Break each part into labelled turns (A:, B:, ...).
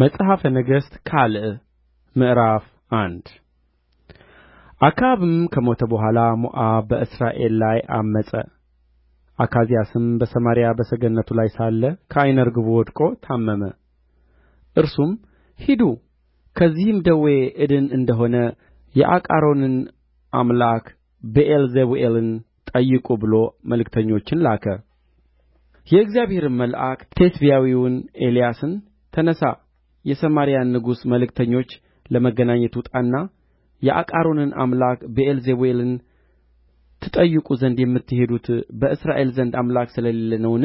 A: መጽሐፈ ነገሥት ካልዕ ምዕራፍ አንድ አክዓብም ከሞተ በኋላ ሞዓብ በእስራኤል ላይ ዐመፀ አካዝያስም በሰማርያ በሰገነቱ ላይ ሳለ ከዓይነ ርግቡ ወድቆ ታመመ እርሱም ሂዱ ከዚህም ደዌ እድን እንደሆነ የአቃሮንን አምላክ ብኤልዜቡኤልን ጠይቁ ብሎ መልእክተኞችን ላከ የእግዚአብሔርም መልአክ ቴስብያዊውን ኤልያስን ተነሣ የሰማርያን ንጉሥ መልእክተኞች ለመገናኘት ውጣና የአቃሮንን አምላክ ብዔልዜቡልን ትጠይቁ ዘንድ የምትሄዱት በእስራኤል ዘንድ አምላክ ስለሌለ ነውን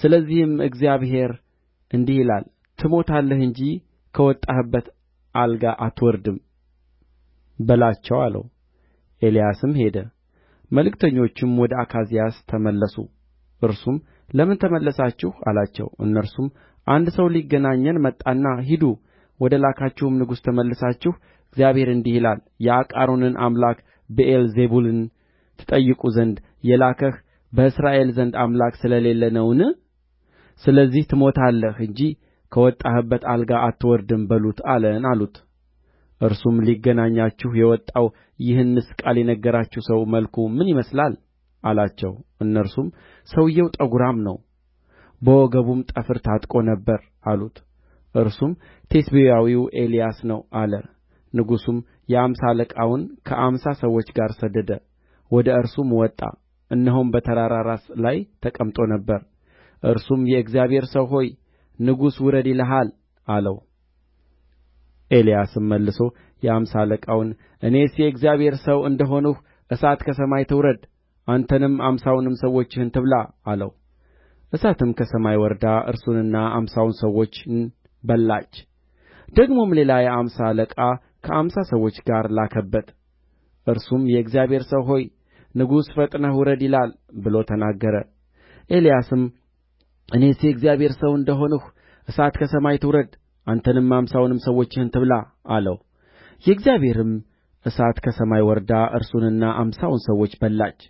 A: ስለዚህም እግዚአብሔር እንዲህ ይላል ትሞታለህ እንጂ ከወጣህበት አልጋ አትወርድም በላቸው አለው ኤልያስም ሄደ መልእክተኞቹም ወደ አካዝያስ ተመለሱ እርሱም ለምን ተመለሳችሁ አላቸው እነርሱም አንድ ሰው ሊገናኘን መጣና ሂዱ ወደ ላካችሁም ንጉሥ ተመልሳችሁ እግዚአብሔር እንዲህ ይላል የአቃሮንን አምላክ ብዔልዜቡልን ትጠይቁ ዘንድ የላከህ በእስራኤል ዘንድ አምላክ ስለሌለ ነውን ስለዚህ ትሞታለህ እንጂ ከወጣህበት አልጋ አትወርድም በሉት አለን አሉት እርሱም ሊገናኛችሁ የወጣው ይህንስ ቃል የነገራችሁ ሰው መልኩ ምን ይመስላል አላቸው እነርሱም ሰውዮው ጠጕራም ነው በወገቡም ጠፍር ታጥቆ ነበር አሉት እርሱም ቴስብያዊው ኤልያስ ነው አለ ንጉሡም የአምሳ አለቃውን ከአምሳ ሰዎች ጋር ሰደደ ወደ እርሱም ወጣ እነሆም በተራራ ራስ ላይ ተቀምጦ ነበር እርሱም የእግዚአብሔር ሰው ሆይ ንጉሡ ውረድ ይልሃል አለው ኤልያስም መልሶ የአምሳ አለቃውን እኔስ የእግዚአብሔር ሰው እንደ ሆንሁ እሳት ከሰማይ ትውረድ አንተንም አምሳውንም ሰዎችህን ትብላ አለው እሳትም ከሰማይ ወርዳ እርሱንና አምሳውን ሰዎቹን በላች ደግሞም ሌላ የአምሳ አለቃ ከአምሳ ሰዎች ጋር ላከበት እርሱም የእግዚአብሔር ሰው ሆይ ንጉሡ ፈጥነህ ውረድ ይላል ብሎ ተናገረ ኤልያስም እኔስ የእግዚአብሔር ሰው እንደ ሆንሁ እሳት ከሰማይ ትውረድ አንተንም አምሳውንም ሰዎችህን ትብላ አለው የእግዚአብሔርም እሳት ከሰማይ ወርዳ እርሱንና አምሳውን ሰዎች በላች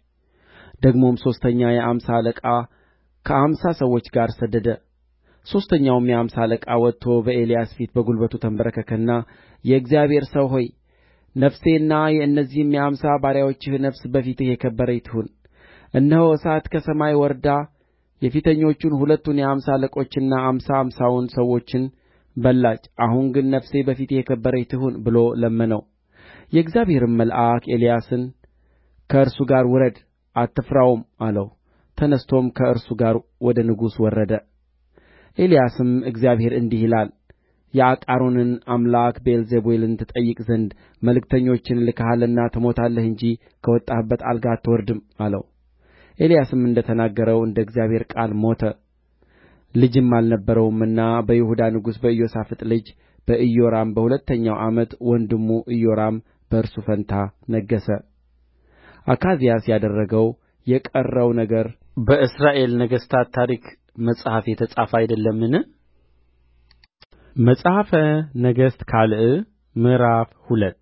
A: ደግሞም ሦስተኛ የአምሳ አለቃ ከአምሳ ሰዎች ጋር ሰደደ ሦስተኛውም የአምሳ አለቃ ወጥቶ በኤልያስ ፊት በጕልበቱ ተንበረከከና የእግዚአብሔር ሰው ሆይ ነፍሴና የእነዚህም የአምሳ ባሪያዎችህ ነፍስ በፊትህ የከበረች ትሁን እነሆ እሳት ከሰማይ ወርዳ የፊተኞቹን ሁለቱን የአምሳ አለቆችና አምሳ አምሳውን ሰዎችን በላች አሁን ግን ነፍሴ በፊትህ የከበረች ትሁን ብሎ ለመነው የእግዚአብሔርም መልአክ ኤልያስን ከእርሱ ጋር ውረድ አትፍራውም አለው ተነሥቶም ከእርሱ ጋር ወደ ንጉሡ ወረደ ኤልያስም እግዚአብሔር እንዲህ ይላል የአቃሮንን አምላክ ብዔልዜቡልን ትጠይቅ ዘንድ መልእክተኞችን ልከሃልና ትሞታለህ እንጂ ከወጣህበት አልጋ አትወርድም አለው ኤልያስም እንደ ተናገረው እንደ እግዚአብሔር ቃል ሞተ ልጅም አልነበረውምና በይሁዳ ንጉሥ በኢዮሣፍጥ ልጅ በኢዮራም በሁለተኛው ዓመት ወንድሙ ኢዮራም በእርሱ ፈንታ ነገሠ አካዝያስ ያደረገው የቀረው ነገር በእስራኤል ነገሥታት ታሪክ መጽሐፍ የተጻፈ አይደለምን? መጽሐፈ ነገሥት ካልዕ ምዕራፍ ሁለት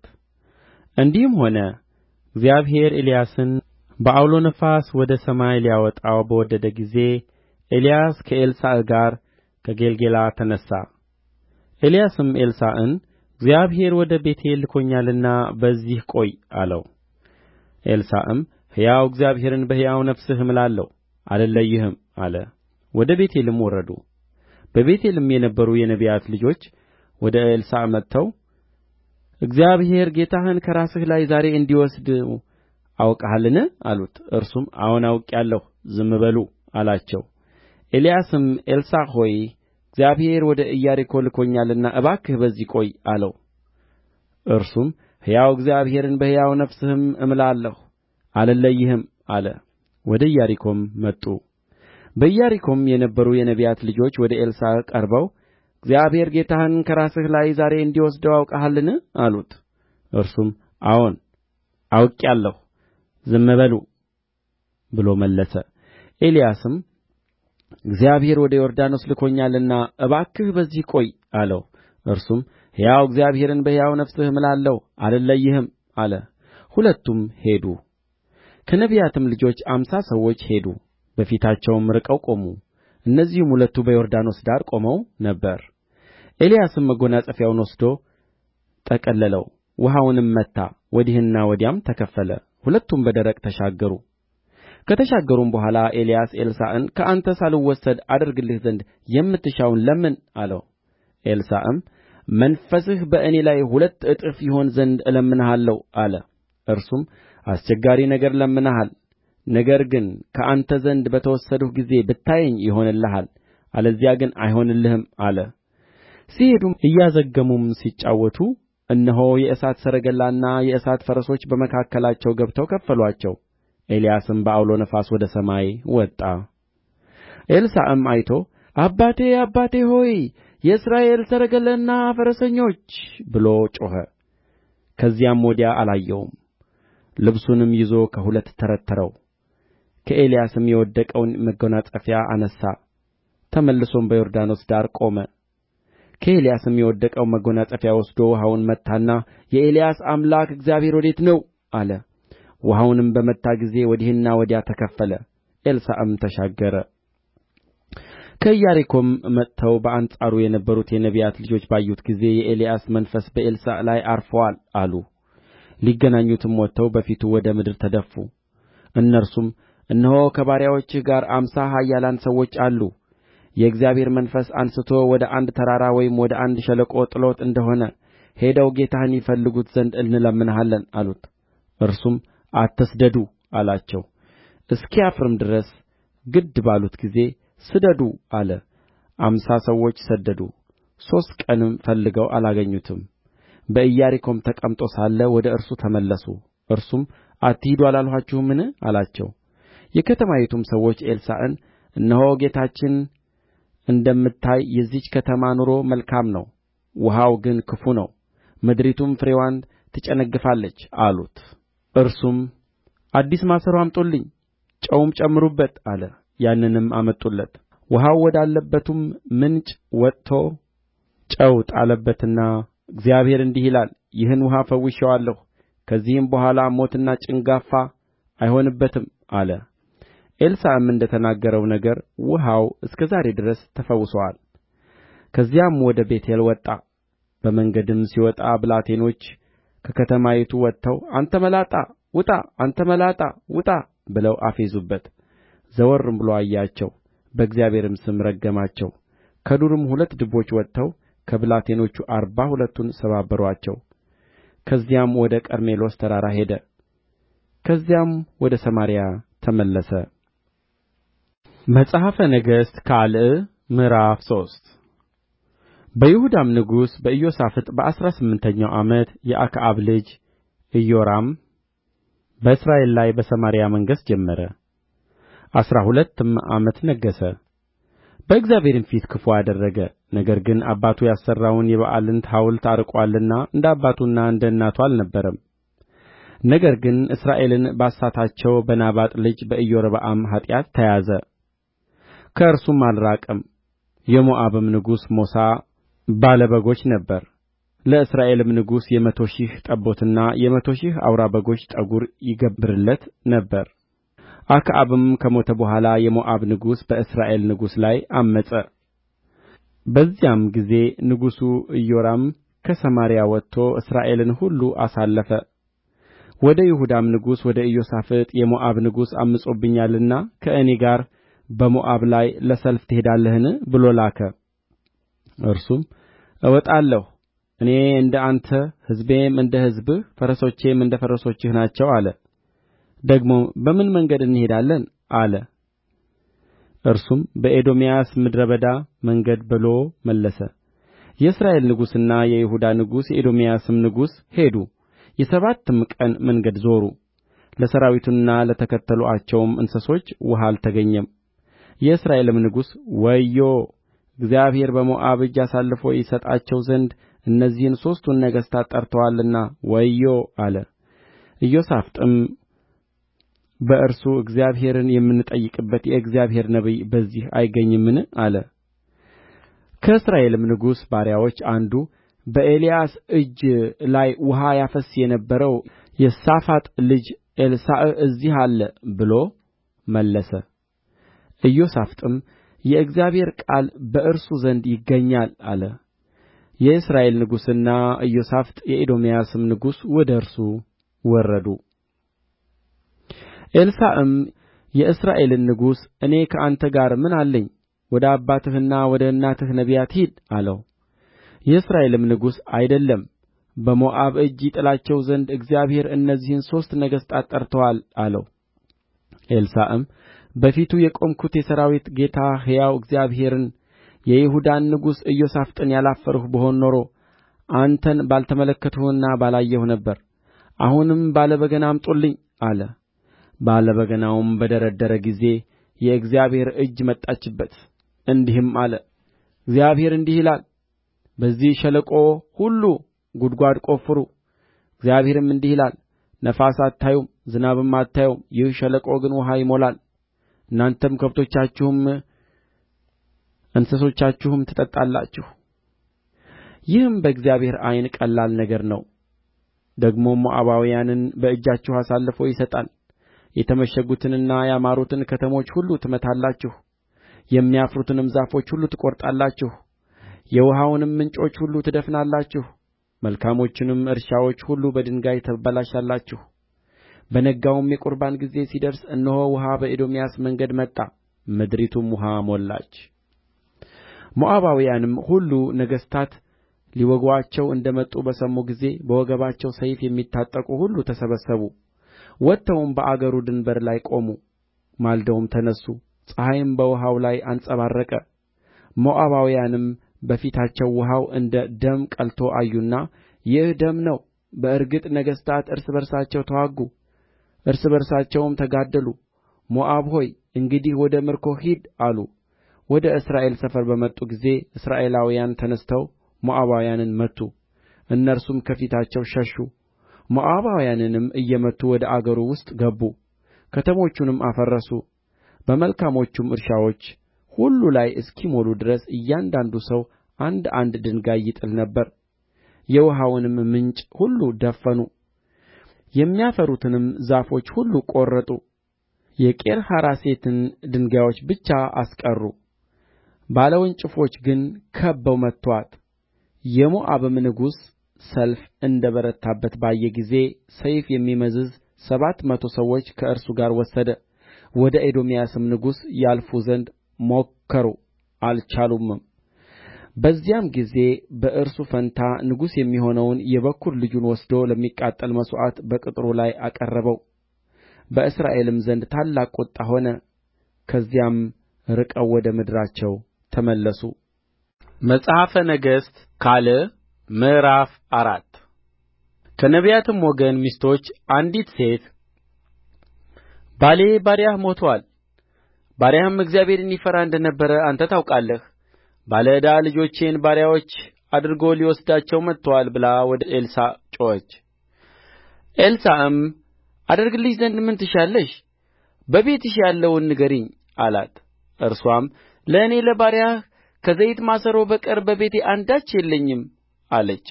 A: እንዲህም ሆነ እግዚአብሔር ኤልያስን በዐውሎ ነፋስ ወደ ሰማይ ሊያወጣው በወደደ ጊዜ ኤልያስ ከኤልሳዕ ጋር ከጌልገላ ተነሣ። ኤልያስም ኤልሳዕን እግዚአብሔር ወደ ቤቴ ልኮኛልና በዚህ ቆይ አለው። ኤልሳዕም ሕያው እግዚአብሔርን በሕያው ነፍስህ እምላለሁ አልለይህም አለ ወደ ቤቴልም ወረዱ በቤቴልም የነበሩ የነቢያት ልጆች ወደ ኤልሳዕ መጥተው እግዚአብሔር ጌታህን ከራስህ ላይ ዛሬ እንዲወስድ አውቀሃልን አሉት እርሱም አዎን አውቄአለሁ ዝም በሉ አላቸው ኤልያስም ኤልሳዕ ሆይ እግዚአብሔር ወደ ኢያሪኮ ልኮኛልና እባክህ በዚህ ቆይ አለው እርሱም ሕያው እግዚአብሔርን በሕያው ነፍስህም እምላለሁ አልለይህም አለ ወደ ኢያሪኮም መጡ በኢያሪኮም የነበሩ የነቢያት ልጆች ወደ ኤልሳዕ ቀርበው እግዚአብሔር ጌታህን ከራስህ ላይ ዛሬ እንዲወስደው አውቀሃልን አሉት እርሱም አዎን አውቄአለሁ ዝም በሉ ብሎ መለሰ ኤልያስም እግዚአብሔር ወደ ዮርዳኖስ ልኮኛልና እባክህ በዚህ ቆይ አለው እርሱም ሕያው እግዚአብሔርን በሕያው ነፍስህ እምላለሁ አልለይህም አለ ሁለቱም ሄዱ ከነቢያትም ልጆች አምሳ ሰዎች ሄዱ በፊታቸውም ርቀው ቆሙ እነዚህም ሁለቱ በዮርዳኖስ ዳር ቆመው ነበር ኤልያስም መጐናጸፊያውን ወስዶ ጠቀለለው ውኃውንም መታ ወዲህና ወዲያም ተከፈለ ሁለቱም በደረቅ ተሻገሩ ከተሻገሩም በኋላ ኤልያስ ኤልሳዕን ከአንተ ሳልወሰድ አደርግልህ ዘንድ የምትሻውን ለምን አለው ኤልሳዕም መንፈስህ በእኔ ላይ ሁለት እጥፍ ይሆን ዘንድ እለምንሃለሁ አለ እርሱም አስቸጋሪ ነገር ለምነሃል ነገር ግን ከአንተ ዘንድ በተወሰድሁ ጊዜ ብታየኝ ይሆንልሃል አለዚያ ግን አይሆንልህም አለ ሲሄዱም እያዘገሙም ሲጫወቱ እነሆ የእሳት ሰረገላና የእሳት ፈረሶች በመካከላቸው ገብተው ከፈሉአቸው ኤልያስም በዐውሎ ነፋስ ወደ ሰማይ ወጣ ኤልሳዕም አይቶ አባቴ አባቴ ሆይ የእስራኤል ሰረገላና ፈረሰኞች ብሎ ጮኸ ከዚያም ወዲያ አላየውም ልብሱንም ይዞ ከሁለት ተረተረው ከኤልያስም የወደቀውን መጐናጸፊያ አነሣ ተመልሶም በዮርዳኖስ ዳር ቆመ ከኤልያስም የወደቀውን መጐናጸፊያ ወስዶ ውኃውን መታና የኤልያስ አምላክ እግዚአብሔር ወዴት ነው አለ ውኃውንም በመታ ጊዜ ወዲህና ወዲያ ተከፈለ ኤልሳዕም ተሻገረ ከኢያሪኮም መጥተው በአንጻሩ የነበሩት የነቢያት ልጆች ባዩት ጊዜ የኤልያስ መንፈስ በኤልሳዕ ላይ ዐርፎአል አሉ ሊገናኙትም ወጥተው በፊቱ ወደ ምድር ተደፉ እነርሱም እነሆ ከባሪያዎችህ ጋር አምሳ ኃያላን ሰዎች አሉ የእግዚአብሔር መንፈስ አንሥቶ ወደ አንድ ተራራ ወይም ወደ አንድ ሸለቆ ጥሎት እንደ ሆነ ሄደው ጌታህን ይፈልጉት ዘንድ እንለምንሃለን አሉት እርሱም አትስደዱ አላቸው እስኪያፍርም ድረስ ግድ ባሉት ጊዜ ስደዱ አለ አምሳ ሰዎች ሰደዱ ሦስት ቀንም ፈልገው አላገኙትም በኢያሪኮም ተቀምጦ ሳለ ወደ እርሱ ተመለሱ እርሱም አትሂዱ አላልኋችሁምን አላቸው የከተማይቱም ሰዎች ኤልሳዕን እነሆ ጌታችን እንደምታይ የዚህች ከተማ ኑሮ መልካም ነው ውኃው ግን ክፉ ነው ምድሪቱም ፍሬዋን ትጨነግፋለች አሉት እርሱም አዲስ ማሰሮ አምጡልኝ ጨውም ጨምሩበት አለ ያንንም አመጡለት ውኃው ወዳለበቱም ምንጭ ወጥቶ ጨው ጣለበትና እግዚአብሔር እንዲህ ይላል ይህን ውኃ ፈውሼዋለሁ ከዚህም በኋላ ሞትና ጭንጋፋ አይሆንበትም አለ ኤልሳዕም እንደ ተናገረው ነገር ውኃው እስከ ዛሬ ድረስ ተፈውሶአል ከዚያም ወደ ቤቴል ወጣ በመንገድም ሲወጣ ብላቴኖች ከከተማይቱ ወጥተው አንተ መላጣ ውጣ አንተ መላጣ ውጣ ብለው አፌዙበት ዘወርም ብሎ አያቸው በእግዚአብሔርም ስም ረገማቸው ከዱርም ሁለት ድቦች ወጥተው ከብላቴኖቹ አርባ ሁለቱን ሰባበሩአቸው ከዚያም ወደ ቀርሜሎስ ተራራ ሄደ ከዚያም ወደ ሰማርያ ተመለሰ መጽሐፈ ነገሥት ካልዕ ምዕራፍ ሶስት በይሁዳም ንጉሥ በኢዮሣፍጥ በአሥራ ስምንተኛው ዓመት የአክዓብ ልጅ ኢዮራም በእስራኤል ላይ በሰማርያ መንገሥ ጀመረ። አሥራ ሁለትም ዓመት ነገሠ። በእግዚአብሔርም ፊት ክፉ አደረገ፣ ነገር ግን አባቱ ያሠራውን የበኣልን ሐውልት አርቆአልና እንደ አባቱና እንደ እናቱ አልነበረም ነገር ግን እስራኤልን ባሳታቸው በናባጥ ልጅ በኢዮርብዓም ኃጢአት ተያዘ ከእርሱም አልራቀም የሞዓብም ንጉሥ ሞሳ ባለ በጎች ነበረ ለእስራኤልም ንጉሥ የመቶ ሺህ ጠቦትና የመቶ ሺህ አውራ በጎች ጠጕር ይገብርለት ነበር አክዓብም ከሞተ በኋላ የሞዓብ ንጉሥ በእስራኤል ንጉሥ ላይ ዐመፀ በዚያም ጊዜ ንጉሡ ኢዮራም ከሰማርያ ወጥቶ እስራኤልን ሁሉ አሳለፈ ወደ ይሁዳም ንጉሥ ወደ ኢዮሣፍጥ የሞዓብ ንጉሥ ዐምፆብኛልና ከእኔ ጋር በሞዓብ ላይ ለሰልፍ ትሄዳለህን ብሎ ላከ እርሱም እወጣለሁ እኔ እንደ አንተ ሕዝቤም እንደ ሕዝብህ ፈረሶቼም እንደ ፈረሶችህ ናቸው አለ ደግሞም በምን መንገድ እንሄዳለን አለ እርሱም በኤዶምያስ ምድረ በዳ መንገድ ብሎ መለሰ የእስራኤል ንጉሥና የይሁዳ ንጉሥ የኤዶምያስም ንጉሥ ሄዱ የሰባትም ቀን መንገድ ዞሩ ለሠራዊቱና ለተከተሉአቸውም እንስሶች ውኃ አልተገኘም የእስራኤልም ንጉሥ ወዮ እግዚአብሔር በሞዓብ እጅ አሳልፎ ይሰጣቸው ዘንድ እነዚህን ሦስቱን ነገሥታት ጠርቶአልና ወዮ አለ ኢዮሣፍጥም በእርሱ እግዚአብሔርን የምንጠይቅበት የእግዚአብሔር ነቢይ በዚህ አይገኝምን አለ ከእስራኤልም ንጉሥ ባሪያዎች አንዱ በኤልያስ እጅ ላይ ውኃ ያፈስስ የነበረው የሳፋጥ ልጅ ኤልሳዕ እዚህ አለ ብሎ መለሰ ኢዮሣፍጥም የእግዚአብሔር ቃል በእርሱ ዘንድ ይገኛል አለ የእስራኤል ንጉሥና ኢዮሣፍጥ የኤዶምያስም ንጉሥ ወደ እርሱ ወረዱ ኤልሳዕም የእስራኤልን ንጉሥ እኔ ከአንተ ጋር ምን አለኝ ወደ አባትህና ወደ እናትህ ነቢያት ሂድ አለው የእስራኤልም ንጉሥ አይደለም በሞዓብ እጅ ይጥላቸው ዘንድ እግዚአብሔር እነዚህን ሦስት ነገሥታት ጠርቶአል አለው ኤልሳዕም በፊቱ የቆምሁት የሠራዊት ጌታ ሕያው እግዚአብሔርን የይሁዳን ንጉሥ ኢዮሣፍጥን ያላፈርሁ ብሆን ኖሮ አንተን ባልተመለከትሁና ባላየሁ ነበር አሁንም ባለ በገና አምጡልኝ አለ ባለ በገናውም በደረደረ ጊዜ የእግዚአብሔር እጅ መጣችበት እንዲህም አለ እግዚአብሔር እንዲህ ይላል በዚህ ሸለቆ ሁሉ ጕድጓድ ቈፍሩ እግዚአብሔርም እንዲህ ይላል ነፋስ አታዩም ዝናብም አታዩም ይህ ሸለቆ ግን ውኃ ይሞላል እናንተም ከብቶቻችሁም እንስሶቻችሁም ትጠጣላችሁ ይህም በእግዚአብሔር ዓይን ቀላል ነገር ነው ደግሞም ሞዓባውያንን በእጃችሁ አሳልፎ ይሰጣል የተመሸጉትንና ያማሩትን ከተሞች ሁሉ ትመታላችሁ የሚያፍሩትንም ዛፎች ሁሉ ትቈርጣላችሁ የውኃውንም ምንጮች ሁሉ ትደፍናላችሁ መልካሞቹንም እርሻዎች ሁሉ በድንጋይ ታበላሻላችሁ በነጋውም የቍርባን ጊዜ ሲደርስ እነሆ ውኃ በኤዶምያስ መንገድ መጣ ምድሪቱም ውኃ ሞላች ሞዓባውያንም ሁሉ ነገሥታት ሊወጉአቸው እንደ መጡ በሰሙ ጊዜ በወገባቸው ሰይፍ የሚታጠቁ ሁሉ ተሰበሰቡ ወጥተውም በአገሩ ድንበር ላይ ቆሙ ማልደውም ተነሡ ፀሐይም በውኃው ላይ አንጸባረቀ ሞዓባውያንም በፊታቸው ውኃው እንደ ደም ቀልቶ አዩና ይህ ደም ነው በእርግጥ ነገሥታት እርስ በርሳቸው ተዋጉ እርስ በርሳቸውም ተጋደሉ ሞዓብ ሆይ እንግዲህ ወደ ምርኮ ሂድ አሉ ወደ እስራኤል ሰፈር በመጡ ጊዜ እስራኤላውያን ተነሥተው ሞዓባውያንን መቱ እነርሱም ከፊታቸው ሸሹ ሞዓባውያንንም እየመቱ ወደ አገሩ ውስጥ ገቡ ከተሞቹንም አፈረሱ በመልካሞቹም እርሻዎች ሁሉ ላይ እስኪሞሉ ድረስ እያንዳንዱ ሰው አንድ አንድ ድንጋይ ይጥል ነበር የውኃውንም ምንጭ ሁሉ ደፈኑ የሚያፈሩትንም ዛፎች ሁሉ ቈረጡ የቂርሐራሴትን ድንጋዮች ብቻ አስቀሩ ባለ ግን ከብበው መቱአት የሞዓብም ንጉሥ ሰልፍ እንደ በረታበት ባየ ጊዜ ሰይፍ የሚመዝዝ ሰባት መቶ ሰዎች ከእርሱ ጋር ወሰደ ወደ ኤዶምያስም ንጉሥ ያልፉ ዘንድ ሞከሩ አልቻሉምም በዚያም ጊዜ በእርሱ ፋንታ ንጉሥ የሚሆነውን የበኵር ልጁን ወስዶ ለሚቃጠል መሥዋዕት በቅጥሩ ላይ አቀረበው በእስራኤልም ዘንድ ታላቅ ቍጣ ሆነ ከዚያም ርቀው ወደ ምድራቸው ተመለሱ መጽሐፈ ነገሥት ካልዕ ምዕራፍ አራት ከነቢያትም ወገን ሚስቶች አንዲት ሴት ባሌ ባሪያህ ሞቶአል ባሪያህም እግዚአብሔርን ይፈራ እንደ ነበረ አንተ ታውቃለህ ባለ ዕዳ ልጆቼን ባሪያዎች አድርጎ ሊወስዳቸው መጥቶአል ብላ ወደ ኤልሳዕ ጮኸች ኤልሳዕም አደርግልሽ ዘንድ ምን ትሻለሽ በቤትሽ ያለውን ንገሪኝ አላት እርስዋም ለእኔ ለባሪያህ ከዘይት ማሰሮ በቀር በቤቴ አንዳች የለኝም አለች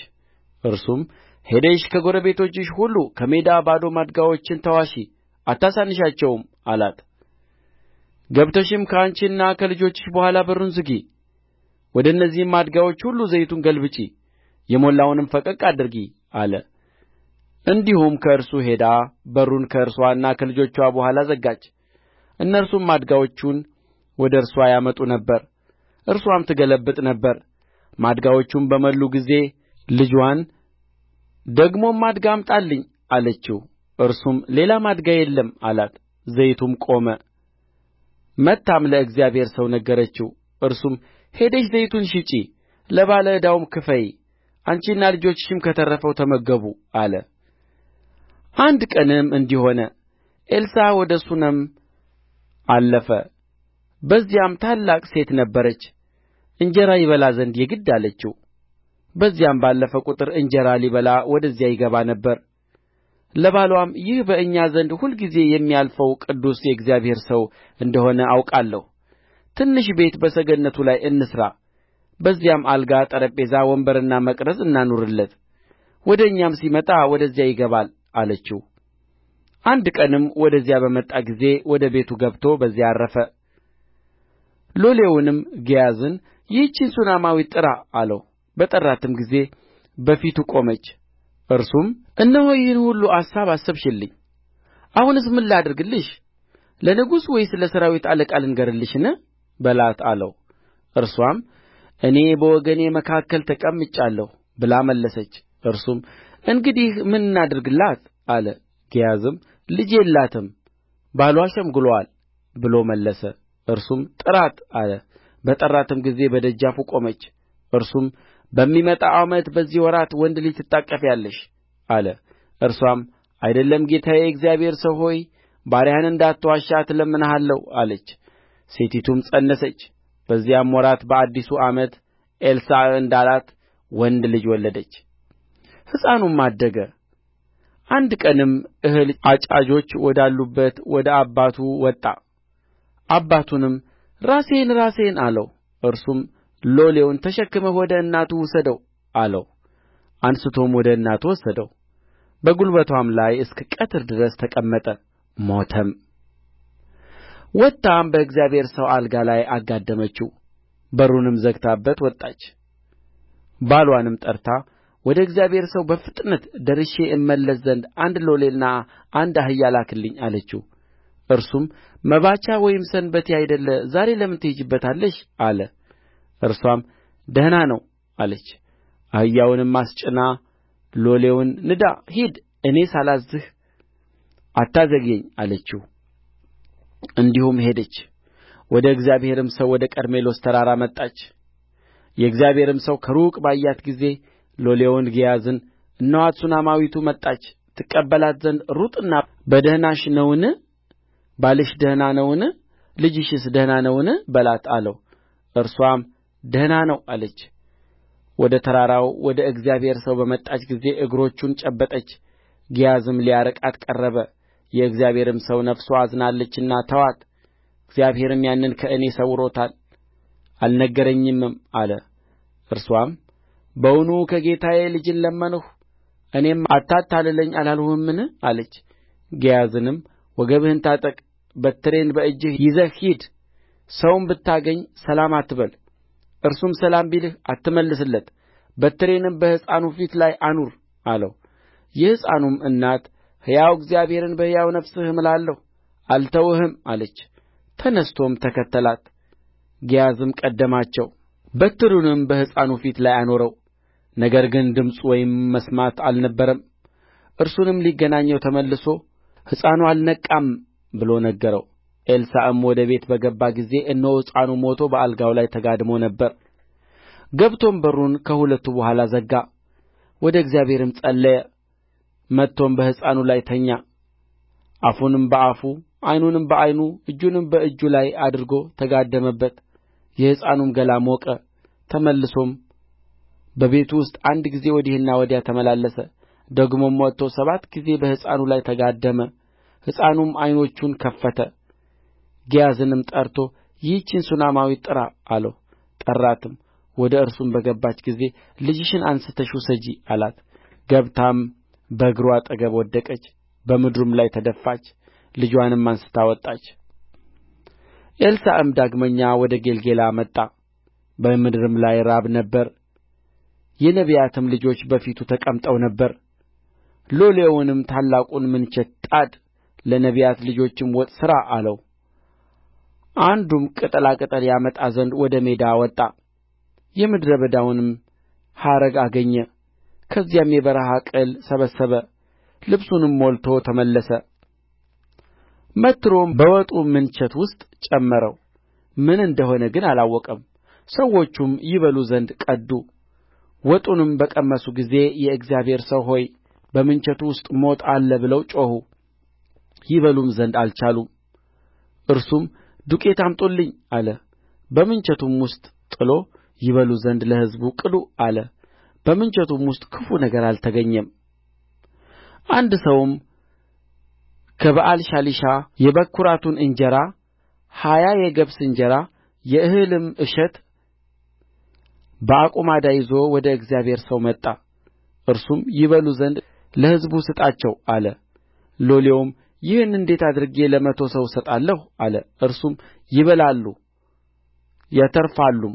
A: እርሱም ሄደሽ ከጎረቤቶችሽ ሁሉ ከሜዳ ባዶ ማድጋዎችን ተዋሺ አታሳንሻቸውም አላት ገብተሽም ከአንቺና ከልጆችሽ በኋላ በሩን ዝጊ ወደ እነዚህም ማድጋዎች ሁሉ ዘይቱን ገልብጪ የሞላውንም ፈቀቅ አድርጊ አለ እንዲሁም ከእርሱ ሄዳ በሩን ከእርሷና ከልጆቿ በኋላ ዘጋች እነርሱም ማድጋዎቹን ወደ እርሷ ያመጡ ነበር እርሷም ትገለብጥ ነበር ማድጋዎቹም በመሉ ጊዜ ልጅዋን ደግሞም ማድጋ አምጣልኝ አለችው እርሱም ሌላ ማድጋ የለም አላት ዘይቱም ቆመ መታም ለእግዚአብሔር ሰው ነገረችው እርሱም ሄደሽ ዘይቱን ሽጪ ለባለ ዕዳውም ክፈዪ አንቺና ልጆችሽም ከተረፈው ተመገቡ አለ አንድ ቀንም እንዲህ ሆነ ኤልሳዕ ወደ ሱነም አለፈ በዚያም ታላቅ ሴት ነበረች እንጀራ ይበላ ዘንድ የግድ አለችው በዚያም ባለፈ ቍጥር እንጀራ ሊበላ ወደዚያ ይገባ ነበር ለባልዋም ይህ በእኛ ዘንድ ሁልጊዜ የሚያልፈው ቅዱስ የእግዚአብሔር ሰው እንደ ሆነ አውቃለሁ ትንሽ ቤት በሰገነቱ ላይ እንሥራ በዚያም አልጋ ጠረጴዛ ወንበርና መቅረዝ እናኑርለት ወደ እኛም ሲመጣ ወደዚያ ይገባል አለችው አንድ ቀንም ወደዚያ በመጣ ጊዜ ወደ ቤቱ ገብቶ በዚያ ዐረፈ ሎሌውንም ግያዝን ይህችን ሱነማዊት ጥራ አለው በጠራትም ጊዜ በፊቱ ቆመች እርሱም እነሆ ይህን ሁሉ አሳብ አሰብሽልኝ አሁንስ ምን ላድርግልሽ ለንጉሡ ወይስ ለሠራዊት አለቃ ልንገርልሽን በላት አለው እርስዋም እኔ በወገኔ መካከል ተቀምጫለሁ ብላ መለሰች እርሱም እንግዲህ ምን እናድርግላት አለ ግያዝም ልጅ የላትም ባልዋ ሸምግሎአል ብሎ መለሰ እርሱም ጥራት አለ በጠራትም ጊዜ በደጃፉ ቆመች እርሱም በሚመጣ ዓመት በዚህ ወራት ወንድ ልጅ ትታቀፊአለሽ አለ እርስዋም አይደለም ጌታዬ የእግዚአብሔር ሰው ሆይ ባሪያህን እንዳትዋሻት ትለምንሃለሁ አለች ሴቲቱም ፀነሰች በዚያም ወራት በአዲሱ ዓመት ኤልሳዕ እንዳላት ወንድ ልጅ ወለደች ሕፃኑም አደገ አንድ ቀንም እህል አጫጆች ወዳሉበት ወደ አባቱ ወጣ አባቱንም ራሴን ራሴን አለው እርሱም ሎሌውን ተሸክመህ ወደ እናቱ ውሰደው አለው አንሥቶም ወደ እናቱ ወሰደው በጕልበትዋም ላይ እስከ ቀትር ድረስ ተቀመጠ ሞተም ወጥታም በእግዚአብሔር ሰው አልጋ ላይ አጋደመችው በሩንም ዘግታበት ወጣች ባልዋንም ጠርታ ወደ እግዚአብሔር ሰው በፍጥነት ደርሼ እመለስ ዘንድ አንድ ሎሌና አንድ አህያ ላክልኝ አለችው እርሱም መባቻ ወይም ሰንበቴ አይደለ ዛሬ ለምን ትሄጂበታለሽ አለ እርስዋም ደህና ነው አለች አህያውንም አስጭና ሎሌውን ንዳ ሂድ እኔ ሳላዝዝህ አታዘግየኝ አለችው እንዲሁም ሄደች ወደ እግዚአብሔርም ሰው ወደ ቀርሜሎስ ተራራ መጣች የእግዚአብሔርም ሰው ከሩቅ ባያት ጊዜ ሎሌውን ግያዝን እነኋት ሱነማይቱ መጣች ትቀበላት ዘንድ ሩጥና በደኅናሽ ነውን ባልሽ ደህና ነውን ልጅሽስ ደህና ነውን በላት አለው እርስዋም ደህና ነው አለች ወደ ተራራው ወደ እግዚአብሔር ሰው በመጣች ጊዜ እግሮቹን ጨበጠች ግያዝም ሊያርቃት ቀረበ የእግዚአብሔርም ሰው ነፍሷ አዝናለችና ተዋት እግዚአብሔርም ያንን ከእኔ ሰውሮታል አልነገረኝምም አለ እርስዋም በውኑ ከጌታዬ ልጅን ለመንሁ እኔም አታታልለኝ አላልሁህምን አለች ግያዝንም ወገብህን ታጠቅ በትሬን በእጅህ ይዘህ ሂድ ሰውም ብታገኝ ሰላም አትበል እርሱም ሰላም ቢልህ አትመልስለት በትሬንም በሕፃኑ ፊት ላይ አኑር አለው የሕፃኑም እናት ሕያው እግዚአብሔርን በሕያው ነፍስህ እምላለሁ አልተውህም አለች ተነሥቶም ተከተላት ግያዝም ቀደማቸው በትሩንም በሕፃኑ ፊት ላይ አኖረው ነገር ግን ድምፅ ወይም መስማት አልነበረም እርሱንም ሊገናኘው ተመልሶ ሕፃኑ አልነቃም ብሎ ነገረው ኤልሳዕም ወደ ቤት በገባ ጊዜ እነሆ ሕፃኑ ሞቶ በአልጋው ላይ ተጋድሞ ነበር ገብቶም በሩን ከሁለቱ በኋላ ዘጋ ወደ እግዚአብሔርም ጸለየ መጥቶም በሕፃኑ ላይ ተኛ አፉንም በአፉ ዓይኑንም በዓይኑ እጁንም በእጁ ላይ አድርጎ ተጋደመበት የሕፃኑም ገላ ሞቀ ተመልሶም በቤቱ ውስጥ አንድ ጊዜ ወዲህና ወዲያ ተመላለሰ ደግሞም ወጥቶ ሰባት ጊዜ በሕፃኑ ላይ ተጋደመ ሕፃኑም ዓይኖቹን ከፈተ ግያዝንም ጠርቶ ይህችን ሱነማዊት ጥራ አለው ጠራትም ወደ እርሱም በገባች ጊዜ ልጅሽን አንሥተሽ ውሰጂ አላት ገብታም በእግሩ አጠገብ ወደቀች በምድሩም ላይ ተደፋች ልጅዋንም አንሥታ ወጣች ኤልሳዕም ዳግመኛ ወደ ጌልገላ መጣ በምድርም ላይ ራብ ነበረ የነቢያትም ልጆች በፊቱ ተቀምጠው ነበር ሎሌውንም ታላቁን ምንቸት ጣድ ለነቢያት ልጆችም ወጥ ሥራ አለው አንዱም ቅጠላ ቅጠል ያመጣ ዘንድ ወደ ሜዳ ወጣ የምድረ በዳውንም ሐረግ አገኘ ከዚያም የበረሃ ቅል ሰበሰበ ልብሱንም ሞልቶ ተመለሰ መትሮም በወጡ ምንቸት ውስጥ ጨመረው ምን እንደ ሆነ ግን አላወቀም ሰዎቹም ይበሉ ዘንድ ቀዱ ወጡንም በቀመሱ ጊዜ የእግዚአብሔር ሰው ሆይ በምንቸቱ ውስጥ ሞት አለ ብለው ጮኹ ይበሉም ዘንድ አልቻሉም እርሱም ዱቄት አምጡልኝ አለ በምንቸቱም ውስጥ ጥሎ ይበሉ ዘንድ ለሕዝቡ ቅዱ አለ በምንቸቱም ውስጥ ክፉ ነገር አልተገኘም አንድ ሰውም ከበኣልሻሊሻ የበኵራቱን እንጀራ ሀያ የገብስ እንጀራ የእህልም እሸት በአቁማዳ ይዞ ወደ እግዚአብሔር ሰው መጣ እርሱም ይበሉ ዘንድ ለሕዝቡ ስጣቸው አለ ሎሌውም ይህን እንዴት አድርጌ ለመቶ ሰው እሰጣለሁ አለ እርሱም ይበላሉ ያተርፋሉም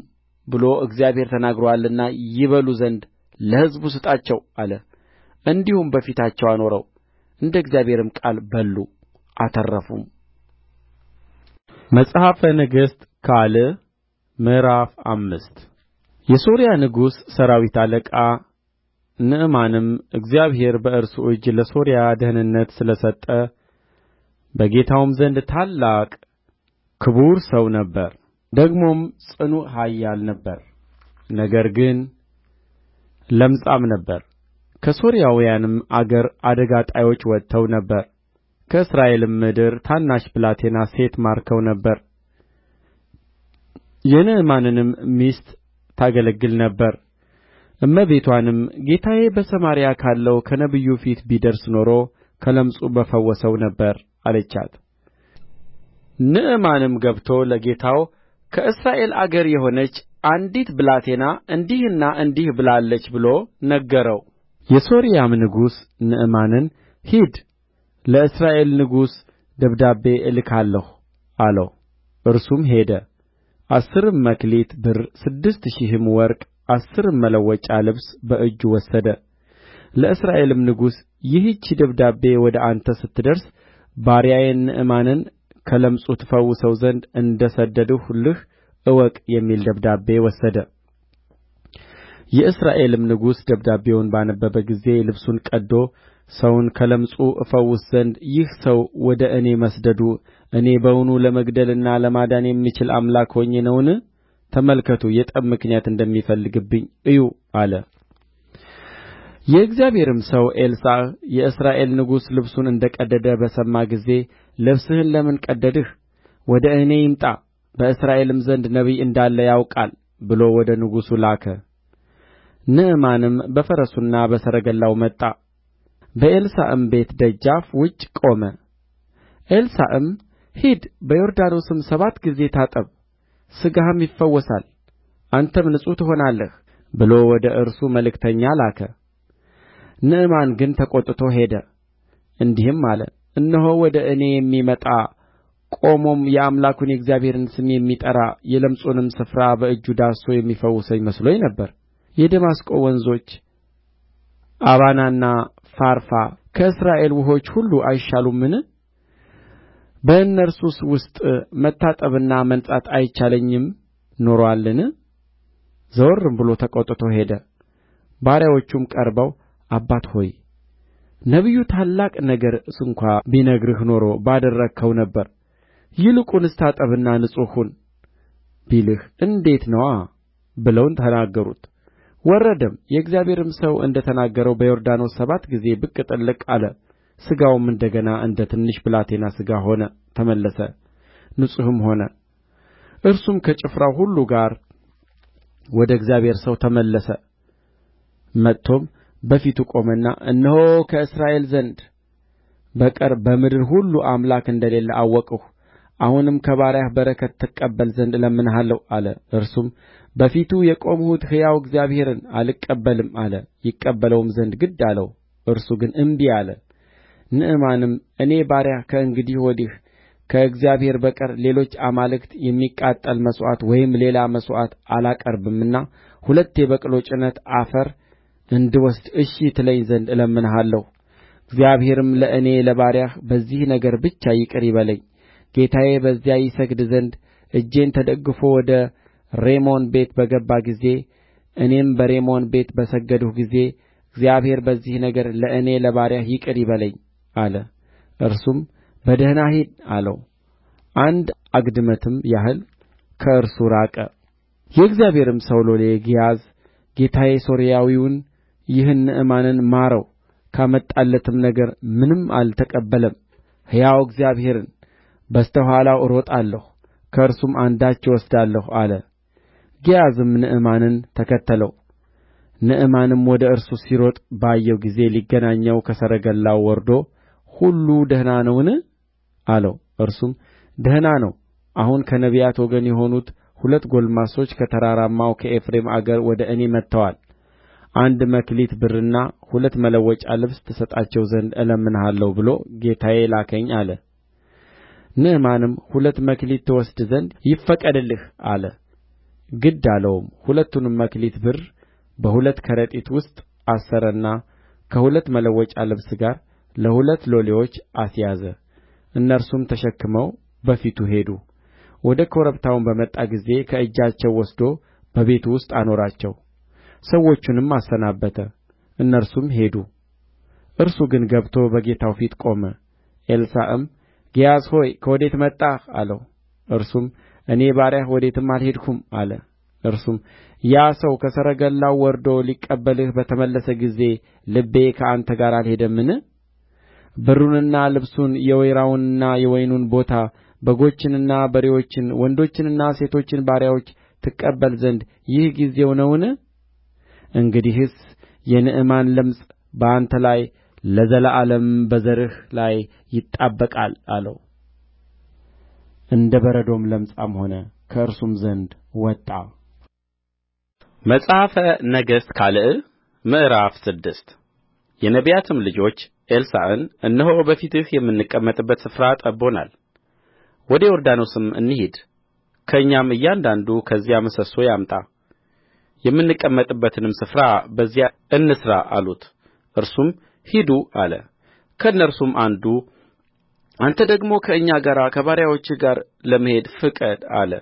A: ብሎ እግዚአብሔር ተናግሮአልና ይበሉ ዘንድ ለሕዝቡ ስጣቸው አለ እንዲሁም በፊታቸው አኖረው እንደ እግዚአብሔርም ቃል በሉ አተረፉም መጽሐፈ ነገሥት ካልዕ ምዕራፍ አምስት የሶርያ ንጉሥ ሠራዊት አለቃ ንዕማንም እግዚአብሔር በእርሱ እጅ ለሶርያ ደኅንነት ስለ ሰጠ በጌታውም ዘንድ ታላቅ ክቡር ሰው ነበረ ደግሞም ጽኑዕ ኃያል ነበረ ነገር ግን ለምጻም ነበረ ከሶርያውያንም አገር አደጋ ጣዮች ወጥተው ነበር ከእስራኤልም ምድር ታናሽ ብላቴና ሴት ማርከው ነበር የንዕማንንም ሚስት ታገለግል ነበር እመቤትዋንም ጌታዬ በሰማርያ ካለው ከነቢዩ ፊት ቢደርስ ኖሮ ከለምጹ በፈወሰው ነበር አለቻት ንዕማንም ገብቶ ለጌታው ከእስራኤል አገር የሆነች አንዲት ብላቴና እንዲህና እንዲህ ብላለች ብሎ ነገረው የሶርያም ንጉሥ ንዕማንን ሂድ ለእስራኤል ንጉሥ ደብዳቤ እልካለሁ አለው እርሱም ሄደ አሥርም መክሊት ብር ስድስት ሺህም ወርቅ አሥርም መለወጫ ልብስ በእጁ ወሰደ ለእስራኤልም ንጉሥ ይህች ደብዳቤ ወደ አንተ ስትደርስ ባሪያዬን ንዕማንን ከለምጹ ትፈውሰው ዘንድ እንደ ሰደድሁልህ እወቅ የሚል ደብዳቤ ወሰደ የእስራኤልም ንጉሥ ደብዳቤውን ባነበበ ጊዜ ልብሱን ቀድዶ ሰውን ከለምጹ እፈውስ ዘንድ ይህ ሰው ወደ እኔ መስደዱ እኔ በውኑ ለመግደልና ለማዳን የምችል አምላክ ሆኜ ነውን ተመልከቱ የጠብ ምክንያት እንደሚፈልግብኝ እዩ አለ የእግዚአብሔርም ሰው ኤልሳዕ የእስራኤል ንጉሥ ልብሱን እንደ ቀደደ በሰማ ጊዜ ልብስህን ለምን ቀደድህ ወደ እኔ ይምጣ በእስራኤልም ዘንድ ነቢይ እንዳለ ያውቃል ብሎ ወደ ንጉሡ ላከ ንዕማንም በፈረሱና በሰረገላው መጣ በኤልሳዕም ቤት ደጃፍ ውጭ ቆመ ኤልሳዕም ሂድ በዮርዳኖስም ሰባት ጊዜ ታጠብ ሥጋህም ይፈወሳል አንተም ንጹሕ ትሆናለህ ብሎ ወደ እርሱ መልእክተኛ ላከ ንዕማን ግን ተቈጥቶ ሄደ እንዲህም አለ እነሆ ወደ እኔ የሚመጣ ቆሞም የአምላኩን የእግዚአብሔርን ስም የሚጠራ የለምጹንም ስፍራ በእጁ ዳስሶ የሚፈውሰኝ መስሎኝ ነበር የደማስቆ ወንዞች አባናና ፋርፋ ከእስራኤል ውኆች ሁሉ አይሻሉምን በእነርሱስ ውስጥ መታጠብና መንጻት አይቻለኝም ኖሮአልን ዘወርም ብሎ ተቈጥቶ ሄደ ባሪያዎቹም ቀርበው አባት ሆይ ነቢዩ ታላቅ ነገር ስንኳ ቢነግርህ ኖሮ ባደረግኸው ነበር ይልቁንስ ታጠብና ንጹሕ ሁን ቢልህ እንዴት ነዋ ብለውን ተናገሩት ወረደም የእግዚአብሔርም ሰው እንደ ተናገረው በዮርዳኖስ ሰባት ጊዜ ብቅ ጥልቅ አለ ሥጋውም እንደ ገና እንደ ትንሽ ብላቴና ሥጋ ሆነ ተመለሰ ንጹሕም ሆነ እርሱም ከጭፍራው ሁሉ ጋር ወደ እግዚአብሔር ሰው ተመለሰ መጥቶም በፊቱ ቆመና እነሆ ከእስራኤል ዘንድ በቀር በምድር ሁሉ አምላክ እንደሌለ አወቅሁ አሁንም ከባሪያህ በረከት ትቀበል ዘንድ እለምንሃለሁ አለ እርሱም በፊቱ የቆምሁት ሕያው እግዚአብሔርን አልቀበልም አለ ይቀበለውም ዘንድ ግድ አለው እርሱ ግን እንቢ አለ ንዕማንም እኔ ባሪያህ ከእንግዲህ ወዲህ ከእግዚአብሔር በቀር ሌሎች አማልክት የሚቃጠል መሥዋዕት ወይም ሌላ መሥዋዕት አላቀርብምና ሁለት የበቅሎ ጭነት አፈር እንድወስድ እሺ ትለኝ ዘንድ እለምንሃለሁ እግዚአብሔርም ለእኔ ለባሪያህ በዚህ ነገር ብቻ ይቅር ይበለኝ ጌታዬ በዚያ ይሰግድ ዘንድ እጄን ተደግፎ ወደ ሬሞን ቤት በገባ ጊዜ እኔም በሬሞን ቤት በሰገድሁ ጊዜ እግዚአብሔር በዚህ ነገር ለእኔ ለባሪያህ ይቅር ይበለኝ አለ እርሱም በደኅና ሂድ አለው አንድ አግድመትም ያህል ከእርሱ ራቀ የእግዚአብሔርም ሰው ሎሌ ግያዝ ጌታዬ ሶርያዊውን ይህን ንዕማንን ማረው ካመጣለትም ነገር ምንም አልተቀበለም ሕያው እግዚአብሔርን በስተ ኋላው እሮጣለሁ ከእርሱም አንዳች እወስዳለሁ አለ ግያዝም ንዕማንን ተከተለው ንዕማንም ወደ እርሱ ሲሮጥ ባየው ጊዜ ሊገናኘው ከሰረገላው ወርዶ ሁሉ ደኅና ነውን አለው እርሱም ደህና ነው አሁን ከነቢያት ወገን የሆኑት ሁለት ጕልማሶች ከተራራማው ከኤፍሬም አገር ወደ እኔ መጥተዋል አንድ መክሊት ብርና ሁለት መለወጫ ልብስ ትሰጣቸው ዘንድ እለምንሃለሁ ብሎ ጌታዬ ላከኝ አለ ንዕማንም ሁለት መክሊት ትወስድ ዘንድ ይፈቀድልህ አለ ግድ አለውም ሁለቱንም መክሊት ብር በሁለት ከረጢት ውስጥ አሰረና ከሁለት መለወጫ ልብስ ጋር ለሁለት ሎሌዎች አስያዘ እነርሱም ተሸክመው በፊቱ ሄዱ ወደ ኮረብታውም በመጣ ጊዜ ከእጃቸው ወስዶ በቤቱ ውስጥ አኖራቸው ሰዎቹንም አሰናበተ እነርሱም ሄዱ እርሱ ግን ገብቶ በጌታው ፊት ቆመ ኤልሳዕም ጌያዝ ሆይ ከወዴት መጣህ አለው እርሱም እኔ ባሪያህ ወዴትም አልሄድሁም አለ እርሱም ያ ሰው ከሰረገላው ወርዶ ሊቀበልህ በተመለሰ ጊዜ ልቤ ከአንተ ጋር አልሄደምን ብሩንና ልብሱን የወይራውንና የወይኑን ቦታ በጎችንና በሬዎችን ወንዶችንና ሴቶችን ባሪያዎች ትቀበል ዘንድ ይህ ጊዜው ነውን እንግዲህስ የንዕማን ለምጽ በአንተ ላይ ለዘላለም በዘርህ ላይ ይጣበቃል አለው እንደ በረዶም ለምጻም ሆነ ከእርሱም ዘንድ ወጣ መጽሐፈ ነገሥት ካልዕ ምዕራፍ ስድስት የነቢያትም ልጆች ኤልሳዕን እነሆ በፊትህ የምንቀመጥበት ስፍራ ጠብቦናል ወደ ዮርዳኖስም እንሂድ ከእኛም እያንዳንዱ ከዚያ ምሰሶ ያምጣ የምንቀመጥበትንም ስፍራ በዚያ እንሥራ አሉት እርሱም ሂዱ አለ ከእነርሱም አንዱ አንተ ደግሞ ከእኛ ጋር ከባሪያዎችህ ጋር ለመሄድ ፍቀድ አለ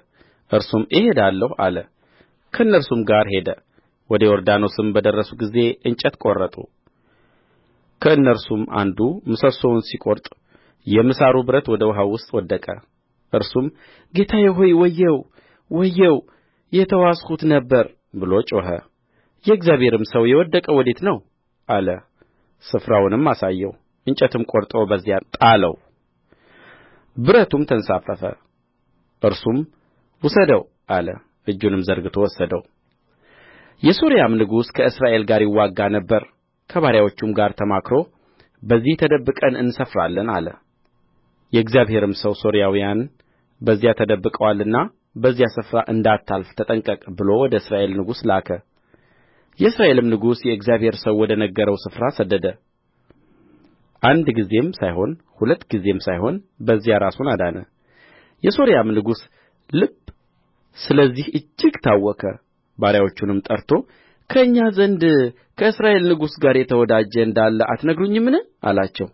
A: እርሱም እሄዳለሁ አለ ከእነርሱም ጋር ሄደ ወደ ዮርዳኖስም በደረሱ ጊዜ እንጨት ቈረጡ ከእነርሱም አንዱ ምሰሶውን ሲቈርጥ የምሳሩ ብረት ወደ ውኃው ውስጥ ወደቀ እርሱም ጌታዬ ሆይ ወየው ወየው የተዋስሁት ነበር ብሎ ጮኸ የእግዚአብሔርም ሰው የወደቀው ወዴት ነው አለ ስፍራውንም አሳየው እንጨትም ቈርጦ በዚያ ጣለው ብረቱም ተንሳፈፈ እርሱም ውሰደው አለ እጁንም ዘርግቶ ወሰደው የሶርያም ንጉሥ ከእስራኤል ጋር ይዋጋ ነበር ከባሪያዎቹም ጋር ተማክሮ በዚህ ተደብቀን እንሰፍራለን አለ የእግዚአብሔርም ሰው ሶርያውያን በዚያ ተደብቀዋልና በዚያ ስፍራ እንዳታልፍ ተጠንቀቅ ብሎ ወደ እስራኤል ንጉሥ ላከ የእስራኤልም ንጉሥ የእግዚአብሔር ሰው ወደ ነገረው ስፍራ ሰደደ አንድ ጊዜም ሳይሆን ሁለት ጊዜም ሳይሆን በዚያ ራሱን አዳነ የሶርያም ንጉሥ ልብ ስለዚህ እጅግ ታወከ ባሪያዎቹንም ጠርቶ ከእኛ ዘንድ ከእስራኤል ንጉሥ ጋር የተወዳጀ እንዳለ አትነግሩኝምን አላቸው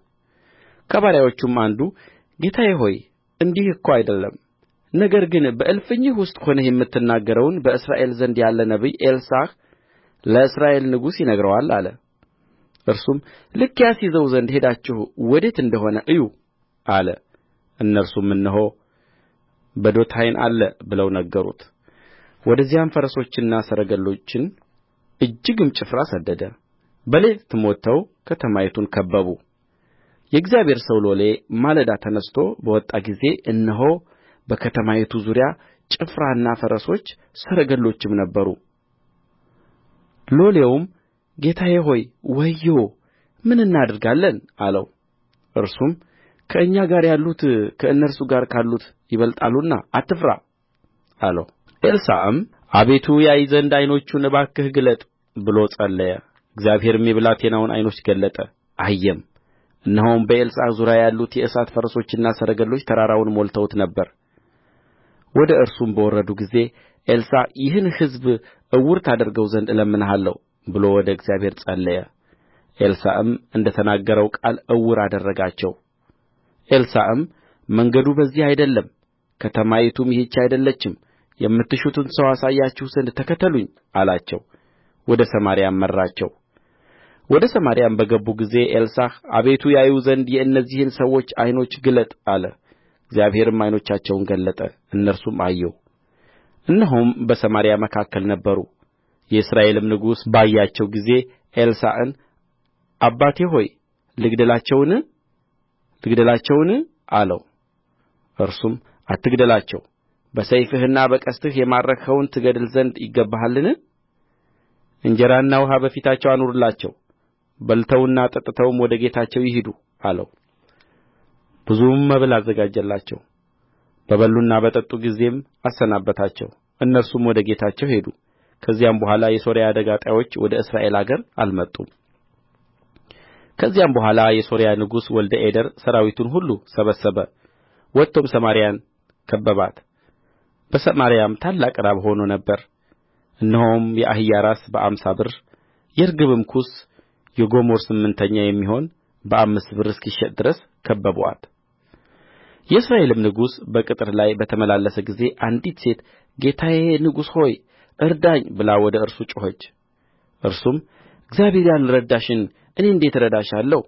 A: ከባሪያዎቹም አንዱ ጌታዬ ሆይ እንዲህ እኮ አይደለም ነገር ግን በእልፍኝህ ውስጥ ሆነህ የምትናገረውን በእስራኤል ዘንድ ያለ ነቢይ ኤልሳዕ ለእስራኤል ንጉሥ ይነግረዋል አለ እርሱም ልኬ አስይዘው ዘንድ ሄዳችሁ ወዴት እንደሆነ እዩ አለ እነርሱም እነሆ በዶታይን አለ ብለው ነገሩት ወደዚያም ፈረሶችንና ሰረገሎችን እጅግም ጭፍራ ሰደደ በሌሊትም ወጥተው ከተማይቱን ከበቡ የእግዚአብሔር ሰው ሎሌ ማለዳ ተነሥቶ በወጣ ጊዜ እነሆ በከተማይቱ ዙሪያ ጭፍራና ፈረሶች ሰረገሎችም ነበሩ ሎሌውም ጌታዬ ሆይ ወዮ ምን እናደርጋለን አለው እርሱም ከእኛ ጋር ያሉት ከእነርሱ ጋር ካሉት ይበልጣሉና አትፍራ አለው ኤልሳዕም አቤቱ ያይ ዘንድ ዓይኖቹን እባክህ ግለጥ ብሎ ጸለየ እግዚአብሔርም የብላቴናውን ዓይኖች ገለጠ አየም እነሆም በኤልሳዕ ዙሪያ ያሉት የእሳት ፈረሶችና ሰረገሎች ተራራውን ሞልተውት ነበር ወደ እርሱም በወረዱ ጊዜ ኤልሳዕ ይህን ሕዝብ ዕውር ታደርገው ዘንድ እለምንሃለሁ ብሎ ወደ እግዚአብሔር ጸለየ ኤልሳዕም እንደ ተናገረው ቃል ዕውር አደረጋቸው ኤልሳዕም መንገዱ በዚህ አይደለም ከተማይቱም ይህች አይደለችም የምትሹትን ሰው አሳያችሁ ዘንድ ተከተሉኝ አላቸው ወደ ሰማርያም መራቸው ወደ ሰማርያም በገቡ ጊዜ ኤልሳዕ አቤቱ ያዩ ዘንድ የእነዚህን ሰዎች ዓይኖች ግለጥ አለ እግዚአብሔርም ዓይኖቻቸውን ገለጠ እነርሱም አየው እነሆም በሰማርያ መካከል ነበሩ የእስራኤልም ንጉሥ ባያቸው ጊዜ ኤልሳዕን አባቴ ሆይ ልግደላቸውን ልግደላቸውን አለው እርሱም አትግደላቸው በሰይፍህና በቀስትህ የማረክኸውን ትገድል ዘንድ ይገባሃልን እንጀራና ውኃ በፊታቸው አኑርላቸው በልተውና ጠጥተውም ወደ ጌታቸው ይሂዱ አለው ብዙም መብል አዘጋጀላቸው በበሉና በጠጡ ጊዜም አሰናበታቸው እነርሱም ወደ ጌታቸው ሄዱ ከዚያም በኋላ የሶርያ አደጋ ጣዮች ወደ እስራኤል አገር አልመጡም ከዚያም በኋላ የሶርያ ንጉሥ ወልደ አዴር ሠራዊቱን ሁሉ ሰበሰበ ወጥቶም ሰማርያን ከበባት በሰማርያም ታላቅ ራብ ሆኖ ነበር እነሆም የአህያ ራስ በአምሳ ብር የርግብም ኩስ የጎሞር ስምንተኛ የሚሆን በአምስት ብር እስኪሸጥ ድረስ ከበቡአት የእስራኤልም ንጉሥ በቅጥር ላይ በተመላለሰ ጊዜ አንዲት ሴት ጌታዬ ንጉሥ ሆይ እርዳኝ ብላ ወደ እርሱ ጮኸች እርሱም እግዚአብሔር ያልረዳሽን እኔ እንዴት እረዳሻለሁ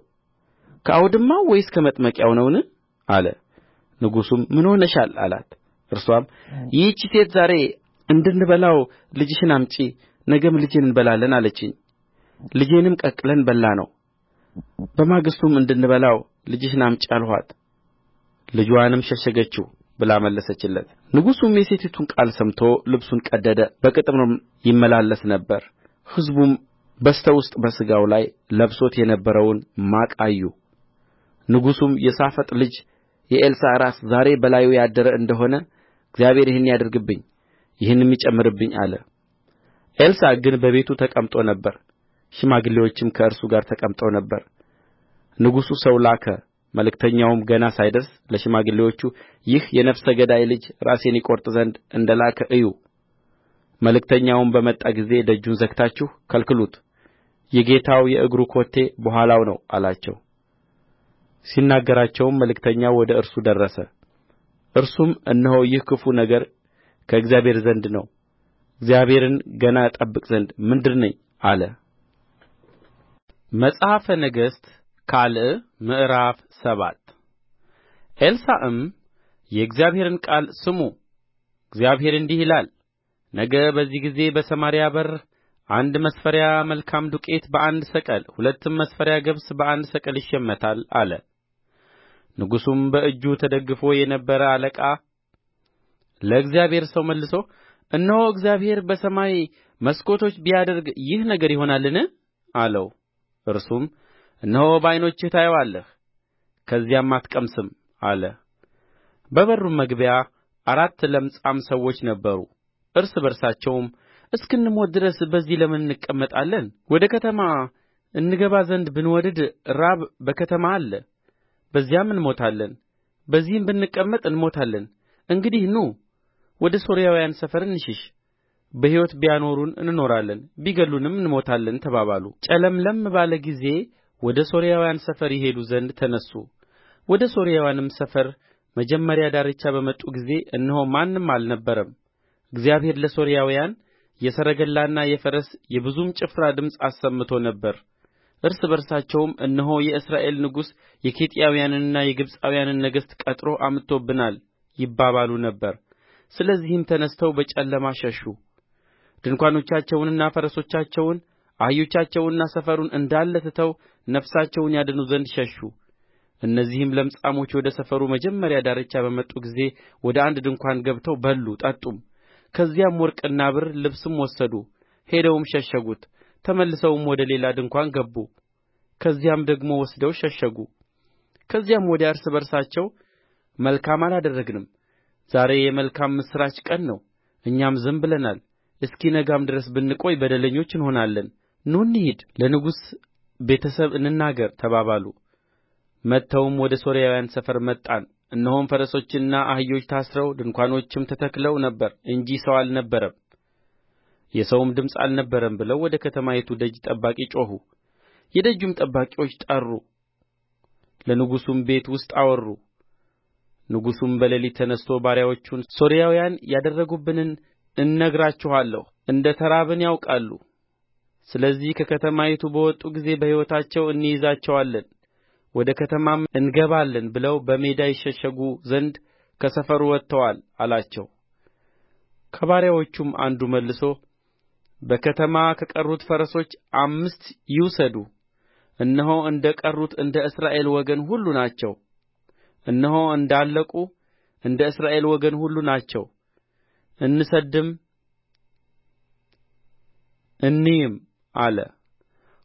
A: ከአውድማው ወይስ ከመጥመቂያው ነውን አለ ንጉሡም ምን ሆነሻል አላት እርስዋም ይህች ሴት ዛሬ እንድንበላው ልጅሽን አምጪ ነገም ልጄን እንበላለን አለችኝ ልጄንም ቀቅለን በላነው በማግስቱም እንድንበላው ልጅሽን አምጪ አልኋት ልጅዋንም ሸሸገችው ብላ መለሰችለት ንጉሡም የሴቲቱን ቃል ሰምቶ ልብሱን ቀደደ በቅጥርም ይመላለስ ነበር ሕዝቡም በስተ ውስጥ በሥጋው ላይ ለብሶት የነበረውን ማቅ አዩ ንጉሡም የሣፋጥ ልጅ የኤልሳዕ ራስ ዛሬ በላዩ ያደረ እንደሆነ እግዚአብሔር ይህን ያድርግብኝ ይህንም ይጨምርብኝ አለ ኤልሳዕ ግን በቤቱ ተቀምጦ ነበር ሽማግሌዎችም ከእርሱ ጋር ተቀምጠው ነበር ንጉሡ ሰው ላከ መልእክተኛውም ገና ሳይደርስ ለሽማግሌዎቹ ይህ የነፍሰ ገዳይ ልጅ ራሴን ይቈርጥ ዘንድ እንደ ላከ እዩ መልእክተኛውም በመጣ ጊዜ ደጁን ዘግታችሁ ከልክሉት የጌታው የእግሩ ኮቴ በኋላው ነው አላቸው ሲናገራቸውም መልእክተኛው ወደ እርሱ ደረሰ እርሱም እነሆ ይህ ክፉ ነገር ከእግዚአብሔር ዘንድ ነው እግዚአብሔርን ገና እጠብቅ ዘንድ ምንድር ነኝ አለ መጽሐፈ ነገሥት ካልዕ ምዕራፍ ሰባት ኤልሳዕም የእግዚአብሔርን ቃል ስሙ እግዚአብሔር እንዲህ ይላል ነገ በዚህ ጊዜ በሰማርያ በር አንድ መስፈሪያ መልካም ዱቄት በአንድ ሰቅል ሁለትም መስፈሪያ ገብስ በአንድ ሰቅል ይሸመታል አለ ንጉሡም በእጁ ተደግፎ የነበረ አለቃ ለእግዚአብሔር ሰው መልሶ እነሆ እግዚአብሔር በሰማይ መስኮቶች ቢያደርግ ይህ ነገር ይሆናልን አለው እርሱም እነሆ በዓይኖችህ ታየዋለህ ከዚያም አትቀምስም አለ በበሩም መግቢያ አራት ለምጻም ሰዎች ነበሩ እርስ በርሳቸውም እስክንሞት ድረስ በዚህ ለምን እንቀመጣለን ወደ ከተማ እንገባ ዘንድ ብንወድድ ራብ በከተማ አለ በዚያም እንሞታለን በዚህም ብንቀመጥ እንሞታለን እንግዲህ ኑ ወደ ሶርያውያን ሰፈር እንሽሽ በሕይወት ቢያኖሩን እንኖራለን ቢገድሉንም እንሞታለን ተባባሉ ጨለምለም ባለ ጊዜ ወደ ሶርያውያን ሰፈር ይሄዱ ዘንድ ተነሡ ወደ ሶርያውያንም ሰፈር መጀመሪያ ዳርቻ በመጡ ጊዜ እነሆ ማንም አልነበረም እግዚአብሔር ለሶርያውያን የሰረገላና የፈረስ የብዙም ጭፍራ ድምፅ አሰምቶ ነበር እርስ በርሳቸውም እነሆ የእስራኤል ንጉሥ የኬጢያውያንንና የግብጻውያንን ነገሥት ቀጥሮ አምጥቶብናል ይባባሉ ነበር ስለዚህም ተነሥተው በጨለማ ሸሹ ድንኳኖቻቸውንና ፈረሶቻቸውን አህዮቻቸውንና ሰፈሩን እንዳለ ትተው ነፍሳቸውን ያድኑ ዘንድ ሸሹ እነዚህም ለምጻሞች ወደ ሰፈሩ መጀመሪያ ዳርቻ በመጡ ጊዜ ወደ አንድ ድንኳን ገብተው በሉ ጠጡም ከዚያም ወርቅና ብር ልብስም ወሰዱ ሄደውም ሸሸጉት ተመልሰውም ወደ ሌላ ድንኳን ገቡ ከዚያም ደግሞ ወስደው ሸሸጉ ከዚያም ወዲያ እርስ በርሳቸው መልካም አላደረግንም ዛሬ የመልካም ምስራች ቀን ነው እኛም ዝም ብለናል እስኪነጋም ድረስ ብንቆይ በደለኞች እንሆናለን ኑ እንሂድ ለንጉሥ ቤተ ሰብ እንናገር ተባባሉ መጥተውም ወደ ሶርያውያን ሰፈር መጣን እነሆም ፈረሶችና አህዮች ታስረው ድንኳኖችም ተተክለው ነበር እንጂ ሰው አልነበረም የሰውም ድምፅ አልነበረም ብለው ወደ ከተማይቱ ደጅ ጠባቂ ጮኹ የደጁም ጠባቂዎች ጠሩ ለንጉሡም ቤት ውስጥ አወሩ ንጉሡም በሌሊት ተነሥቶ ባሪያዎቹን ሶርያውያን ያደረጉብንን እነግራችኋለሁ እንደ ተራብን ያውቃሉ ስለዚህ ከከተማይቱ በወጡ ጊዜ በሕይወታቸው እንይዛቸዋለን ወደ ከተማም እንገባለን ብለው በሜዳ ይሸሸጉ ዘንድ ከሰፈሩ ወጥተዋል አላቸው ከባሪያዎቹም አንዱ መልሶ በከተማ ከቀሩት ፈረሶች አምስት ይውሰዱ እነሆ እንደ ቀሩት እንደ እስራኤል ወገን ሁሉ ናቸው እነሆ እንዳለቁ እንደ እስራኤል ወገን ሁሉ ናቸው እንስደድም እንይም አለ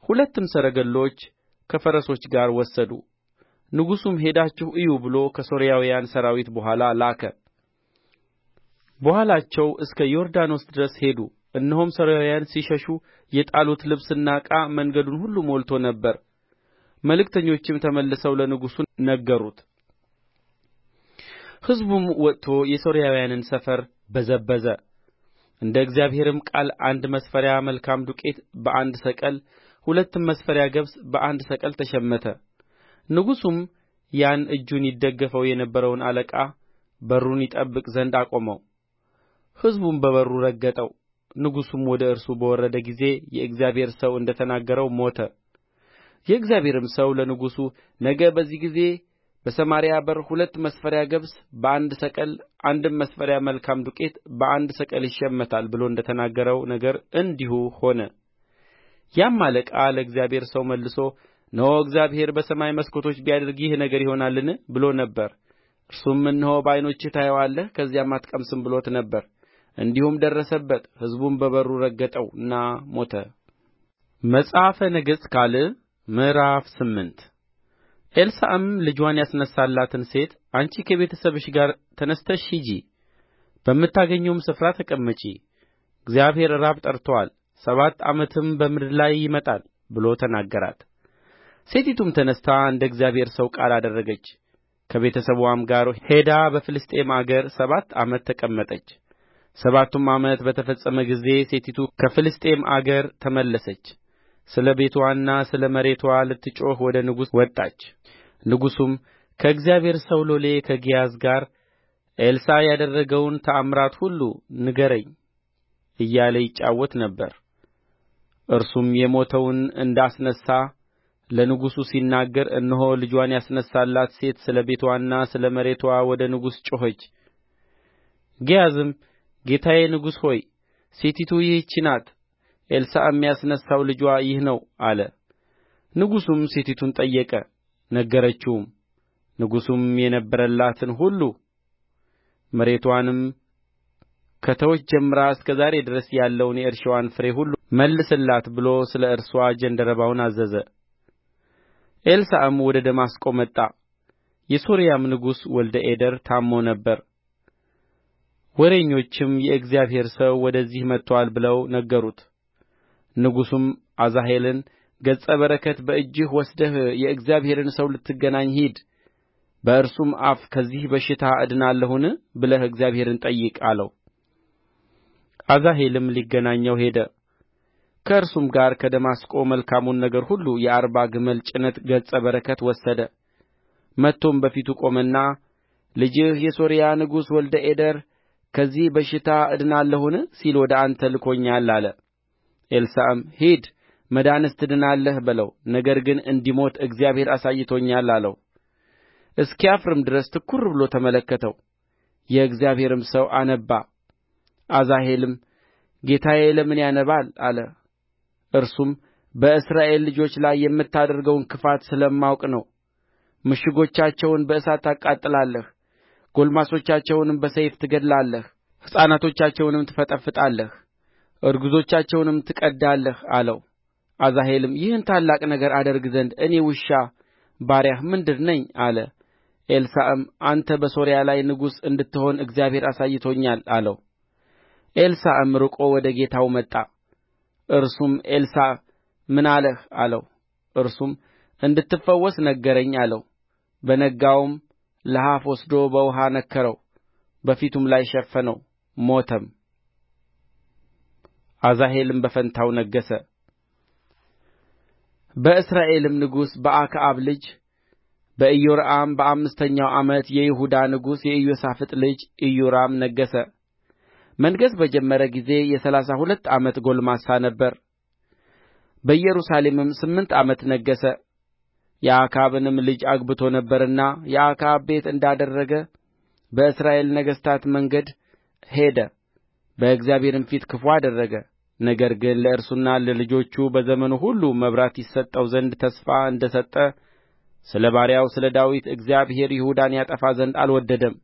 A: ሁለትም ሰረገሎች ከፈረሶች ጋር ወሰዱ ንጉሡም ሄዳችሁ እዩ ብሎ ከሶርያውያን ሠራዊት በኋላ ላከ በኋላቸው እስከ ዮርዳኖስ ድረስ ሄዱ እነሆም ሶርያውያን ሲሸሹ የጣሉት ልብስና ዕቃ መንገዱን ሁሉ ሞልቶ ነበር መልእክተኞችም ተመልሰው ለንጉሡ ነገሩት ሕዝቡም ወጥቶ የሶርያውያንን ሰፈር በዘበዘ እንደ እግዚአብሔርም ቃል አንድ መስፈሪያ መልካም ዱቄት በአንድ ሰቅል ሁለትም መስፈሪያ ገብስ በአንድ ሰቅል ተሸመተ ንጉሡም ያን እጁን ይደገፈው የነበረውን አለቃ በሩን ይጠብቅ ዘንድ አቆመው ሕዝቡም በበሩ ረገጠው ንጉሡም ወደ እርሱ በወረደ ጊዜ የእግዚአብሔር ሰው እንደ ተናገረው ሞተ የእግዚአብሔርም ሰው ለንጉሡ ነገ በዚህ ጊዜ በሰማርያ በር ሁለት መስፈሪያ ገብስ በአንድ ሰቅል አንድም መስፈሪያ መልካም ዱቄት በአንድ ሰቅል ይሸመታል ብሎ እንደ ተናገረው ነገር እንዲሁ ሆነ ያም አለቃ ለእግዚአብሔር ሰው መልሶ እነሆ እግዚአብሔር በሰማይ መስኮቶች ቢያደርግ ይህ ነገር ይሆናልን ብሎ ነበር እርሱም እነሆ በዓይኖችህ ታየዋለህ ከዚያም አትቀምስም ብሎት ነበር እንዲሁም ደረሰበት ሕዝቡም በበሩ ረገጠውና ሞተ መጽሐፈ ነገሥት ካልዕ ምዕራፍ ስምንት ኤልሳዕም ልጅዋን ያስነሣላትን ሴት አንቺ ከቤተ ሰብሽ ጋር ተነሥተሽ ሂጂ በምታገኚውም ስፍራ ተቀመጪ እግዚአብሔር ራብ ጠርቶአል ሰባት ዓመትም በምድር ላይ ይመጣል ብሎ ተናገራት ሴቲቱም ተነሥታ እንደ እግዚአብሔር ሰው ቃል አደረገች ከቤተ ሰብዋም ጋር ሄዳ በፍልስጥኤም አገር ሰባት ዓመት ተቀመጠች ሰባቱም ዓመት በተፈጸመ ጊዜ ሴቲቱ ከፍልስጥኤም አገር ተመለሰች ስለ ቤትዋና ስለ መሬትዋ ልትጮኽ ወደ ንጉሡ ወጣች ንጉሡም ከእግዚአብሔር ሰው ሎሌ ከግያዝ ጋር ኤልሳዕ ያደረገውን ተአምራት ሁሉ ንገረኝ እያለ ይጫወት ነበር እርሱም የሞተውን እንዳስነሣ ለንጉሡ ሲናገር እነሆ ልጅዋን ያስነሣላት ሴት ስለ ቤትዋና ስለ መሬትዋ ወደ ንጉሡ ጮኸች ግያዝም ጌታዬ ንጉሥ ሆይ ሴቲቱ ይህች ናት ኤልሳዕም ያስነሣው ልጅዋ ይህ ነው አለ ንጉሡም ሴቲቱን ጠየቀ ነገረችውም ንጉሡም የነበረላትን ሁሉ መሬትዋንም ከተወች ጀምራ እስከ ዛሬ ድረስ ያለውን የእርሻዋን ፍሬ ሁሉ መልስላት ብሎ ስለ እርስዋ ጃንደረባውን አዘዘ ኤልሳዕም ወደ ደማስቆ መጣ የሶርያም ንጉሥ ወልደ አዴር ታምሞ ነበር ወሬኞችም የእግዚአብሔር ሰው ወደዚህ መጥቶአል ብለው ነገሩት ንጉሡም አዛሄልን ገጸ በረከት በእጅህ ወስደህ የእግዚአብሔርን ሰው ልትገናኝ ሂድ በእርሱም አፍ ከዚህ በሽታ እድናለሁን ብለህ እግዚአብሔርን ጠይቅ አለው አዛሄልም ሊገናኘው ሄደ ከእርሱም ጋር ከደማስቆ መልካሙን ነገር ሁሉ የአርባ ግመል ጭነት ገጸ በረከት ወሰደ መጥቶም በፊቱ ቆመና ልጅህ የሶርያ ንጉሥ ወልደ አዴር ከዚህ በሽታ እድናለሁን ሲል ወደ አንተ ልኮኛል አለ ኤልሳዕም ሂድ መዳንስ ትድናለህ በለው ነገር ግን እንዲሞት እግዚአብሔር አሳይቶኛል አለው እስኪያፍርም ድረስ ትኵር ብሎ ተመለከተው የእግዚአብሔርም ሰው አነባ አዛሄልም ጌታዬ ለምን ያነባል አለ እርሱም በእስራኤል ልጆች ላይ የምታደርገውን ክፋት ስለማውቅ ነው ምሽጎቻቸውን በእሳት ታቃጥላለህ ጕልማሶቻቸውንም በሰይፍ ትገድላለህ ሕፃናቶቻቸውንም ትፈጠፍጣለህ እርጉዞቻቸውንም ትቀድዳለህ አለው አዛሄልም ይህን ታላቅ ነገር አደርግ ዘንድ እኔ ውሻ ባሪያህ ምንድር ነኝ አለ ኤልሳዕም አንተ በሶርያ ላይ ንጉሥ እንድትሆን እግዚአብሔር አሳይቶኛል አለው ኤልሳዕም ርቆ ወደ ጌታው መጣ እርሱም ኤልሳዕ ምን አለህ አለው እርሱም እንድትፈወስ ነገረኝ አለው በነጋውም ለሐፍ ወስዶ በውኃ ነከረው በፊቱም ላይ ሸፈነው ሞተም አዛሄልም በፋንታው ነገሠ በእስራኤልም ንጉሥ በአክዓብ ልጅ በኢዮራም በአምስተኛው ዓመት የይሁዳ ንጉሥ የኢዮሣፍጥ ልጅ ኢዮራም ነገሠ መንገሥ በጀመረ ጊዜ የሠላሳ ሁለት ዓመት ጕልማሳ ነበረ በኢየሩሳሌምም ስምንት ዓመት ነገሠ የአክዓብንም ልጅ አግብቶ ነበርና የአክዓብ ቤት እንዳደረገ በእስራኤል ነገሥታት መንገድ ሄደ በእግዚአብሔርም ፊት ክፉ አደረገ ነገር ግን ለእርሱና ለልጆቹ በዘመኑ ሁሉ መብራት ይሰጠው ዘንድ ተስፋ እንደ ሰጠ ስለ ባሪያው ስለ ዳዊት እግዚአብሔር ይሁዳን ያጠፋ ዘንድ አልወደደም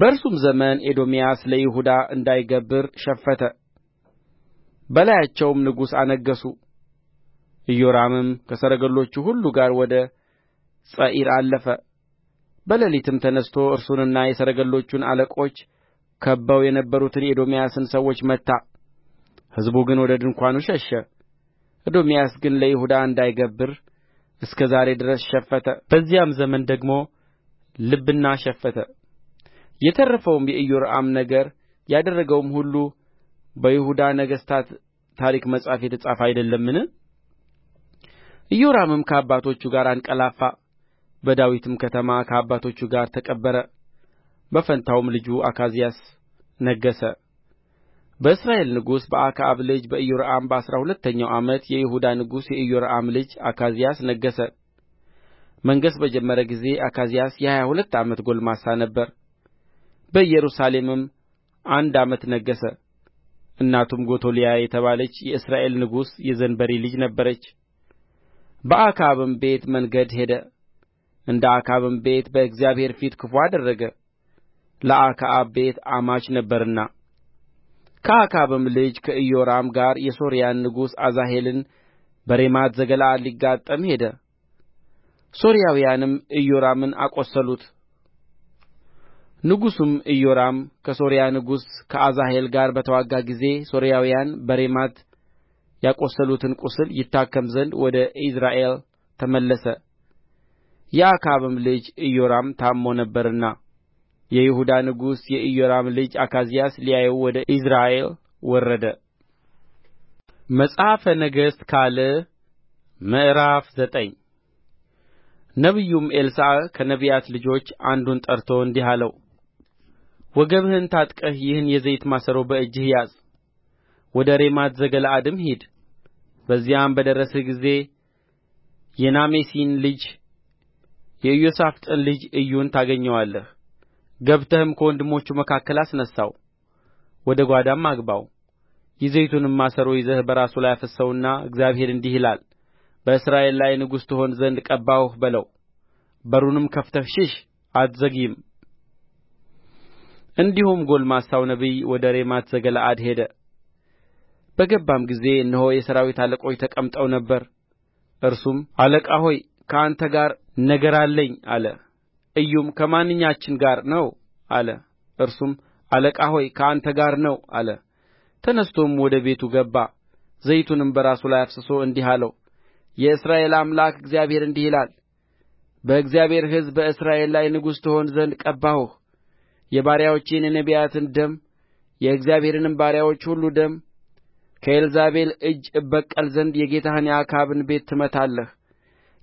A: በእርሱም ዘመን ኤዶምያስ ለይሁዳ እንዳይገብር ሸፈተ በላያቸውም ንጉሥ አነገሡ ኢዮራምም ከሰረገሎቹ ሁሉ ጋር ወደ ጸዒር አለፈ በሌሊትም ተነሥቶ እርሱንና የሰረገሎቹን አለቆች ከብበው የነበሩትን የኤዶምያስን ሰዎች መታ ሕዝቡ ግን ወደ ድንኳኑ ሸሸ ኤዶምያስ ግን ለይሁዳ እንዳይገብር እስከ ዛሬ ድረስ ሸፈተ በዚያም ዘመን ደግሞ ልብና ሸፈተ የተረፈውም የኢዮራም ነገር ያደረገውም ሁሉ በይሁዳ ነገሥታት ታሪክ መጽሐፍ የተጻፈ አይደለምን ኢዮራምም ከአባቶቹ ጋር አንቀላፋ በዳዊትም ከተማ ከአባቶቹ ጋር ተቀበረ በፋንታውም ልጁ አካዝያስ ነገሠ በእስራኤል ንጉሥ በአክዓብ ልጅ በኢዮራም በአሥራ ሁለተኛው ዓመት የይሁዳ ንጉሥ የኢዮራም ልጅ አካዝያስ ነገሠ መንገሥ በጀመረ ጊዜ አካዝያስ የሀያ ሁለት ዓመት ጕልማሳ ነበረ በኢየሩሳሌምም አንድ ዓመት ነገሠ እናቱም ጎቶልያ የተባለች የእስራኤል ንጉሥ የዘንበሪ ልጅ ነበረች በአክዓብም ቤት መንገድ ሄደ እንደ አክዓብም ቤት በእግዚአብሔር ፊት ክፉ አደረገ ለአክዓብ ቤት አማች ነበረና ከአክዓብም ልጅ ከኢዮራም ጋር የሶርያን ንጉሥ አዛሄልን በሬማት ዘገለዓድ ሊጋጠም ሄደ ሶርያውያንም ኢዮራምን አቈሰሉት ንጉሡም ኢዮራም ከሶርያ ንጉሥ ከአዛሄል ጋር በተዋጋ ጊዜ ሶርያውያን በሬማት ያቈሰሉትን ቍስል ይታከም ዘንድ ወደ ኢይዝራኤል ተመለሰ የአክዓብም ልጅ ኢዮራም ታምሞ ነበርና የይሁዳ ንጉሥ የኢዮራም ልጅ አካዝያስ ሊያየው ወደ ኢይዝራኤል ወረደ መጽሐፈ ነገሥት ካልዕ ምዕራፍ ዘጠኝ ነቢዩም ኤልሳዕ ከነቢያት ልጆች አንዱን ጠርቶ እንዲህ አለው ወገብህን ታጥቀህ ይህን የዘይት ማሰሮ በእጅህ ያዝ ወደ ሬማት ዘገለዓድም ሂድ በዚያም በደረስህ ጊዜ የናሜሲን ልጅ የኢዮሣፍጥን ልጅ ኢዩን ታገኘዋለህ ገብተህም ከወንድሞቹ መካከል አስነሣው ወደ ጓዳም አግባው የዘይቱንም ማሰሮ ይዘህ በራሱ ላይ አፍስሰውና እግዚአብሔር እንዲህ ይላል በእስራኤል ላይ ንጉሥ ትሆን ዘንድ ቀባሁህ በለው በሩንም ከፍተህ ሽሽ አትዘግይም እንዲሁም ጕልማሳው ነቢይ ወደ ሬማት ዘገለዓድ ሄደ በገባም ጊዜ እነሆ የሠራዊት አለቆች ተቀምጠው ነበር እርሱም አለቃ ሆይ ከአንተ ጋር ነገር አለኝ አለ ኢዩም ከማንኛችን ጋር ነው አለ እርሱም አለቃ ሆይ ከአንተ ጋር ነው አለ ተነሥቶም ወደ ቤቱ ገባ ዘይቱንም በራሱ ላይ አፍስሶ እንዲህ አለው የእስራኤል አምላክ እግዚአብሔር እንዲህ ይላል በእግዚአብሔር ሕዝብ በእስራኤል ላይ ንጉሥ ትሆን ዘንድ ቀባሁህ የባሪያዎቼን የነቢያትን ደም የእግዚአብሔርንም ባሪያዎች ሁሉ ደም ከኤልዛቤል እጅ እበቀል ዘንድ የጌታህን የአክዓብን ቤት ትመታለህ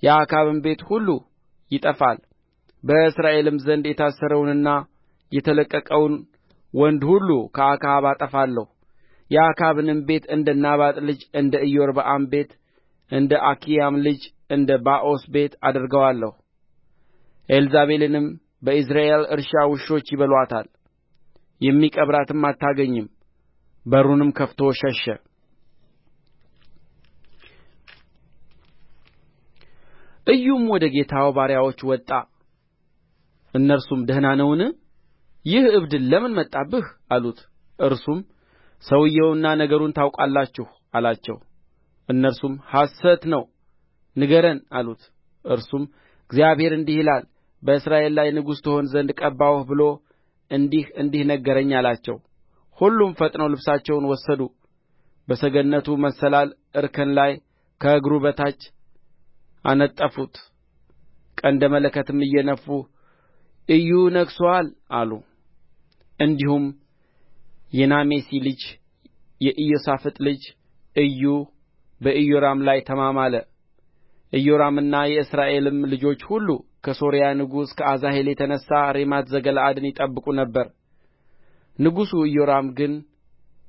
A: የአክዓብም ቤት ሁሉ ይጠፋል በእስራኤልም ዘንድ የታሰረውንና የተለቀቀውን ወንድ ሁሉ ከአክዓብ አጠፋለሁ የአክዓብንም ቤት እንደ ናባጥ ልጅ እንደ ኢዮርብዓም ቤት እንደ አኪያም ልጅ እንደ ባኦስ ቤት አደርገዋለሁ ኤልዛቤልንም በኢይዝራኤል እርሻ ውሾች ይበሉአታል የሚቀብራትም አታገኝም በሩንም ከፍቶ ሸሸ ኢዩም ወደ ጌታው ባሪያዎች ወጣ እነርሱም ደህና ነውን ይህ እብድ ለምን መጣብህ አሉት እርሱም ሰውየውና ነገሩን ታውቃላችሁ አላቸው እነርሱም ሐሰት ነው ንገረን አሉት እርሱም እግዚአብሔር እንዲህ ይላል በእስራኤል ላይ ንጉሥ ትሆን ዘንድ ቀባሁህ ብሎ እንዲህ እንዲህ ነገረኝ አላቸው ሁሉም ፈጥነው ልብሳቸውን ወሰዱ በሰገነቱ መሰላል እርከን ላይ ከእግሩ በታች አነጠፉት ቀንደ መለከትም እየነፉ ኢዩ ነግሦአል አሉ እንዲሁም የናሜሲ ልጅ የኢዮሣፍጥ ልጅ ኢዩ በኢዮራም ላይ ተማማለ ኢዮራምና የእስራኤልም ልጆች ሁሉ ከሶርያ ንጉሥ ከአዛሄል የተነሣ ሬማት ዘገለዓድን ይጠብቁ ነበር ንጉሡ ኢዮራም ግን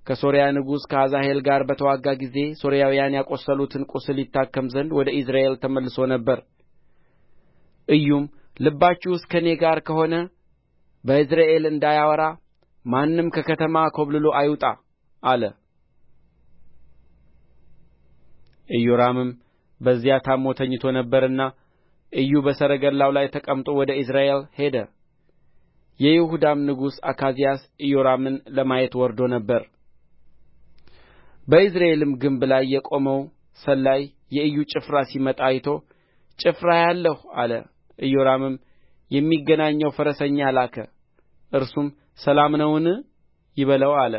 A: ከሶርያ ንጉሥ ከአዛሄል ጋር በተዋጋ ጊዜ ሶርያውያን ያቈሰሉትን ቍስል ይታከም ዘንድ ወደ ኢይዝራኤል ተመልሶ ነበር ኢዩም ልባችሁስ ከእኔ ጋር ከሆነ በኢይዝራኤል እንዳያወራ ማንም ከከተማ ኰብልሎ አይውጣ አለ ኢዮራምም በዚያ ታሞ ተኝቶ ነበርና ኢዩ በሰረገላው ላይ ተቀምጦ ወደ ኢይዝራኤል ሄደ። የይሁዳም ንጉሥ አካዝያስ ኢዮራምን ለማየት ወርዶ ነበር። በኢይዝራኤልም ግንብ ላይ የቆመው ሰላይ የኢዩ ጭፍራ ሲመጣ አይቶ ጭፍራ አያለሁ አለ ኢዮራምም የሚገናኘው ፈረሰኛ ላከ እርሱም ሰላም ነውን ይበለው አለ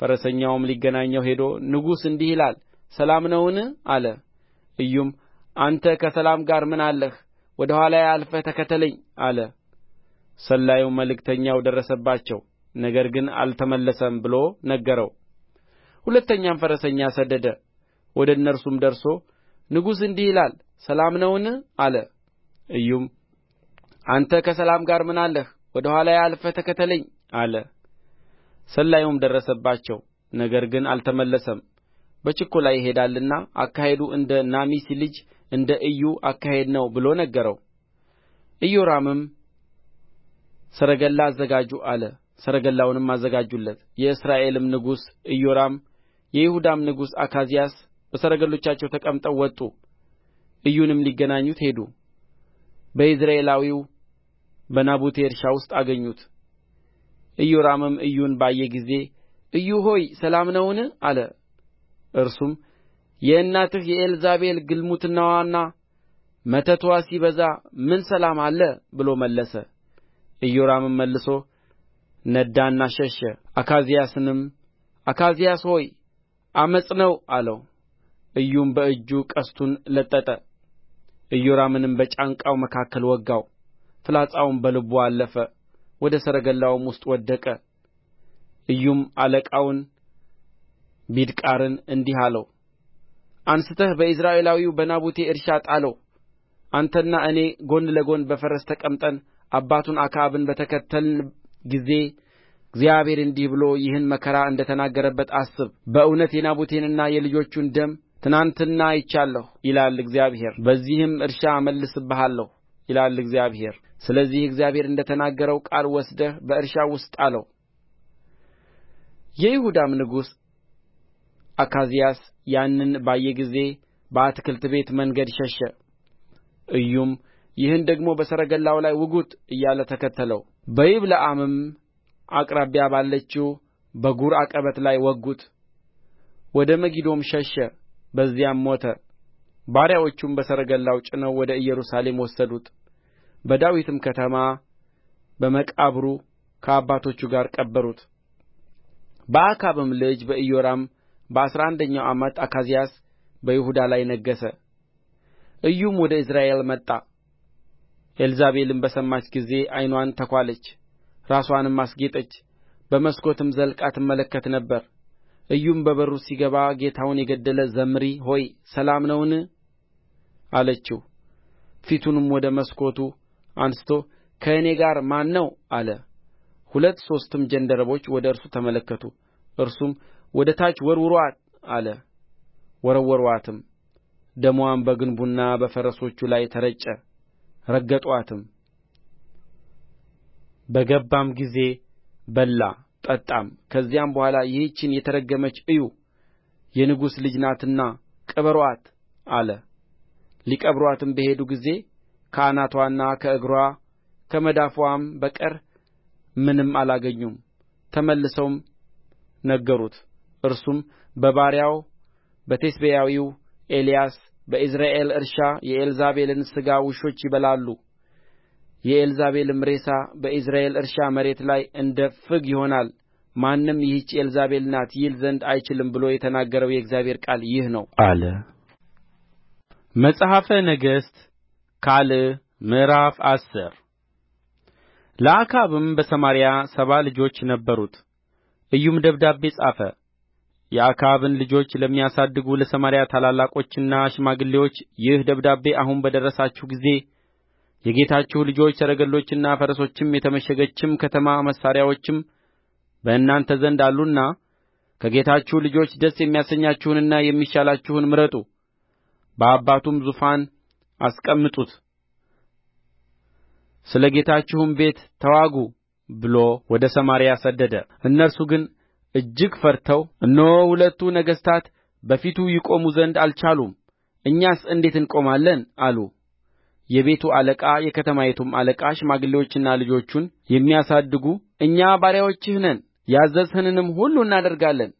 A: ፈረሰኛውም ሊገናኘው ሄዶ ንጉሡ እንዲህ ይላል ሰላም ነውን አለ ኢዩም አንተ ከሰላም ጋር ምን አለህ ወደ ኋላዬ አልፈህ ተከተለኝ አለ ሰላዩም መልእክተኛው ደረሰባቸው ነገር ግን አልተመለሰም ብሎ ነገረው ሁለተኛም ፈረሰኛ ሰደደ ወደ እነርሱም ደርሶ ንጉሡ እንዲህ ይላል ሰላም ነውን አለ ኢዩም አንተ ከሰላም ጋር ምን አለህ ወደ ኋላዬ አልፈህ ተከተለኝ አለ ሰላዩም ደረሰባቸው ነገር ግን አልተመለሰም በችኰላ ይሄዳልና አካሄዱ እንደ ናሜሲ ልጅ እንደ ኢዩ አካሄድ ነው ብሎ ነገረው ኢዮራምም ሰረገላ አዘጋጁ አለ ሰረገላውንም አዘጋጁለት የእስራኤልም ንጉሥ ኢዮራም የይሁዳም ንጉሥ አካዝያስ በሰረገሎቻቸው ተቀምጠው ወጡ ኢዩንም ሊገናኙት ሄዱ በኢይዝራኤላዊው በናቡቴ እርሻ ውስጥ አገኙት ኢዮራምም ኢዩን ባየ ጊዜ ኢዩ ሆይ ሰላም ነውን አለ እርሱም የእናትህ የኤልዛቤል ግልሙትናዋና መተትዋ ሲበዛ ምን ሰላም አለ ብሎ መለሰ ኢዮራምም መልሶ ነዳና ሸሸ አካዝያስንም አካዝያስ ሆይ ዓመፅ ነው አለው ኢዩም በእጁ ቀስቱን ለጠጠ ኢዮራምንም በጫንቃው መካከል ወጋው ፍላጻውም በልቡ አለፈ ወደ ሰረገላውም ውስጥ ወደቀ ኢዩም አለቃውን ቢድቃርን እንዲህ አለው አንሥተህ በኢይዝራኤላዊው በናቡቴ እርሻ ጣለው አንተና እኔ ጎን ለጎን በፈረስ ተቀምጠን አባቱን አክዓብን በተከተልን ጊዜ እግዚአብሔር እንዲህ ብሎ ይህን መከራ እንደ ተናገረበት አስብ በእውነት የናቡቴንና የልጆቹን ደም ትናንትና አይቻለሁ ይላል እግዚአብሔር በዚህም እርሻ እመልስብሃለሁ ይላል እግዚአብሔር ስለዚህ እግዚአብሔር እንደ ተናገረው ቃል ወስደህ በእርሻው ውስጥ ጣለው የይሁዳም ንጉሥ አካዝያስ ያንን ባየ ጊዜ በአትክልት ቤት መንገድ ሸሸ ኢዩም ይህን ደግሞ በሰረገላው ላይ ውጉት እያለ ተከተለው በይብለዓምም አቅራቢያ ባለችው በጉር ዐቀበት ላይ ወጉት ወደ መጊዶም ሸሸ በዚያም ሞተ ባሪያዎቹም በሰረገላው ጭነው ወደ ኢየሩሳሌም ወሰዱት በዳዊትም ከተማ በመቃብሩ ከአባቶቹ ጋር ቀበሩት በአክዓብም ልጅ በኢዮራም በአሥራ አንደኛው ዓመት አካዝያስ በይሁዳ ላይ ነገሠ ኢዩም ወደ ኢይዝራኤል መጣ ኤልዛቤልም በሰማች ጊዜ ዓይንዋን ተኳለች ራስዋንም አስጌጠች በመስኮትም ዘልቃ ትመለከት ነበር ኢዩም በበሩ ሲገባ ጌታውን የገደለ ዘምሪ ሆይ ሰላም ነውን አለችው ፊቱንም ወደ መስኮቱ አንሥቶ ከእኔ ጋር ማን ነው አለ ሁለት ሦስትም ጃንደረቦች ወደ እርሱ ተመለከቱ እርሱም ወደ ታች ወርውሩአት አለ ወረወሩአትም ደምዋም በግንቡና በፈረሶቹ ላይ ተረጨ ረገጡአትም በገባም ጊዜ በላ ጠጣም ከዚያም በኋላ ይህችን የተረገመች እዩ የንጉሥ ልጅ ናትና ቅበሩአት አለ ሊቀብሩአትም በሄዱ ጊዜ ከአናትዋና ከእግርዋ ከመዳፏም በቀር ምንም አላገኙም ተመልሰውም ነገሩት እርሱም በባሪያው በቴስብያዊው ኤልያስ በኢይዝራኤል እርሻ የኤልዛቤልን ሥጋ ውሾች ይበላሉ የኤልዛቤልም ሬሳ በኢይዝራኤል እርሻ መሬት ላይ እንደ ፍግ ይሆናል ማንም ይህች ኤልዛቤል ናት ይል ዘንድ አይችልም ብሎ የተናገረው የእግዚአብሔር ቃል ይህ ነው አለ መጽሐፈ ነገሥት ካልዕ ምዕራፍ አስር ለአክዓብም በሰማርያ ሰባ ልጆች ነበሩት ኢዩም ደብዳቤ ጻፈ የአክዓብን ልጆች ለሚያሳድጉ ለሰማርያ ታላላቆችና ሽማግሌዎች ይህ ደብዳቤ አሁን በደረሳችሁ ጊዜ የጌታችሁ ልጆች ሰረገሎችና ፈረሶችም የተመሸገችም ከተማ መሣሪያዎችም በእናንተ ዘንድ አሉና ከጌታችሁ ልጆች ደስ የሚያሰኛችሁንና የሚሻላችሁን ምረጡ በአባቱም ዙፋን አስቀምጡት ስለ ጌታችሁም ቤት ተዋጉ ብሎ ወደ ሰማርያ ሰደደ እነርሱ ግን እጅግ ፈርተው እነሆ ሁለቱ ነገሥታት በፊቱ ይቆሙ ዘንድ አልቻሉም እኛስ እንዴት እንቆማለን አሉ የቤቱ አለቃ የከተማይቱም አለቃ ሽማግሌዎችና ልጆቹን የሚያሳድጉ እኛ ባሪያዎችህ ነን ያዘዝኸንም ሁሉ እናደርጋለን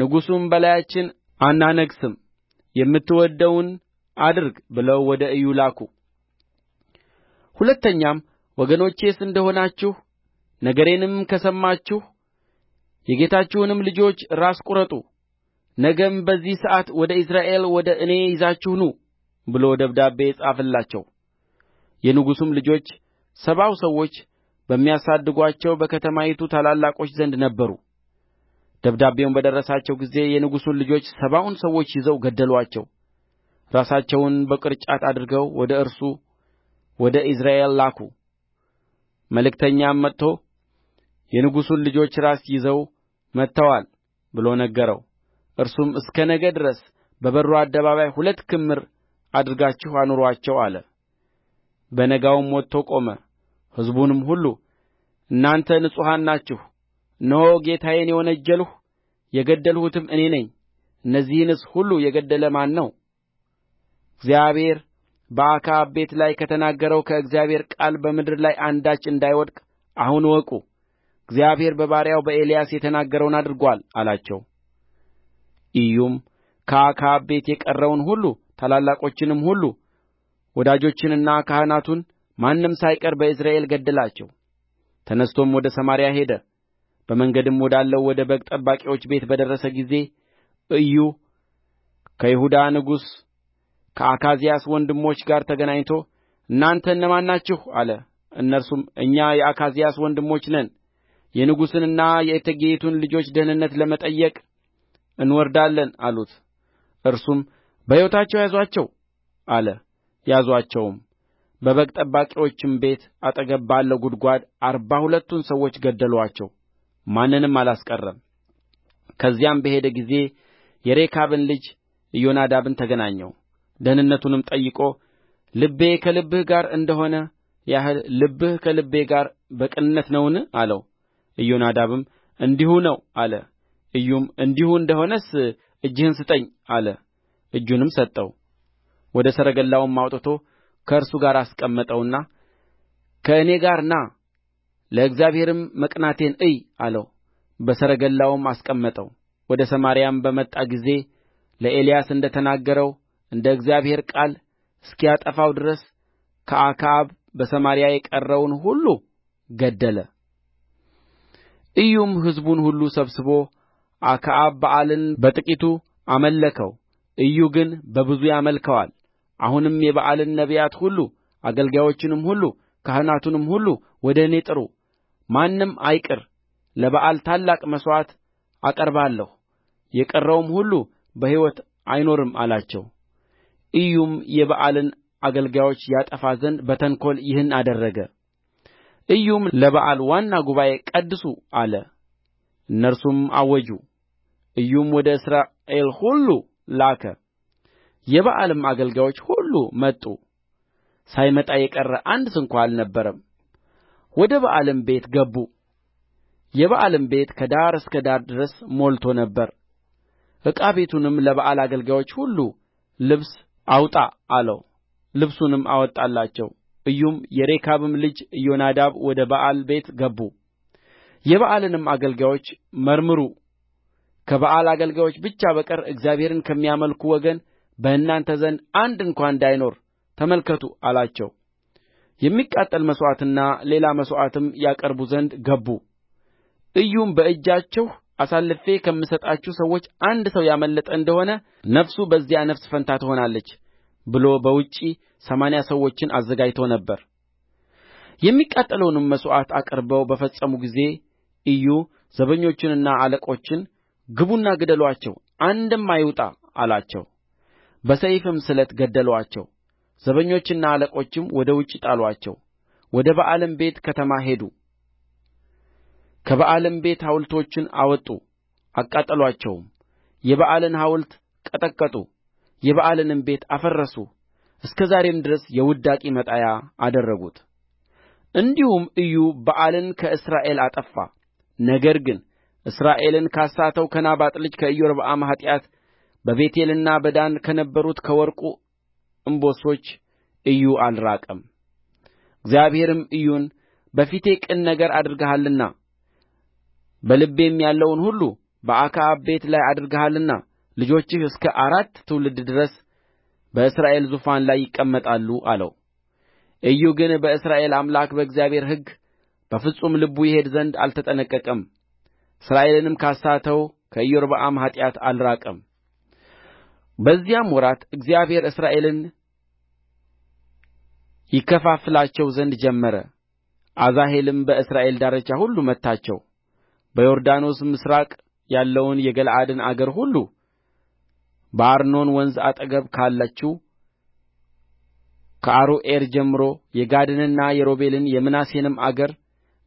A: ንጉሡም በላያችን አናነግሥም የምትወድደውን አድርግ ብለው ወደ ኢዩ ላኩ ሁለተኛም ወገኖቼስ እንደ ሆናችሁ ነገሬንም ከሰማችሁ የጌታችሁንም ልጆች ራስ ቍረጡ ነገም በዚህ ሰዓት ወደ ኢይዝራኤል ወደ እኔ ይዛችሁ ኑ ብሎ ደብዳቤ ጻፈላቸው የንጉሡም ልጆች ሰባው ሰዎች በሚያሳድጓቸው በከተማይቱ ታላላቆች ዘንድ ነበሩ ደብዳቤውም በደረሳቸው ጊዜ የንጉሡን ልጆች ሰባውን ሰዎች ይዘው ገደሉአቸው ራሳቸውን በቅርጫት አድርገው ወደ እርሱ ወደ ኢይዝራኤል ላኩ መልእክተኛም መጥቶ የንጉሡን ልጆች ራስ ይዘው መጥተዋል ብሎ ነገረው እርሱም እስከ ነገ ድረስ በበሩ አደባባይ ሁለት ክምር አድርጋችሁ አኑሩአቸው አለ በነጋውም ወጥቶ ቆመ ሕዝቡንም ሁሉ እናንተ ንጹሓን ናችሁ እነሆ ጌታዬን የወነጀልሁ የገደልሁትም እኔ ነኝ እነዚህንስ ሁሉ የገደለ ማን ነው እግዚአብሔር በአክዓብ ቤት ላይ ከተናገረው ከእግዚአብሔር ቃል በምድር ላይ አንዳች እንዳይወድቅ አሁን እወቁ እግዚአብሔር በባሪያው በኤልያስ የተናገረውን አድርጎአል አላቸው ኢዩም ከአክዓብ ቤት የቀረውን ሁሉ ታላላቆችንም ሁሉ ወዳጆችንና ካህናቱን ማንም ሳይቀር በኢይዝራኤል ገደላቸው ተነሥቶም ወደ ሰማርያ ሄደ በመንገድም ወዳለው ወደ በግ ጠባቂዎች ቤት በደረሰ ጊዜ ኢዩ ከይሁዳ ንጉሥ ከአካዝያስ ወንድሞች ጋር ተገናኝቶ እናንተ እነማን ናችሁ አለ እነርሱም እኛ የአካዝያስ ወንድሞች ነን የንጉሥንና የእቴጌይቱን ልጆች ደኅንነት ለመጠየቅ እንወርዳለን አሉት እርሱም በሕይወታቸው ያዙአቸው አለ ያዙአቸውም በበግ ጠባቂዎችም ቤት አጠገብ ባለው ጕድጓድ አርባ ሁለቱን ሰዎች ገደሉአቸው ማንንም አላስቀረም ከዚያም በሄደ ጊዜ የሬካብን ልጅ ኢዮናዳብን ተገናኘው ደኅንነቱንም ጠይቆ ልቤ ከልብህ ጋር እንደ ሆነ ያህል ልብህ ከልቤ ጋር በቅንነት ነውን አለው ኢዮናዳብም እንዲሁ ነው አለ ኢዩም እንዲሁ እንደ ሆነስ እጅህን ስጠኝ አለ እጁንም ሰጠው ወደ ሰረገላውም አውጥቶ ከእርሱ ጋር አስቀመጠውና ከእኔ ጋር ና ለእግዚአብሔርም መቅናቴን እይ አለው በሰረገላውም አስቀመጠው ወደ ሰማርያም በመጣ ጊዜ ለኤልያስ እንደ ተናገረው እንደ እግዚአብሔር ቃል እስኪያጠፋው ድረስ ከአክዓብ በሰማርያ የቀረውን ሁሉ ገደለ። ኢዩም ሕዝቡን ሁሉ ሰብስቦ አክዓብ በኣልን በጥቂቱ አመለከው ኢዩ ግን በብዙ ያመልከዋል አሁንም የበኣልን ነቢያት ሁሉ አገልጋዮቹንም ሁሉ ካህናቱንም ሁሉ ወደ እኔ ጥሩ ማንም አይቅር ለበኣል ታላቅ መሥዋዕት አቀርባለሁ የቀረውም ሁሉ በሕይወት አይኖርም አላቸው ኢዩም የበኣልን አገልጋዮች ያጠፋ ዘንድ በተንኰል ይህን አደረገ ኢዩም ለበኣል ዋና ጉባኤ ቀድሱ አለ እነርሱም አወጁ ኢዩም ወደ እስራኤል ሁሉ ላከ የበኣልም አገልጋዮች ሁሉ መጡ ሳይመጣ የቀረ አንድ ስንኳ አልነበረም ወደ በኣልም ቤት ገቡ የበኣልም ቤት ከዳር እስከ ዳር ድረስ ሞልቶ ነበር ዕቃ ቤቱንም ለበኣል አገልጋዮች ሁሉ ልብስ አውጣ አለው ልብሱንም አወጣላቸው ኢዩም የሬካብም ልጅ ኢዮናዳብ ወደ በኣል ቤት ገቡ የበኣልንም አገልጋዮች መርምሩ ከበኣል አገልጋዮች ብቻ በቀር እግዚአብሔርን ከሚያመልኩ ወገን በእናንተ ዘንድ አንድ እንኳ እንዳይኖር ተመልከቱ አላቸው የሚቃጠል መሥዋዕትና ሌላ መሥዋዕትም ያቀርቡ ዘንድ ገቡ ኢዩም በእጃችሁ አሳልፌ ከምሰጣችሁ ሰዎች አንድ ሰው ያመለጠ እንደ ሆነ ነፍሱ በዚያ ነፍስ ፈንታ ትሆናለች ብሎ በውጪ ሰማንያ ሰዎችን አዘጋጅቶ ነበር የሚቃጠለውንም መሥዋዕት አቅርበው በፈጸሙ ጊዜ ኢዩ ዘበኞቹንና አለቆቹን ግቡና ግደሉአቸው አንድም አይውጣ አላቸው በሰይፍም ስለት ገደሉአቸው ዘበኞችና አለቆችም ወደ ውጭ ጣሉአቸው ወደ በኣልም ቤት ከተማ ሄዱ ከበኣልም ቤት ሐውልቶቹን አወጡ አቃጠሉአቸውም የበኣልን ሐውልት ቀጠቀጡ የበኣልንም ቤት አፈረሱ እስከ ዛሬም ድረስ የውዳቂ መጣያ አደረጉት እንዲሁም ኢዩ በኣልን ከእስራኤል አጠፋ ነገር ግን እስራኤልን ካሳተው ከናባጥ ልጅ ከኢዮርብዓም ኃጢአት በቤቴልና በዳን ከነበሩት ከወርቁ እምቦሶች ኢዩ አልራቀም እግዚአብሔርም ኢዩን በፊቴ ቅን ነገር አድርገሃልና በልቤም ያለውን ሁሉ በአክዓብ ቤት ላይ አድርገሃልና ልጆችህ እስከ አራት ትውልድ ድረስ በእስራኤል ዙፋን ላይ ይቀመጣሉ አለው ኢዩ ግን በእስራኤል አምላክ በእግዚአብሔር ሕግ በፍጹም ልቡ ይሄድ ዘንድ አልተጠነቀቀም እስራኤልንም ካሳተው ከኢዮርብዓም ኃጢአት አልራቀም። በዚያም ወራት እግዚአብሔር እስራኤልን ይከፋፍላቸው ዘንድ ጀመረ። አዛሄልም በእስራኤል ዳርቻ ሁሉ መታቸው። በዮርዳኖስ ምሥራቅ ያለውን የገለዓድን አገር ሁሉ በአርኖን ወንዝ አጠገብ ካለችው ከአሮዔር ጀምሮ የጋድንና የሮቤልን የምናሴንም አገር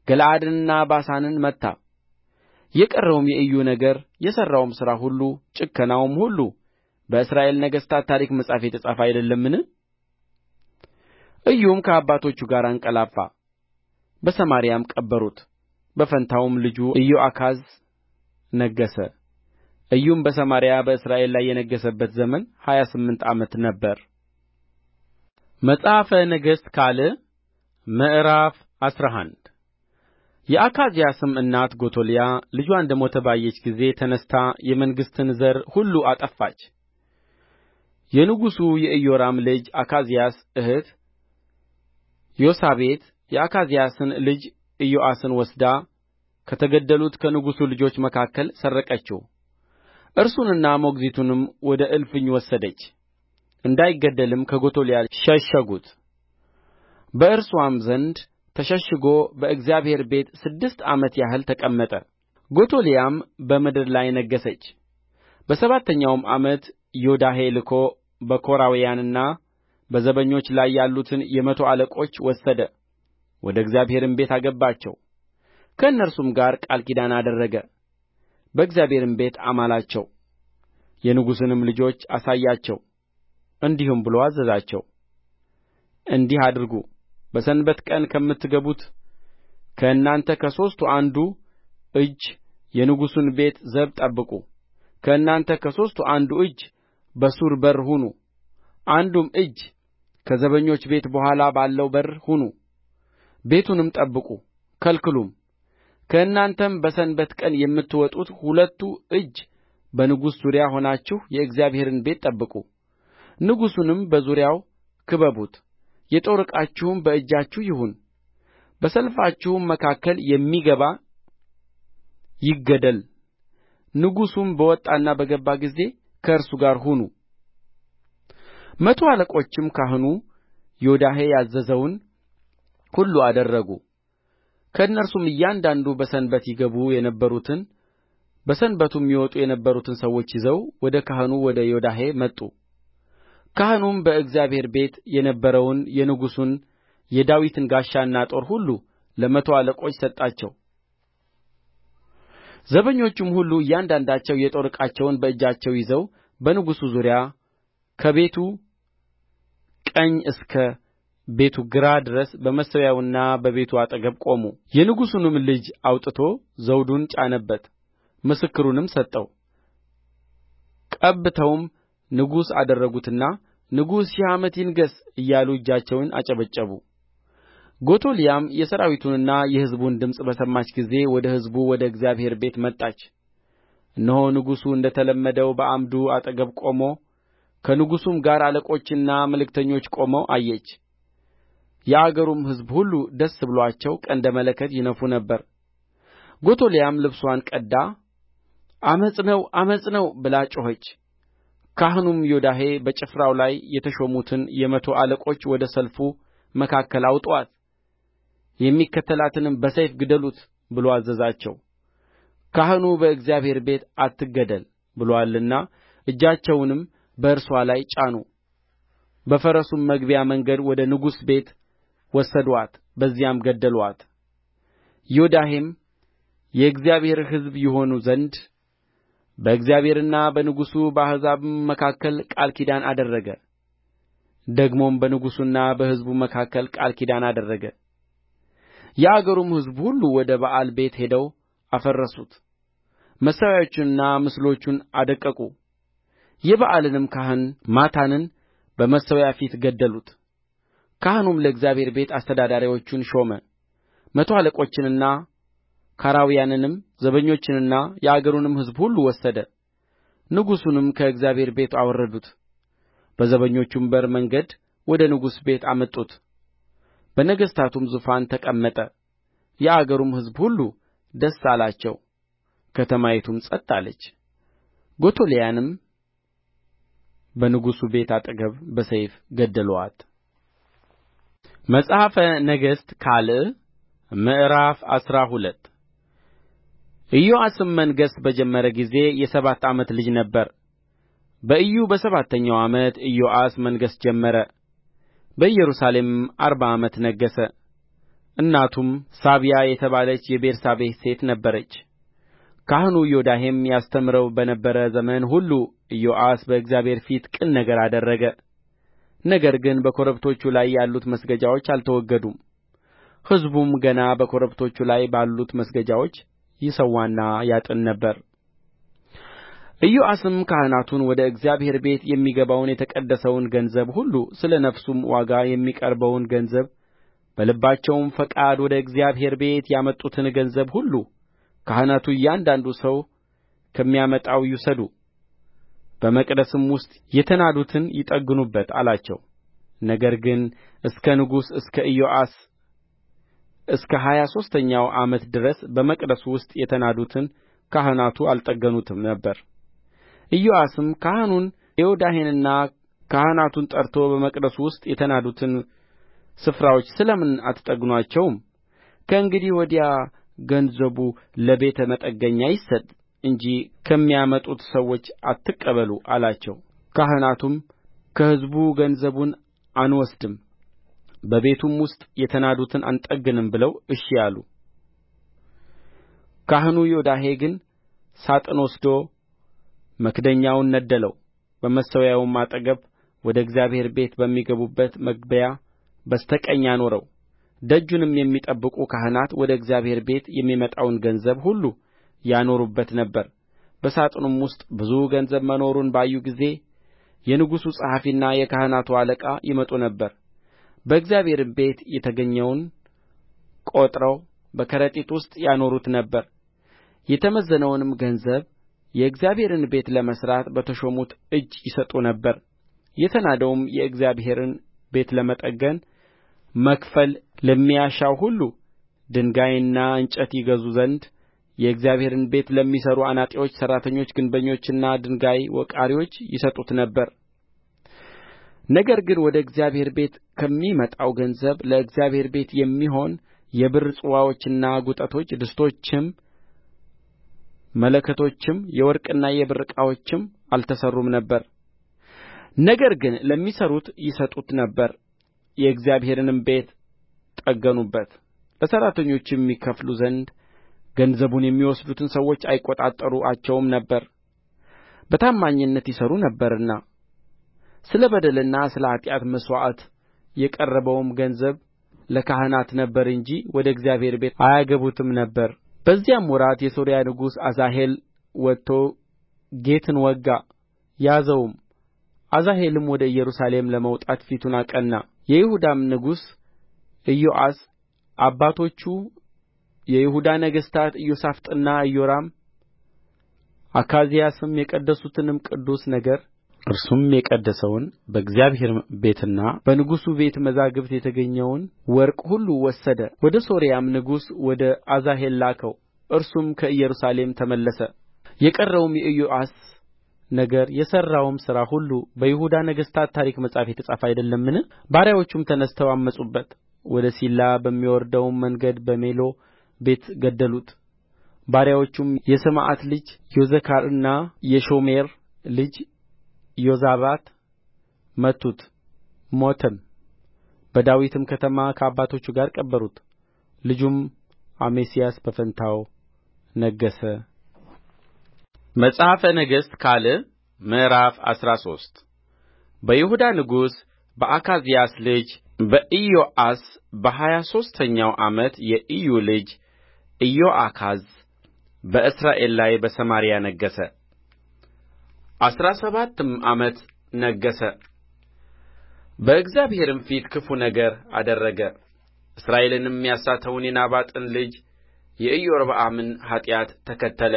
A: ገለዓድንና ባሳንን መታ። የቀረውም የኢዩ ነገር የሠራውም ሥራ ሁሉ ጭከናውም ሁሉ በእስራኤል ነገሥታት ታሪክ መጽሐፍ የተጻፈ አይደለምን ኢዩም ከአባቶቹ ጋር አንቀላፋ በሰማርያም ቀበሩት በፋንታውም ልጁ ኢዮአካዝ ነገሠ ኢዩም በሰማርያ በእስራኤል ላይ የነገሠበት ዘመን ሀያ ስምንት ዓመት ነበረ መጽሐፈ ነገሥት ካልዕ ምዕራፍ አስራ አንድ የአካዝያስም እናት ጎቶልያ ልጅዋ እንደ ሞተ ባየች ጊዜ ተነሥታ የመንግሥትን ዘር ሁሉ አጠፋች የንጉሡ የኢዮራም ልጅ አካዝያስ እኅት ዮሳቤት የአካዝያስን ልጅ ኢዮአስን ወስዳ ከተገደሉት ከንጉሡ ልጆች መካከል ሰረቀችው እርሱንና ሞግዚቱንም ወደ እልፍኝ ወሰደች እንዳይገደልም ከጎቶልያ ሸሸጉት በእርስዋም ዘንድ ተሸሽጎ በእግዚአብሔር ቤት ስድስት ዓመት ያህል ተቀመጠ ጎቶልያም በምድር ላይ ነገሠች በሰባተኛውም ዓመት ዮዳሄ ልኮ በካራውያንና በዘበኞች ላይ ያሉትን የመቶ አለቆች ወሰደ ወደ እግዚአብሔርም ቤት አገባቸው ከእነርሱም ጋር ቃል ኪዳን አደረገ በእግዚአብሔርም ቤት አማላቸው የንጉሡንም ልጆች አሳያቸው እንዲህም ብሎ አዘዛቸው እንዲህ አድርጉ በሰንበት ቀን ከምትገቡት ከእናንተ ከሦስቱ አንዱ እጅ የንጉሡን ቤት ዘብ ጠብቁ ከእናንተ ከሦስቱ አንዱ እጅ በሱር በር ሁኑ አንዱም እጅ ከዘበኞች ቤት በኋላ ባለው በር ሁኑ ቤቱንም ጠብቁ ከልክሉም ከእናንተም በሰንበት ቀን የምትወጡት ሁለቱ እጅ በንጉሡ ዙሪያ ሆናችሁ የእግዚአብሔርን ቤት ጠብቁ ንጉሡንም በዙሪያው ክበቡት የጦር ዕቃችሁም በእጃችሁ ይሁን በሰልፋችሁም መካከል የሚገባ ይገደል ንጉሡም በወጣና በገባ ጊዜ ከእርሱ ጋር ሁኑ መቶ አለቆችም ካህኑ ዮዳሄ ያዘዘውን ሁሉ አደረጉ ከእነርሱም እያንዳንዱ በሰንበት ይገቡ የነበሩትን በሰንበቱም ይወጡ የነበሩትን ሰዎች ይዘው ወደ ካህኑ ወደ ዮዳሄ መጡ ካህኑም በእግዚአብሔር ቤት የነበረውን የንጉሡን የዳዊትን ጋሻና ጦር ሁሉ ለመቶ አለቆች ሰጣቸው ዘበኞቹም ሁሉ እያንዳንዳቸው የጦር ዕቃቸውን በእጃቸው ይዘው በንጉሡ ዙሪያ ከቤቱ ቀኝ እስከ ቤቱ ግራ ድረስ በመሠዊያውና በቤቱ አጠገብ ቆሙ። የንጉሡንም ልጅ አውጥቶ ዘውዱን ጫነበት፣ ምስክሩንም ሰጠው። ቀብተውም ንጉሥ አደረጉትና ንጉሡ ሺህ ዓመት ይንገሥ እያሉ እጃቸውን አጨበጨቡ ጎቶልያም የሠራዊቱንና የሕዝቡን ድምፅ በሰማች ጊዜ ወደ ሕዝቡ ወደ እግዚአብሔር ቤት መጣች እነሆ ንጉሡ እንደ ተለመደው በዓምዱ አጠገብ ቆሞ ከንጉሡም ጋር አለቆችና መለከተኞች ቆመው አየች የአገሩም ሕዝብ ሁሉ ደስ ብሎአቸው ቀንደ መለከት ይነፉ ነበር ጎቶልያም ልብስዋን ቀድዳ ዓመፅ ነው ዓመፅ ነው ብላ ጮኸች ካህኑም ዮዳሄ በጭፍራው ላይ የተሾሙትን የመቶ አለቆች ወደ ሰልፉ መካከል አውጡአት የሚከተላትንም በሰይፍ ግደሉት ብሎ አዘዛቸው ካህኑ በእግዚአብሔር ቤት አትገደል ብሎአልና እጃቸውንም በእርስዋ ላይ ጫኑ በፈረሱም መግቢያ መንገድ ወደ ንጉሥ ቤት ወሰዱአት በዚያም ገደሉአት ዮዳሄም የእግዚአብሔር ሕዝብ ይሆኑ ዘንድ በእግዚአብሔርና በንጉሡ በአሕዛብም መካከል ቃል ኪዳን አደረገ ደግሞም በንጉሡና በሕዝቡ መካከል ቃል ኪዳን አደረገ የአገሩም ሕዝብ ሁሉ ወደ በኣል ቤት ሄደው አፈረሱት መሠዊያዎቹንና ምስሎቹን አደቀቁ የበኣልንም ካህን ማታንን በመሠዊያው ፊት ገደሉት ካህኑም ለእግዚአብሔር ቤት አስተዳዳሪዎችን ሾመ መቶ አለቆችንና ካራውያንንም ዘበኞችንና የአገሩንም ሕዝብ ሁሉ ወሰደ ንጉሡንም ከእግዚአብሔር ቤት አወረዱት በዘበኞቹም በር መንገድ ወደ ንጉሡ ቤት አመጡት በነገሥታቱም ዙፋን ተቀመጠ የአገሩም ሕዝብ ሁሉ ደስ አላቸው ከተማይቱም ጸጥ አለች ጎቶልያንም በንጉሡ ቤት አጠገብ በሰይፍ ገደሉአት መጽሐፈ ነገሥት ካልዕ ምዕራፍ አስራ ሁለት ኢዮአስም መንገሥ በጀመረ ጊዜ የሰባት ዓመት ልጅ ነበረ በኢዩ በሰባተኛው ዓመት ኢዮአስ መንገሥ ጀመረ በኢየሩሳሌምም አርባ ዓመት ነገሠ እናቱም ሳብያ የተባለች የቤርሳቤህ ሴት ነበረች ካህኑ ዮዳሄም ያስተምረው በነበረ ዘመን ሁሉ ኢዮአስ በእግዚአብሔር ፊት ቅን ነገር አደረገ ነገር ግን በኮረብቶቹ ላይ ያሉት መስገጃዎች አልተወገዱም ሕዝቡም ገና በኮረብቶቹ ላይ ባሉት መስገጃዎች ይሠዋና ያጥን ነበር ኢዮአስም ካህናቱን ወደ እግዚአብሔር ቤት የሚገባውን የተቀደሰውን ገንዘብ ሁሉ ስለ ነፍሱም ዋጋ የሚቀርበውን ገንዘብ በልባቸውም ፈቃድ ወደ እግዚአብሔር ቤት ያመጡትን ገንዘብ ሁሉ ካህናቱ እያንዳንዱ ሰው ከሚያመጣው ይውሰዱ፣ በመቅደስም ውስጥ የተናዱትን ይጠግኑበት አላቸው። ነገር ግን እስከ ንጉሡ እስከ ኢዮአስ እስከ ሀያ ሦስተኛው ዓመት ድረስ በመቅደሱ ውስጥ የተናዱትን ካህናቱ አልጠገኑትም ነበር ኢዮአስም ካህኑን ዮዳሄንና ካህናቱን ጠርቶ በመቅደሱ ውስጥ የተናዱትን ስፍራዎች ስለ ምን አትጠግኑአቸውም ከእንግዲህ ወዲያ ገንዘቡ ለቤተ መጠገኛ ይሰጥ እንጂ ከሚያመጡት ሰዎች አትቀበሉ አላቸው ካህናቱም ከሕዝቡ ገንዘቡን አንወስድም በቤቱም ውስጥ የተናዱትን አንጠግንም ብለው እሺ አሉ ካህኑ ዮዳሄ ግን ሣጥን ወስዶ መክደኛውን ነደለው በመሠዊያውም አጠገብ ወደ እግዚአብሔር ቤት በሚገቡበት መግቢያ በስተ ቀኝ አኖረው ደጁንም የሚጠብቁ ካህናት ወደ እግዚአብሔር ቤት የሚመጣውን ገንዘብ ሁሉ ያኖሩበት ነበር በሳጥኑም ውስጥ ብዙ ገንዘብ መኖሩን ባዩ ጊዜ የንጉሡ ጸሐፊና የካህናቱ አለቃ ይመጡ ነበር በእግዚአብሔርም ቤት የተገኘውን ቈጥረው በከረጢት ውስጥ ያኖሩት ነበር የተመዘነውንም ገንዘብ የእግዚአብሔርን ቤት ለመሥራት በተሾሙት እጅ ይሰጡ ነበር የተናደውም የእግዚአብሔርን ቤት ለመጠገን መክፈል ለሚያሻው ሁሉ ድንጋይና እንጨት ይገዙ ዘንድ የእግዚአብሔርን ቤት ለሚሠሩ አናጢዎች ሠራተኞች ግንበኞችና ድንጋይ ወቃሪዎች ይሰጡት ነበር ነገር ግን ወደ እግዚአብሔር ቤት ከሚመጣው ገንዘብ ለእግዚአብሔር ቤት የሚሆን የብር ጽዋዎችና ጕጠቶች ድስቶችም መለከቶችም የወርቅና የብር ዕቃዎችም አልተሠሩም ነበር ነገር ግን ለሚሠሩት ይሰጡት ነበር የእግዚአብሔርንም ቤት ጠገኑበት ለሠራተኞችም ይከፍሉ ዘንድ ገንዘቡን የሚወስዱትን ሰዎች አይቈጣጠሩአቸውም ነበር በታማኝነት ይሠሩ ነበርና ስለ በደልና ስለ ኃጢአት መሥዋዕት የቀረበውም ገንዘብ ለካህናት ነበረ እንጂ ወደ እግዚአብሔር ቤት አያገቡትም ነበር በዚያም ወራት የሶርያ ንጉሥ አዛሄል ወጥቶ ጌትን ወጋ ያዘውም አዛሄልም ወደ ኢየሩሳሌም ለመውጣት ፊቱን አቀና የይሁዳም ንጉሥ ኢዮአስ አባቶቹ የይሁዳ ነገሥታት ኢዮሣፍጥና ኢዮራም አካዝያስም የቀደሱትንም ቅዱስ ነገር እርሱም የቀደሰውን በእግዚአብሔርም ቤትና በንጉሡ ቤት መዛግብት የተገኘውን ወርቅ ሁሉ ወሰደ ወደ ሶርያም ንጉሥ ወደ አዛሄል ላከው እርሱም ከኢየሩሳሌም ተመለሰ የቀረውም የኢዮአስ ነገር የሠራውም ሥራ ሁሉ በይሁዳ ነገሥታት ታሪክ መጽሐፍ የተጻፈ አይደለምን ባሪያዎቹም ተነሥተው ዐመፁበት ወደ ሲላ በሚወርደውም መንገድ በሚሎ ቤት ገደሉት ባሪያዎቹም የሰምዓት ልጅ ዮዘካርና የሾሜር ልጅ ዮዛባት መቱት ሞተም በዳዊትም ከተማ ከአባቶቹ ጋር ቀበሩት ልጁም አሜስያስ በፋንታው ነገሠ መጽሐፈ ነገሥት ካልዕ ምዕራፍ አስራ ሶስት በይሁዳ ንጉሥ በአካዝያስ ልጅ በኢዮአስ በሀያ ሦስተኛው ዓመት የኢዩ ልጅ ኢዮአካዝ በእስራኤል ላይ በሰማርያ ነገሠ አሥራ ሰባትም ዓመት ነገሠ በእግዚአብሔርም ፊት ክፉ ነገር አደረገ እስራኤልንም ያሳተውን የናባጥን ልጅ የኢዮርብዓምን ኃጢአት ተከተለ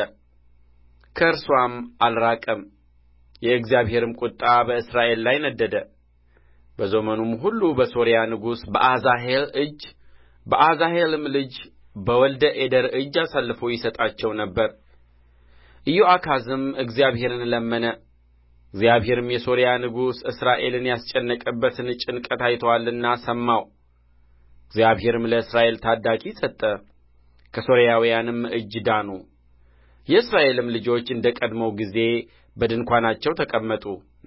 A: ከእርሷም አልራቀም የእግዚአብሔርም ቍጣ በእስራኤል ላይ ነደደ በዘመኑም ሁሉ በሶርያ ንጉሥ በአዛሄል እጅ በአዛሄልም ልጅ በወልደ አዴር እጅ አሳልፎ ይሰጣቸው ነበር ኢዮአካዝም እግዚአብሔርን ለመነ እግዚአብሔርም የሶርያ ንጉሥ እስራኤልን ያስጨነቀበትን ጭንቀት አይቶአልና ሰማው እግዚአብሔርም ለእስራኤል ታዳጊ ሰጠ ከሶርያውያንም እጅ ዳኑ የእስራኤልም ልጆች እንደ ቀድሞው ጊዜ በድንኳናቸው ተቀመጡ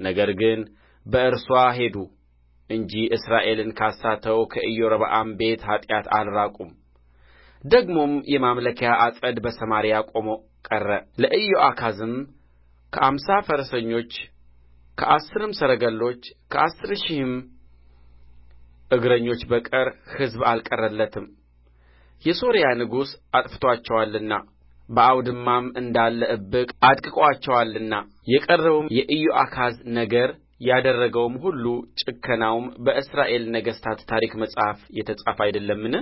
A: ነገር ግን በእርሷ ሄዱ እንጂ እስራኤልን ካሳተው ከኢዮርብዓም ቤት ኃጢአት አልራቁም ደግሞም የማምለኪያ ዐፀድ በሰማርያ ቆሞ ቀረ ለኢዮአካዝም ከአምሳ ፈረሰኞች ከአሥርም ሰረገሎች ከአሥር ሺህም እግረኞች በቀር ሕዝብ አልቀረለትም የሶርያ ንጉሥ አጥፍቶአቸዋልና በአውድማም እንዳለ እብቅ አድቅቆአቸዋልና የቀረውም የኢዮአካዝ ነገር ያደረገውም ሁሉ ጭከናውም በእስራኤል ነገሥታት ታሪክ መጽሐፍ የተጻፈ አይደለምን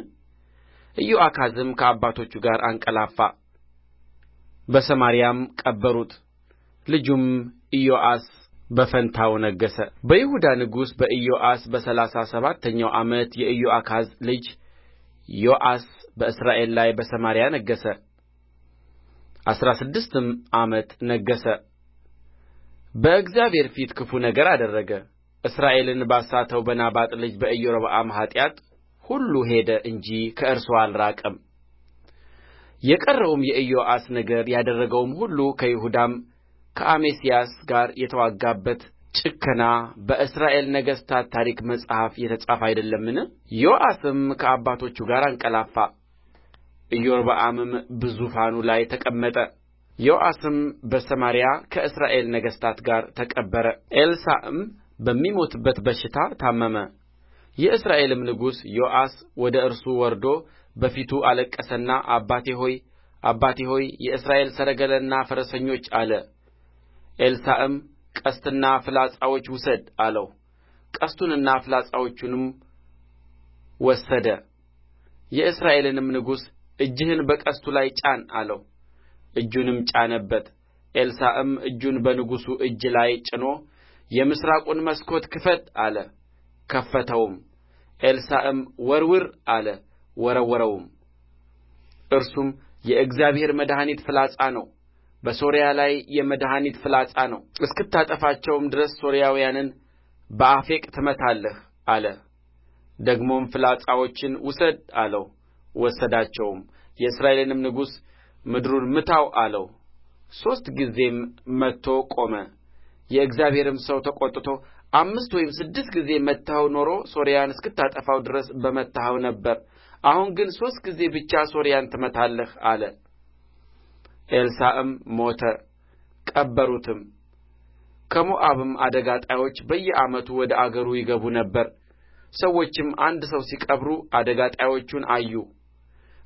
A: ኢዮአካዝም ከአባቶቹ ጋር አንቀላፋ በሰማርያም ቀበሩት ልጁም ኢዮአስ በፋንታው ነገሠ በይሁዳ ንጉሥ በኢዮአስ በሠላሳ ሰባተኛው ዓመት የኢዮአካዝ ልጅ ዮአስ በእስራኤል ላይ በሰማርያ ነገሠ አሥራ ስድስትም ዓመት ነገሠ በእግዚአብሔር ፊት ክፉ ነገር አደረገ እስራኤልን ባሳተው በናባጥ ልጅ በኢዮርብዓም ኃጢአት ሁሉ ሄደ እንጂ ከእርስዋ አልራቀም። የቀረውም የኢዮአስ ነገር ያደረገውም ሁሉ ከይሁዳም ከአሜስያስ ጋር የተዋጋበት ጭከና በእስራኤል ነገሥታት ታሪክ መጽሐፍ የተጻፈ አይደለምን? ዮአስም ከአባቶቹ ጋር አንቀላፋ፣ ኢዮርብዓምም በዙፋኑ ላይ ተቀመጠ። ዮአስም በሰማርያ ከእስራኤል ነገሥታት ጋር ተቀበረ። ኤልሳዕም በሚሞትበት በሽታ ታመመ። የእስራኤልም ንጉሥ ዮአስ ወደ እርሱ ወርዶ በፊቱ አለቀሰና አባቴ ሆይ አባቴ ሆይ የእስራኤል ሰረገላና ፈረሰኞች አለ ኤልሳዕም ቀስትና ፍላጻዎች ውሰድ አለው ቀስቱንና ፍላጻዎቹንም ወሰደ የእስራኤልንም ንጉሥ እጅህን በቀስቱ ላይ ጫን አለው እጁንም ጫነበት ኤልሳዕም እጁን በንጉሡ እጅ ላይ ጭኖ የምሥራቁን መስኮት ክፈት አለ ከፈተውም ኤልሳዕም ወርውር አለ ወረወረውም እርሱም የእግዚአብሔር መድኃኒት ፍላጻ ነው በሶርያ ላይ የመድኃኒት ፍላጻ ነው እስክታጠፋቸውም ድረስ ሶርያውያንን በአፌቅ ትመታለህ አለ ደግሞም ፍላጻዎችን ውሰድ አለው ወሰዳቸውም የእስራኤልንም ንጉሥ ምድሩን ምታው አለው ሦስት ጊዜም መትቶ ቆመ የእግዚአብሔርም ሰው ተቈጥቶ አምስት ወይም ስድስት ጊዜ መትተኸው ኖሮ ሶርያን እስክታጠፋው ድረስ በመታኸው ነበር አሁን ግን ሦስት ጊዜ ብቻ ሶርያን ትመታለህ አለ ኤልሳዕም ሞተ ቀበሩትም ከሞዓብም አደጋ ጣዮች በየዓመቱ ወደ አገሩ ይገቡ ነበር ሰዎችም አንድ ሰው ሲቀብሩ አደጋ ጣዮቹን አዩ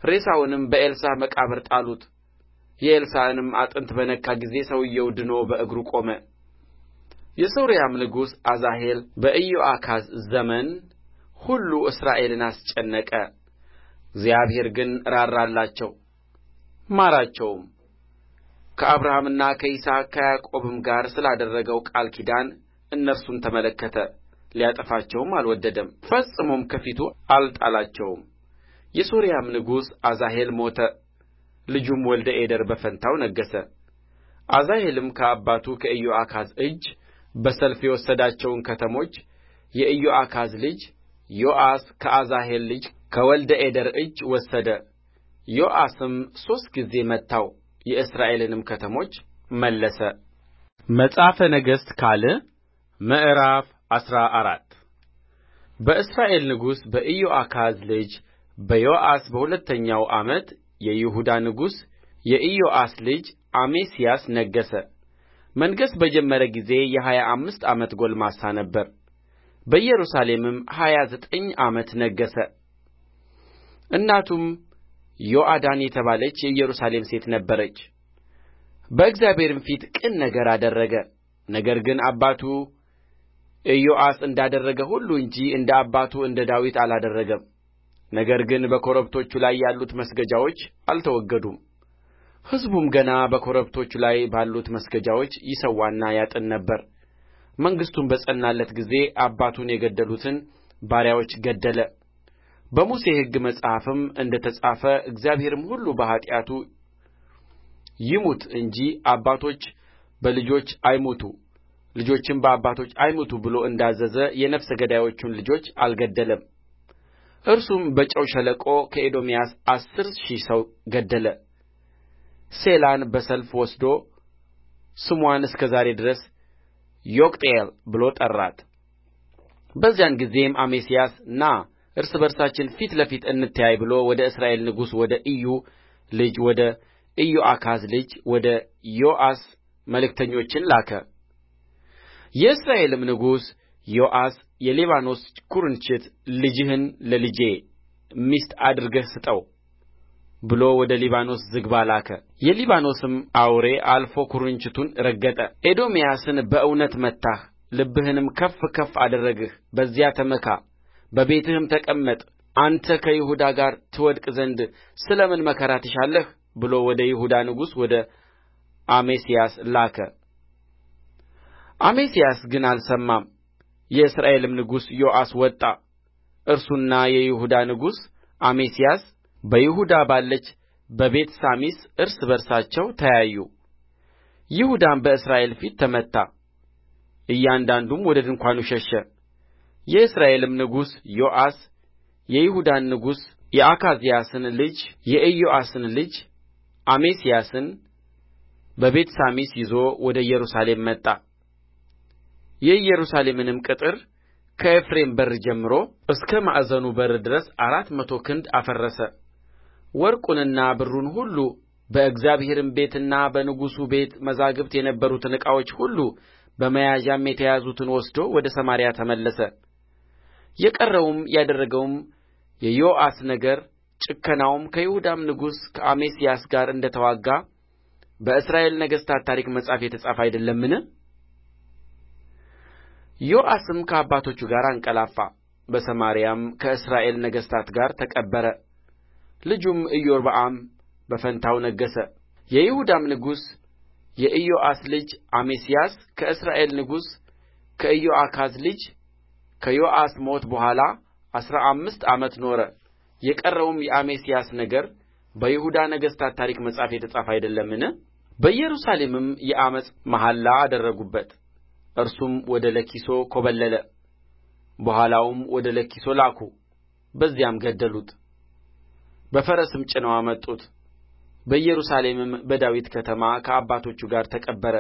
A: ሬሳውንም በኤልሳዕ መቃብር ጣሉት የኤልሳዕንም አጥንት በነካ ጊዜ ሰውዮው ድኖ በእግሩ ቆመ የሶርያም ንጉሥ አዛሄል በኢዮአካዝ ዘመን ሁሉ እስራኤልን አስጨነቀ እግዚአብሔር ግን ራራላቸው ማራቸውም ከአብርሃምና ከይስሐቅ ከያዕቆብም ጋር ስላደረገው ቃል ኪዳን እነርሱን ተመለከተ ሊያጠፋቸውም አልወደደም ፈጽሞም ከፊቱ አልጣላቸውም የሶርያም ንጉሥ አዛሄል ሞተ ልጁም ወልደ አዴር በፋንታው ነገሠ አዛሄልም ከአባቱ ከኢዮአካዝ እጅ በሰልፍ የወሰዳቸውን ከተሞች የኢዮአካዝ ልጅ ዮአስ ከአዛሄል ልጅ ከወልደ አዴር እጅ ወሰደ። ዮአስም ሦስት ጊዜ መታው፣ የእስራኤልንም ከተሞች መለሰ። መጽሐፈ ነገሥት ካልዕ ምዕራፍ አስራ አራት በእስራኤል ንጉሥ በኢዮአካዝ ልጅ በዮአስ በሁለተኛው ዓመት የይሁዳ ንጉሥ የኢዮአስ ልጅ አሜስያስ ነገሠ። መንገሥ በጀመረ ጊዜ የሀያ አምስት ዓመት ጕልማሳ ነበረ በኢየሩሳሌምም ሀያ ዘጠኝ ዓመት ነገሠ እናቱም ዮዓዳን የተባለች የኢየሩሳሌም ሴት ነበረች በእግዚአብሔርም ፊት ቅን ነገር አደረገ ነገር ግን አባቱ ኢዮአስ እንዳደረገ ሁሉ እንጂ እንደ አባቱ እንደ ዳዊት አላደረገም ነገር ግን በኮረብቶቹ ላይ ያሉት መስገጃዎች አልተወገዱም ሕዝቡም ገና በኮረብቶቹ ላይ ባሉት መስገጃዎች ይሠዋና ያጥን ነበር መንግሥቱም በጸናለት ጊዜ አባቱን የገደሉትን ባሪያዎች ገደለ በሙሴ ሕግ መጽሐፍም እንደ ተጻፈ እግዚአብሔርም ሁሉ በኃጢአቱ ይሙት እንጂ አባቶች በልጆች አይሙቱ ልጆችም በአባቶች አይሙቱ ብሎ እንዳዘዘ የነፍሰ ገዳዮቹን ልጆች አልገደለም እርሱም በጨው ሸለቆ ከኤዶምያስ አሥር ሺህ ሰው ገደለ ሴላን በሰልፍ ወስዶ ስምዋን እስከ ዛሬ ድረስ ዮቅትኤል ብሎ ጠራት። በዚያን ጊዜም አሜስያስ ና እርስ በርሳችን ፊት ለፊት እንተያይ ብሎ ወደ እስራኤል ንጉሥ ወደ ኢዩ ልጅ ወደ ኢዮአካዝ ልጅ ወደ ዮአስ መልእክተኞችን ላከ። የእስራኤልም ንጉሥ ዮአስ የሊባኖስ ኵርንችት ልጅህን ለልጄ ሚስት አድርገህ ስጠው ብሎ ወደ ሊባኖስ ዝግባ ላከ የሊባኖስም አውሬ አልፎ ኵርንችቱን ረገጠ ኤዶምያስን በእውነት መታህ ልብህንም ከፍ ከፍ አደረግህ በዚያ ተመካ በቤትህም ተቀመጥ አንተ ከይሁዳ ጋር ትወድቅ ዘንድ ስለ ምን መከራ ትሻለህ ብሎ ወደ ይሁዳ ንጉሥ ወደ አሜስያስ ላከ አሜስያስ ግን አልሰማም የእስራኤልም ንጉሥ ዮአስ ወጣ እርሱና የይሁዳ ንጉሥ አሜስያስ በይሁዳ ባለች በቤትሳሚስ እርስ በርሳቸው ተያዩ ይሁዳም በእስራኤል ፊት ተመታ እያንዳንዱም ወደ ድንኳኑ ሸሸ የእስራኤልም ንጉሥ ዮአስ የይሁዳን ንጉሥ የአካዝያስን ልጅ የኢዮአስን ልጅ አሜስያስን በቤትሳሚስ ይዞ ወደ ኢየሩሳሌም መጣ የኢየሩሳሌምንም ቅጥር ከኤፍሬም በር ጀምሮ እስከ ማዕዘኑ በር ድረስ አራት መቶ ክንድ አፈረሰ ወርቁንና ብሩን ሁሉ በእግዚአብሔርም ቤትና በንጉሡ ቤት መዛግብት የነበሩትን ዕቃዎች ሁሉ በመያዣም የተያዙትን ወስዶ ወደ ሰማርያ ተመለሰ። የቀረውም ያደረገውም የዮአስ ነገር ጭከናውም ከይሁዳም ንጉሥ ከአሜስያስ ጋር እንደ ተዋጋ በእስራኤል ነገሥታት ታሪክ መጽሐፍ የተጻፈ አይደለምን? ዮአስም ከአባቶቹ ጋር አንቀላፋ፣ በሰማርያም ከእስራኤል ነገሥታት ጋር ተቀበረ። ልጁም ኢዮርብዓም በፋንታው ነገሠ። የይሁዳም ንጉሥ የኢዮአስ ልጅ አሜስያስ ከእስራኤል ንጉሥ ከኢዮአካዝ ልጅ ከዮአስ ሞት በኋላ አሥራ አምስት ዓመት ኖረ። የቀረውም የአሜስያስ ነገር በይሁዳ ነገሥታት ታሪክ መጽሐፍ የተጻፈ አይደለምን? በኢየሩሳሌምም የዓመፅ መሐላ አደረጉበት። እርሱም ወደ ለኪሶ ኰበለለ። በኋላውም ወደ ለኪሶ ላኩ፣ በዚያም ገደሉት። በፈረስም ጭነው አመጡት በኢየሩሳሌምም በዳዊት ከተማ ከአባቶቹ ጋር ተቀበረ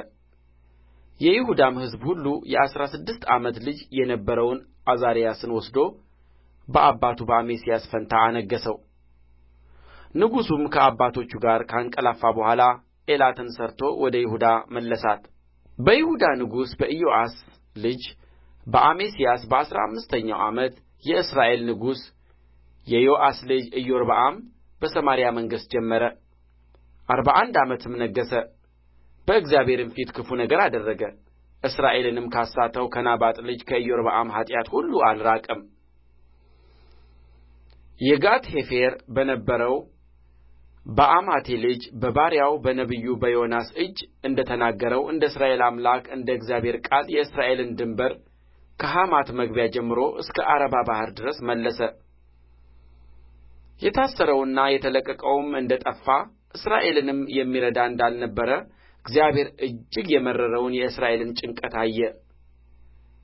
A: የይሁዳም ሕዝብ ሁሉ የአሥራ ስድስት ዓመት ልጅ የነበረውን ዓዛርያስን ወስዶ በአባቱ በአሜስያስ ፋንታ አነገሠው ንጉሡም ከአባቶቹ ጋር ካንቀላፋ በኋላ ኤላትን ሠርቶ ወደ ይሁዳ መለሳት በይሁዳ ንጉሥ በኢዮአስ ልጅ በአሜስያስ በአሥራ አምስተኛው ዓመት የእስራኤል ንጉሥ የዮአስ ልጅ ኢዮርብዓም በሰማርያ መንገሥ ጀመረ አርባ አንድ ዓመትም ነገሠ በእግዚአብሔርም ፊት ክፉ ነገር አደረገ እስራኤልንም ካሳተው ከናባጥ ልጅ ከኢዮርብዓም ኃጢአት ሁሉ አልራቀም የጋት በነበረው በአማቴ ልጅ በባሪያው በነቢዩ በዮናስ እጅ እንደ ተናገረው እንደ እስራኤል አምላክ እንደ እግዚአብሔር ቃል የእስራኤልን ድንበር ከሐማት መግቢያ ጀምሮ እስከ ዓረባ ባሕር ድረስ መለሰ የታሰረውና የተለቀቀውም እንደ ጠፋ እስራኤልንም የሚረዳ እንዳልነበረ እግዚአብሔር እጅግ የመረረውን የእስራኤልን ጭንቀት አየ።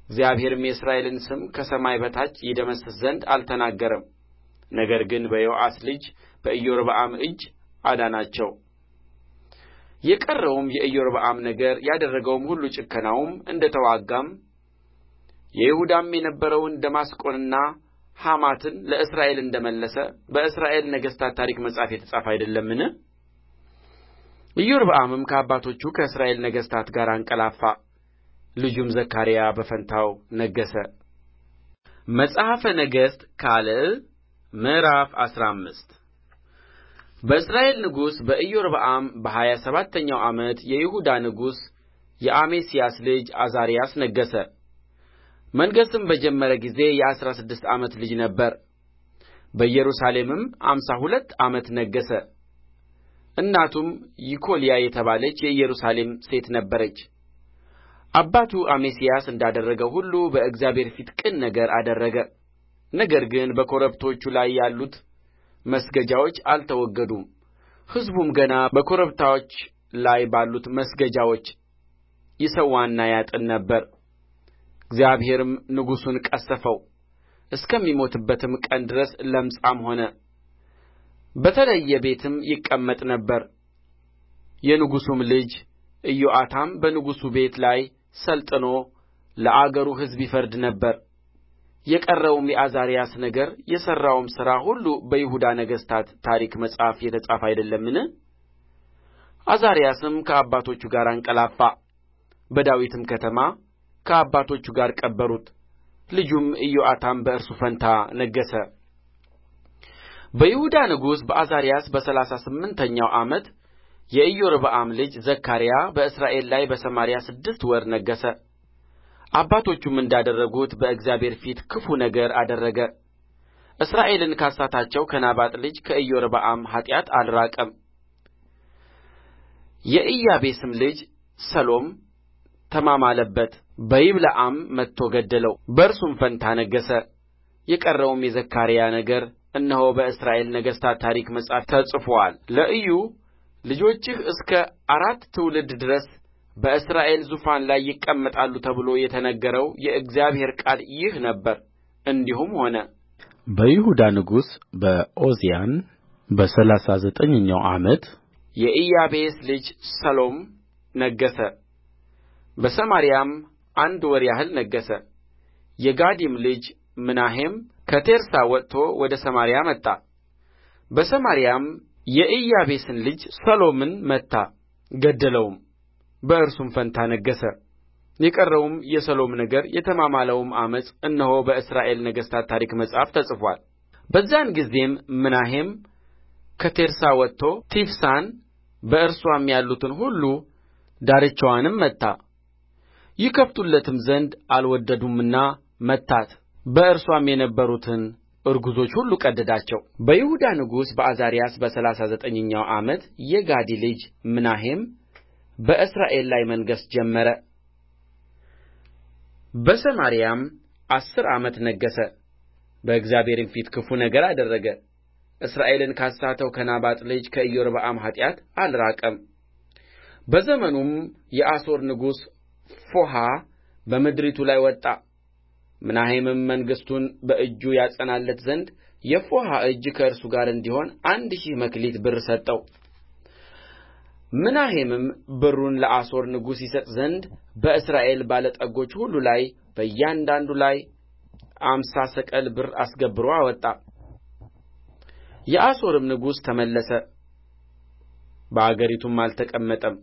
A: እግዚአብሔርም የእስራኤልን ስም ከሰማይ በታች ይደመስስ ዘንድ አልተናገረም። ነገር ግን በዮአስ ልጅ በኢዮርብዓም እጅ አዳናቸው። የቀረውም የኢዮርብዓም ነገር ያደረገውም ሁሉ ጭከናውም፣ እንደ ተዋጋም፣ የይሁዳም የነበረውን ደማስቆንና ሐማትን ለእስራኤል እንደ መለሰ በእስራኤል ነገሥታት ታሪክ መጽሐፍ የተጻፈ አይደለምን ኢዮርብዓምም ከአባቶቹ ከእስራኤል ነገሥታት ጋር አንቀላፋ ልጁም ዘካርያ በፈንታው ነገሠ መጽሐፈ ነገሥት ካልዕ ምዕራፍ አስራ አምስት በእስራኤል ንጉሥ በኢዮርብዓም በሀያ ሰባተኛው ዓመት የይሁዳ ንጉሥ የአሜስያስ ልጅ አዛርያስ ነገሠ መንገሥም በጀመረ ጊዜ የአሥራ ስድስት ዓመት ልጅ ነበረ በኢየሩሳሌምም አምሳ ሁለት ዓመት ነገሠ እናቱም ይኮልያ የተባለች የኢየሩሳሌም ሴት ነበረች አባቱ አሜስያስ እንዳደረገው ሁሉ በእግዚአብሔር ፊት ቅን ነገር አደረገ ነገር ግን በኮረብቶቹ ላይ ያሉት መስገጃዎች አልተወገዱም ሕዝቡም ገና በኮረብቶች ላይ ባሉት መስገጃዎች ይሠዋና ያጥን ነበር እግዚአብሔርም ንጉሡን ቀሠፈው እስከሚሞትበትም ቀን ድረስ ለምጻም ሆነ በተለየ ቤትም ይቀመጥ ነበር የንጉሡም ልጅ ኢዮአታም በንጉሡ ቤት ላይ ሠልጥኖ ለአገሩ ሕዝብ ይፈርድ ነበር የቀረውም የዓዛርያስ ነገር የሠራውም ሥራ ሁሉ በይሁዳ ነገሥታት ታሪክ መጽሐፍ የተጻፈ አይደለምን? ዓዛርያስም ከአባቶቹ ጋር አንቀላፋ፣ በዳዊትም ከተማ ከአባቶቹ ጋር ቀበሩት ልጁም ኢዮአታም በእርሱ ፋንታ ነገሠ በይሁዳ ንጉሥ በዓዛርያስ በሠላሳ ስምንተኛው ዓመት የኢዮርብዓም ልጅ ዘካርያ በእስራኤል ላይ በሰማርያ ስድስት ወር ነገሠ አባቶቹም እንዳደረጉት በእግዚአብሔር ፊት ክፉ ነገር አደረገ እስራኤልን ካሳታቸው ከናባጥ ልጅ ከኢዮርብዓም ኃጢአት አልራቀም የኢያቤስም ልጅ ሰሎም ተማማለበት በይብልዓም መትቶ ገደለው በእርሱም ፋንታ ነገሠ የቀረውም የዘካርያ ነገር እነሆ በእስራኤል ነገሥታት ታሪክ መጽሐፍ ተጽፎአል ለኢዩ ልጆችህ እስከ አራት ትውልድ ድረስ በእስራኤል ዙፋን ላይ ይቀመጣሉ ተብሎ የተነገረው የእግዚአብሔር ቃል ይህ ነበር እንዲሁም ሆነ በይሁዳ ንጉሥ በዖዝያን በሠላሳ ዘጠኝኛው ዓመት የኢያቤስ ልጅ ሰሎም ነገሠ በሰማርያም አንድ ወር ያህል ነገሠ የጋዲም ልጅ ምናሔም ከቴርሳ ወጥቶ ወደ ሰማርያ መጣ በሰማርያም የኢያቤስን ልጅ ሰሎምን መታ ገደለውም በእርሱም ፈንታ ነገሠ የቀረውም የሰሎም ነገር የተማማለውም ዓመፅ እነሆ በእስራኤል ነገሥታት ታሪክ መጽሐፍ ተጽፎአል በዚያን ጊዜም ምናሔም ከቴርሳ ወጥቶ ቲፍሳን በእርሷም ያሉትን ሁሉ ዳርቻዋንም መታ ይከፍቱለትም ዘንድ አልወደዱምና መታት በእርስዋም የነበሩትን እርጉዞች ሁሉ ቀደዳቸው በይሁዳ ንጉሥ በዓዛርያስ በሠላሳ ዘጠኝኛው ዓመት የጋዲ ልጅ ምናሔም በእስራኤል ላይ መንገሥ ጀመረ በሰማርያም አሥር ዓመት ነገሠ በእግዚአብሔርም ፊት ክፉ ነገር አደረገ እስራኤልን ካሳተው ከናባጥ ልጅ ከኢዮርብዓም ኃጢአት አልራቀም በዘመኑም የአሦር ንጉሥ ፎሐ በምድሪቱ ላይ ወጣ ምናሔምም መንግሥቱን በእጁ ያጸናለት ዘንድ የፎሐ እጅ ከእርሱ ጋር እንዲሆን አንድ ሺህ መክሊት ብር ሰጠው ምናሔምም ብሩን ለአሦር ንጉሥ ይሰጥ ዘንድ በእስራኤል ባለጠጎች ሁሉ ላይ በእያንዳንዱ ላይ አምሳ ሰቅል ብር አስገብሮ አወጣ የአሦርም ንጉሥ ተመለሰ በአገሪቱም አልተቀመጠም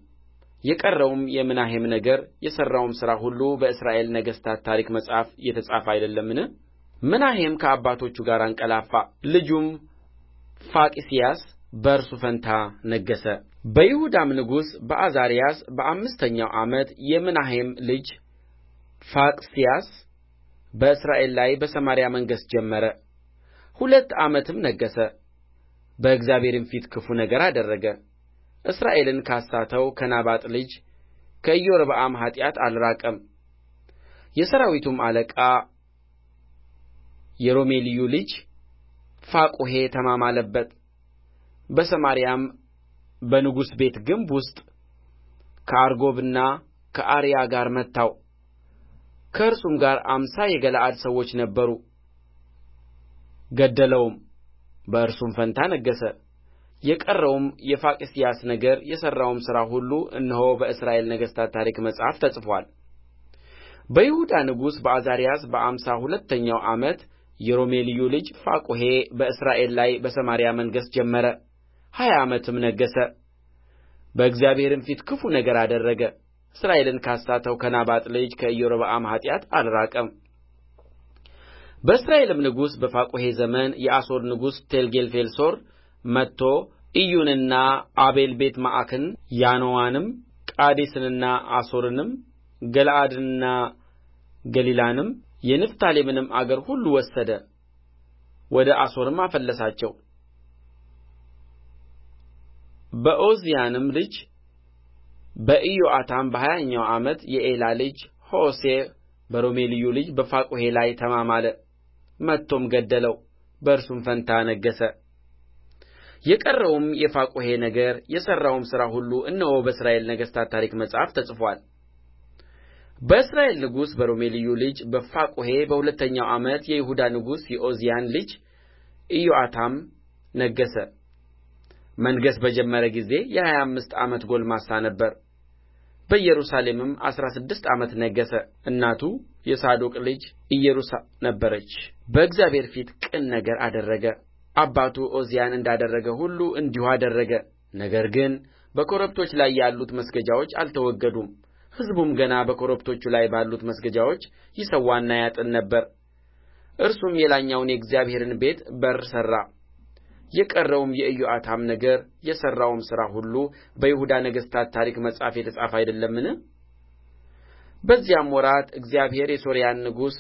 A: የቀረውም የምናሔም ነገር የሠራውም ሥራ ሁሉ በእስራኤል ነገሥታት ታሪክ መጽሐፍ የተጻፈ አይደለምን ምናሔም ከአባቶቹ ጋር አንቀላፋ ልጁም ፋቂስያስ በእርሱ ፋንታ ነገሠ በይሁዳም ንጉሥ በዓዛርያስ በአምስተኛው ዓመት የምናሔም ልጅ ፋቂስያስ በእስራኤል ላይ በሰማርያ መንገሥ ጀመረ ሁለት ዓመትም ነገሠ በእግዚአብሔርም ፊት ክፉ ነገር አደረገ እስራኤልን ካሳተው ከናባጥ ልጅ ከኢዮርብዓም ኃጢአት አልራቀም። የሠራዊቱም አለቃ የሮሜልዩ ልጅ ፋቁሔ ተማማለበት። በሰማርያም በንጉሥ ቤት ግንብ ውስጥ ከአርጎብና ከአርያ ጋር መታው። ከእርሱም ጋር አምሳ የገለዓድ ሰዎች ነበሩ። ገደለውም፣ በእርሱም ፋንታ ነገሠ። የቀረውም የፋቂስያስ ነገር የሠራውም ሥራ ሁሉ እነሆ በእስራኤል ነገሥታት ታሪክ መጽሐፍ ተጽፎአል በይሁዳ ንጉሥ በዓዛርያስ በአምሳ ሁለተኛው ዓመት የሮሜልዩ ልጅ ፋቁሔ በእስራኤል ላይ በሰማርያ መንገሥ ጀመረ ሀያ ዓመትም ነገሠ በእግዚአብሔርም ፊት ክፉ ነገር አደረገ እስራኤልን ካሳተው ከናባጥ ልጅ ከኢዮርብዓም ኃጢአት አልራቀም በእስራኤልም ንጉሥ በፋቁሔ ዘመን የአሦር ንጉሥ ቴልጌልቴልፌልሶር መጥቶ ዒዮንና አቤልቤትመዓካን ያኖዋንም ቃዴስንና አሶርንም ገለዓድንና ገሊላንም የንፍታሌምንም አገር ሁሉ ወሰደ ወደ አሦርም አፈለሳቸው በዖዝያንም ልጅ በኢዮአታም በሀያኛው ዓመት የኤላ ልጅ ሆሴዕ በሮሜልዩ ልጅ በፋቁሔ ላይ ተማማለ መጥቶም ገደለው በእርሱም ፋንታ ነገሠ የቀረውም የፋቁሔ ነገር የሠራውም ሥራ ሁሉ እነሆ በእስራኤል ነገሥታት ታሪክ መጽሐፍ ተጽፎአል በእስራኤል ንጉሥ በሮሜልዩ ልጅ በፋቁሔ በሁለተኛው ዓመት የይሁዳ ንጉሥ የዖዝያን ልጅ ኢዮአታም ነገሠ መንገሥ በጀመረ ጊዜ የሀያ አምስት ዓመት ጎልማሳ ነበረ በኢየሩሳሌምም አሥራ ስድስት ዓመት ነገሠ እናቱ የሳዶቅ ልጅ ኢየሩሳ ነበረች በእግዚአብሔር ፊት ቅን ነገር አደረገ አባቱ ዖዝያን እንዳደረገ ሁሉ እንዲሁ አደረገ ነገር ግን በኮረብቶች ላይ ያሉት መስገጃዎች አልተወገዱም ሕዝቡም ገና በኮረብቶቹ ላይ ባሉት መስገጃዎች ይሠዋና ያጥን ነበር እርሱም የላይኛውን የእግዚአብሔርን ቤት በር ሠራ የቀረውም የኢዮአታም ነገር የሠራውም ሥራ ሁሉ በይሁዳ ነገሥታት ታሪክ መጽሐፍ የተጻፈ አይደለምን በዚያም ወራት እግዚአብሔር የሶርያን ንጉሥ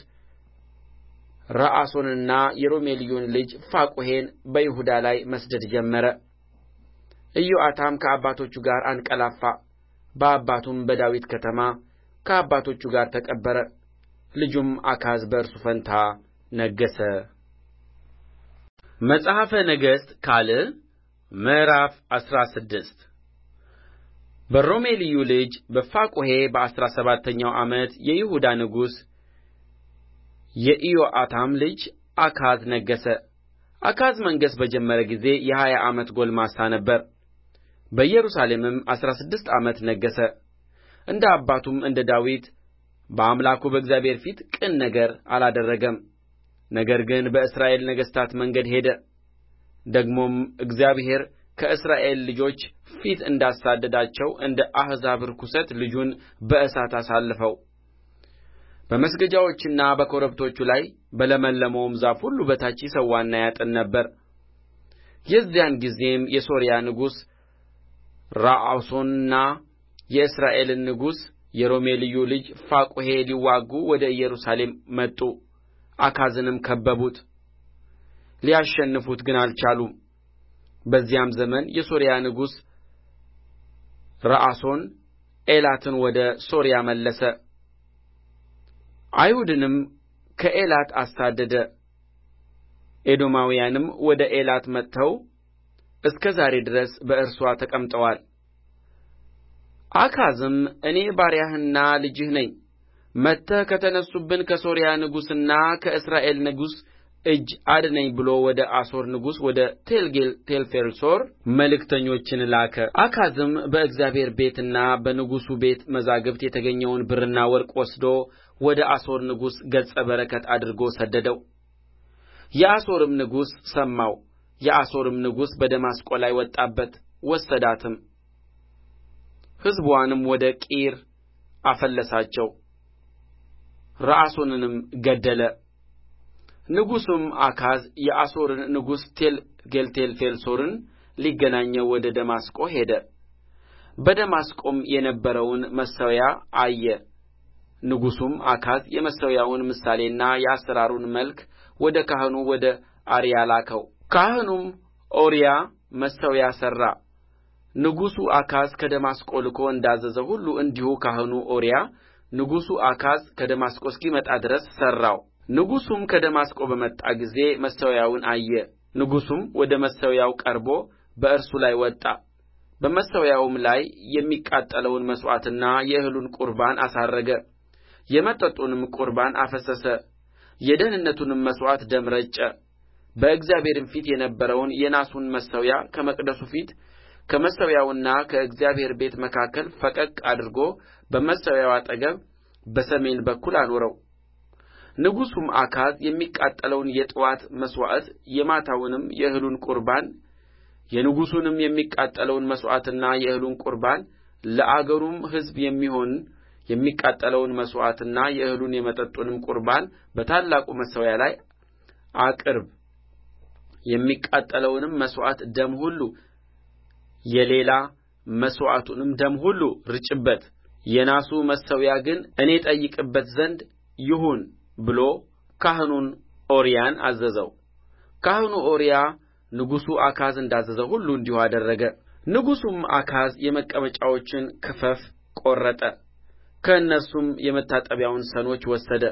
A: ረአሶንንና የሮሜልዩን ልጅ ፋቁሔን በይሁዳ ላይ መስደድ ጀመረ። ኢዮአታም ከአባቶቹ ጋር አንቀላፋ፣ በአባቱም በዳዊት ከተማ ከአባቶቹ ጋር ተቀበረ። ልጁም አካዝ በእርሱ ፈንታ ነገሠ። መጽሐፈ ነገሥት ካልዕ ምዕራፍ አስራ ስድስት በሮሜልዩ ልጅ በፋቁሔ በአሥራ ሰባተኛው ዓመት የይሁዳ ንጉሥ የኢዮአታም ልጅ አካዝ ነገሠ አካዝ መንገሥ በጀመረ ጊዜ የሀያ ዓመት ጕልማሳ ነበረ በኢየሩሳሌምም አሥራ ስድስት ዓመት ነገሠ እንደ አባቱም እንደ ዳዊት በአምላኩ በእግዚአብሔር ፊት ቅን ነገር አላደረገም ነገር ግን በእስራኤል ነገሥታት መንገድ ሄደ ደግሞም እግዚአብሔር ከእስራኤል ልጆች ፊት እንዳሳደዳቸው እንደ አሕዛብ ርኵሰት ልጁን በእሳት አሳለፈው በመስገጃዎቹና በኮረብቶቹ ላይ በለመለመውም ዛፍ ሁሉ በታች ይሠዋና ያጥን ነበር የዚያን ጊዜም የሶርያ ንጉሥ ረአሶንና የእስራኤልን ንጉሥ የሮሜልዩ ልጅ ፋቁሔ ሊዋጉ ወደ ኢየሩሳሌም መጡ አካዝንም ከበቡት ሊያሸንፉት ግን አልቻሉም በዚያም ዘመን የሶርያ ንጉሥ ረአሶን ኤላትን ወደ ሶርያ መለሰ አይሁድንም ከኤላት አሳደደ ኤዶማውያንም ወደ ኤላት መጥተው እስከ ዛሬ ድረስ በእርስዋ ተቀምጠዋል አካዝም እኔ ባሪያህና ልጅህ ነኝ መጥተህ ከተነሡብን ከሶርያ ንጉሥና ከእስራኤል ንጉሥ እጅ አድነኝ ብሎ ወደ አሦር ንጉሥ ወደ ቴልፌልሶር መልእክተኞችን ላከ። አካዝም በእግዚአብሔር ቤትና በንጉሡ ቤት መዛግብት የተገኘውን ብርና ወርቅ ወስዶ ወደ አሦር ንጉሥ ገጸ በረከት አድርጎ ሰደደው የአሦርም ንጉሥ ሰማው የአሦርም ንጉሥ በደማስቆ ላይ ወጣበት ወሰዳትም ሕዝብዋንም ወደ ቂር አፈለሳቸው ረአሶንንም ገደለ ንጉሡም አካዝ የአሦርን ንጉሥ ቴልጌልቴልፌልሶርን ሊገናኘው ወደ ደማስቆ ሄደ በደማስቆም የነበረውን መሠዊያ አየ ንጉሡም አካዝ የመሠዊያውን ምሳሌና የአሠራሩን መልክ ወደ ካህኑ ወደ ኦርያ ላከው ካህኑም ኦርያ መሠዊያ ሠራ ንጉሡ አካዝ ከደማስቆ ልኮ እንዳዘዘው ሁሉ እንዲሁ ካህኑ ኦርያ ንጉሡ አካዝ ከደማስቆ እስኪመጣ ድረስ ሠራው ንጉሡም ከደማስቆ በመጣ ጊዜ መሠዊያውን አየ ንጉሡም ወደ መሠዊያው ቀርቦ በእርሱ ላይ ወጣ በመሠዊያውም ላይ የሚቃጠለውን መሥዋዕትና የእህሉን ቁርባን አሳረገ የመጠጡንም ቍርባን አፈሰሰ የደኅንነቱንም መሥዋዕት ደም ረጨ በእግዚአብሔርም ፊት የነበረውን የናሱን መሠዊያ ከመቅደሱ ፊት ከመሠዊያውና ከእግዚአብሔር ቤት መካከል ፈቀቅ አድርጎ በመሠዊያው አጠገብ በሰሜን በኩል አኖረው። ንጉሡም አካዝ የሚቃጠለውን የጥዋት መሥዋዕት የማታውንም የእህሉን ቁርባን የንጉሡንም የሚቃጠለውን መሥዋዕትና የእህሉን ቁርባን ለአገሩም ሕዝብ የሚሆን የሚቃጠለውን መሥዋዕትና የእህሉን የመጠጡንም ቍርባን በታላቁ መሠዊያ ላይ አቅርብ የሚቃጠለውንም መሥዋዕት ደም ሁሉ የሌላ መሥዋዕቱንም ደም ሁሉ ርጭበት የናሱ መሠዊያ ግን እኔ እጠይቅበት ዘንድ ይሁን ብሎ ካህኑን ኦርያን አዘዘው። ካህኑ ኦርያ ንጉሡ አካዝ እንዳዘዘው ሁሉ እንዲሁ አደረገ። ንጉሡም አካዝ የመቀመጫዎችን ክፈፍ ቈረጠ ከእነርሱም የመታጠቢያውን ሰኖች ወሰደ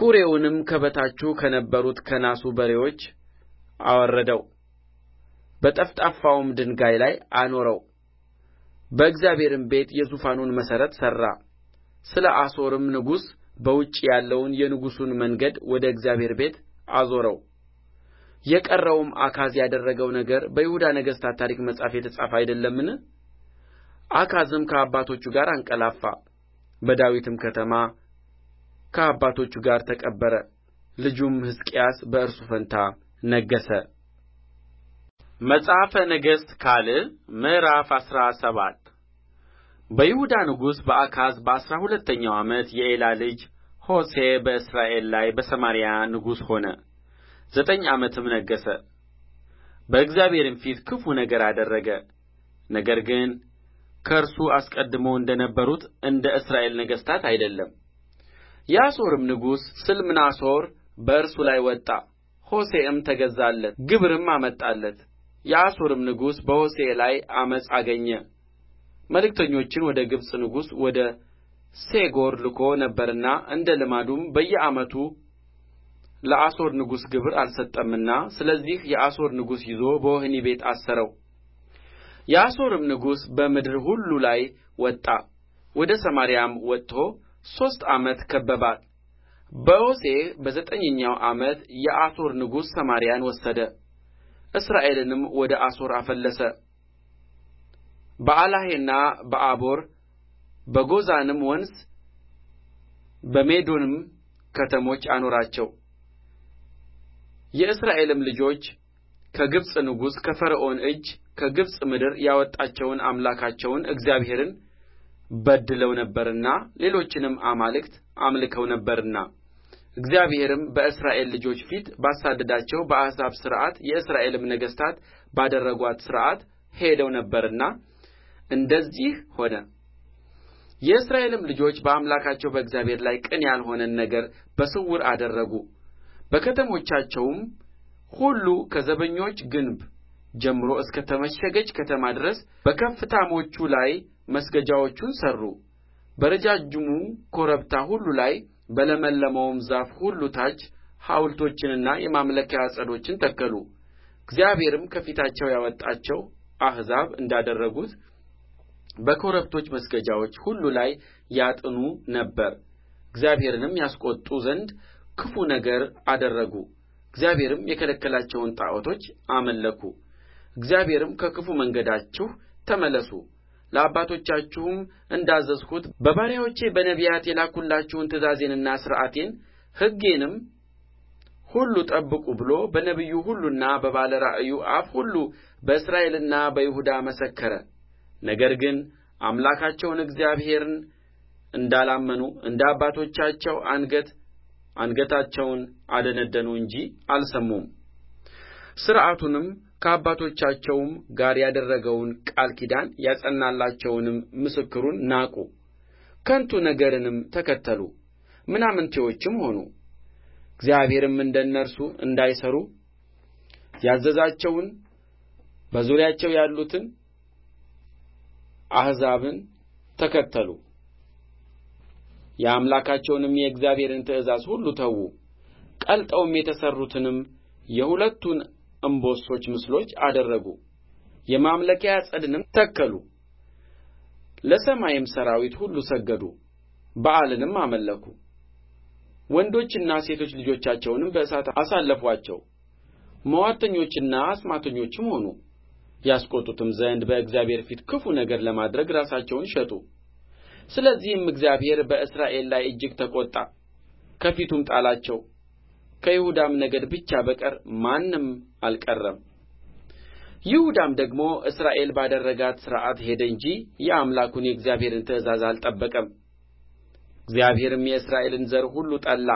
A: ኵሬውንም ከበታቹ ከነበሩት ከናሱ በሬዎች አወረደው በጠፍጣፋውም ድንጋይ ላይ አኖረው በእግዚአብሔርም ቤት የዙፋኑን መሠረት ሠራ ስለ አሦርም ንጉሥ በውጭ ያለውን የንጉሡን መንገድ ወደ እግዚአብሔር ቤት አዞረው የቀረውም አካዝ ያደረገው ነገር በይሁዳ ነገሥታት ታሪክ መጽሐፍ የተጻፈ አይደለምን አካዝም ከአባቶቹ ጋር አንቀላፋ በዳዊትም ከተማ ከአባቶቹ ጋር ተቀበረ ልጁም ሕዝቅያስ በእርሱ ፋንታ ነገሠ። መጽሐፈ ነገሥት ካልዕ ምዕራፍ አስራ ሰባት በይሁዳ ንጉሥ በአካዝ በአሥራ ሁለተኛው ዓመት የኤላ ልጅ ሆሴዕ በእስራኤል ላይ በሰማርያ ንጉሥ ሆነ። ዘጠኝ ዓመትም ነገሠ። በእግዚአብሔርም ፊት ክፉ ነገር አደረገ። ነገር ግን ከእርሱ አስቀድመው እንደ ነበሩት እንደ እስራኤል ነገሥታት አይደለም የአሦርም ንጉሥ ስልምናሶር በእርሱ ላይ ወጣ ሆሴዕም ተገዛለት ግብርም አመጣለት የአሦርም ንጉሥ በሆሴዕ ላይ ዓመፅ አገኘ መልእክተኞችን ወደ ግብጽ ንጉሥ ወደ ሴጎር ልኮ ነበርና እንደ ልማዱም በየዓመቱ ለአሦር ንጉሥ ግብር አልሰጠምና ስለዚህ የአሦር ንጉሥ ይዞ በወህኒ ቤት አሰረው የአሦርም ንጉሥ በምድር ሁሉ ላይ ወጣ ወደ ሰማርያም ወጥቶ ሦስት ዓመት ከበባት በሆሴዕ በዘጠኝኛው ዓመት የአሦር ንጉሥ ሰማርያን ወሰደ እስራኤልንም ወደ አሦር አፈለሰ በአላሔና በአቦር በጎዛንም ወንዝ በሜዶንም ከተሞች አኖራቸው የእስራኤልም ልጆች ከግብፅ ንጉሥ ከፈርዖን እጅ ከግብፅ ምድር ያወጣቸውን አምላካቸውን እግዚአብሔርን በድለው ነበርና ሌሎችንም አማልክት አምልከው ነበርና እግዚአብሔርም በእስራኤል ልጆች ፊት ባሳደዳቸው በአሕዛብ ሥርዓት የእስራኤልም ነገሥታት ባደረጓት ሥርዓት ሄደው ነበርና እንደዚህ ሆነ። የእስራኤልም ልጆች በአምላካቸው በእግዚአብሔር ላይ ቅን ያልሆነን ነገር በስውር አደረጉ። በከተሞቻቸውም ሁሉ ከዘበኞች ግንብ ጀምሮ እስከ ተመሸገች ከተማ ድረስ በከፍታዎቹ ላይ መስገጃዎቹን ሠሩ በረጃጅሙ ኮረብታ ሁሉ ላይ በለመለመውም ዛፍ ሁሉ ታች ሐውልቶችንና የማምለኪያ ዐፀዶችን ተከሉ እግዚአብሔርም ከፊታቸው ያወጣቸው አሕዛብ እንዳደረጉት በኮረብቶች መስገጃዎች ሁሉ ላይ ያጥኑ ነበር እግዚአብሔርንም ያስቈጡ ዘንድ ክፉ ነገር አደረጉ እግዚአብሔርም የከለከላቸውን ጣዖቶች አመለኩ እግዚአብሔርም ከክፉ መንገዳችሁ ተመለሱ ለአባቶቻችሁም እንዳዘዝሁት በባሪያዎቼ በነቢያት የላክሁላችሁን ትእዛዜንና ሥርዓቴን ሕጌንም ሁሉ ጠብቁ ብሎ በነቢዩ ሁሉና በባለ ራእዩ አፍ ሁሉ በእስራኤልና በይሁዳ መሰከረ። ነገር ግን አምላካቸውን እግዚአብሔርን እንዳላመኑ እንደ አባቶቻቸው አንገት አንገታቸውን አደነደኑ እንጂ አልሰሙም፣ ሥርዓቱንም ከአባቶቻቸውም ጋር ያደረገውን ቃል ኪዳን ያጸናላቸውንም ምስክሩን ናቁ ከንቱ ነገርንም ተከተሉ ምናምንቴዎችም ሆኑ እግዚአብሔርም እንደ እነርሱ እንዳይሠሩ ያዘዛቸውን በዙሪያቸው ያሉትን አሕዛብን ተከተሉ የአምላካቸውንም የእግዚአብሔርን ትእዛዝ ሁሉ ተዉ ቀልጠው የተሠሩትንም የሁለቱን እምቦሶች ምስሎች አደረጉ የማምለኪያ ዐፀድንም ተከሉ ለሰማይም ሠራዊት ሁሉ ሰገዱ በኣልንም አመለኩ ወንዶችና ሴቶች ልጆቻቸውንም በእሳት አሳለፉአቸው ምዋርተኞችና አስማተኞችም ሆኑ ያስቈጡትም ዘንድ በእግዚአብሔር ፊት ክፉ ነገር ለማድረግ ራሳቸውን ሸጡ ስለዚህም እግዚአብሔር በእስራኤል ላይ እጅግ ተቈጣ ከፊቱም ጣላቸው ከይሁዳም ነገድ ብቻ በቀር ማንም አልቀረም ይሁዳም ደግሞ እስራኤል ባደረጋት ሥርዓት ሄደ እንጂ የአምላኩን የእግዚአብሔርን ትእዛዝ አልጠበቀም እግዚአብሔርም የእስራኤልን ዘር ሁሉ ጠላ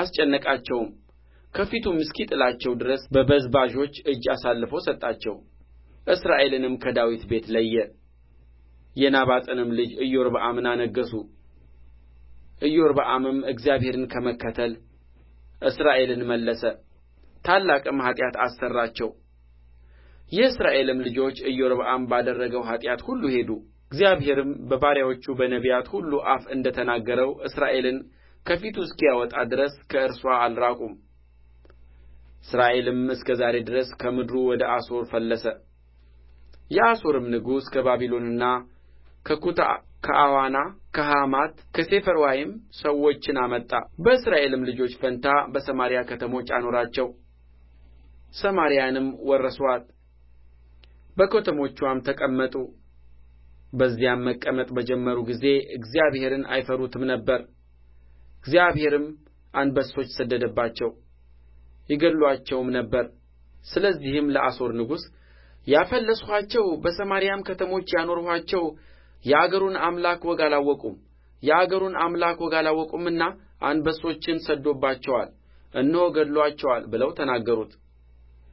A: አስጨነቃቸውም ከፊቱም እስኪጥላቸው ድረስ በበዝባዦች እጅ አሳልፎ ሰጣቸው እስራኤልንም ከዳዊት ቤት ለየ የናባጥንም ልጅ ኢዮርብዓምን አነገሡ ኢዮርብዓምም እግዚአብሔርን ከመከተል እስራኤልን መለሰ ታላቅም ኃጢአት አሠራቸው የእስራኤልም ልጆች ኢዮርብዓም ባደረገው ኃጢአት ሁሉ ሄዱ እግዚአብሔርም በባሪያዎቹ በነቢያት ሁሉ አፍ እንደ ተናገረው እስራኤልን ከፊቱ እስኪያወጣ ድረስ ከእርሷ አልራቁም እስራኤልም እስከ ዛሬ ድረስ ከምድሩ ወደ አሦር ፈለሰ የአሦርም ንጉሥ ከባቢሎንና ከኩታ ከአዋና ከሐማት ከሴፈርዋይም ሰዎችን አመጣ በእስራኤልም ልጆች ፋንታ በሰማርያ ከተሞች አኖራቸው ሰማርያንም ወረሱአት በከተሞችዋም ተቀመጡ በዚያም መቀመጥ በጀመሩ ጊዜ እግዚአብሔርን አይፈሩትም ነበር እግዚአብሔርም አንበሶች ሰደደባቸው ይገድሉአቸውም ነበር ስለዚህም ለአሦር ንጉሥ ያፈለስኋቸው በሰማርያም ከተሞች ያኖርኋቸው የአገሩን አምላክ ወግ አላወቁም የአገሩን አምላክ ወግ አላወቁምና አንበሶችን ሰድዶባቸዋል እነሆ ገድሎአቸዋል ብለው ተናገሩት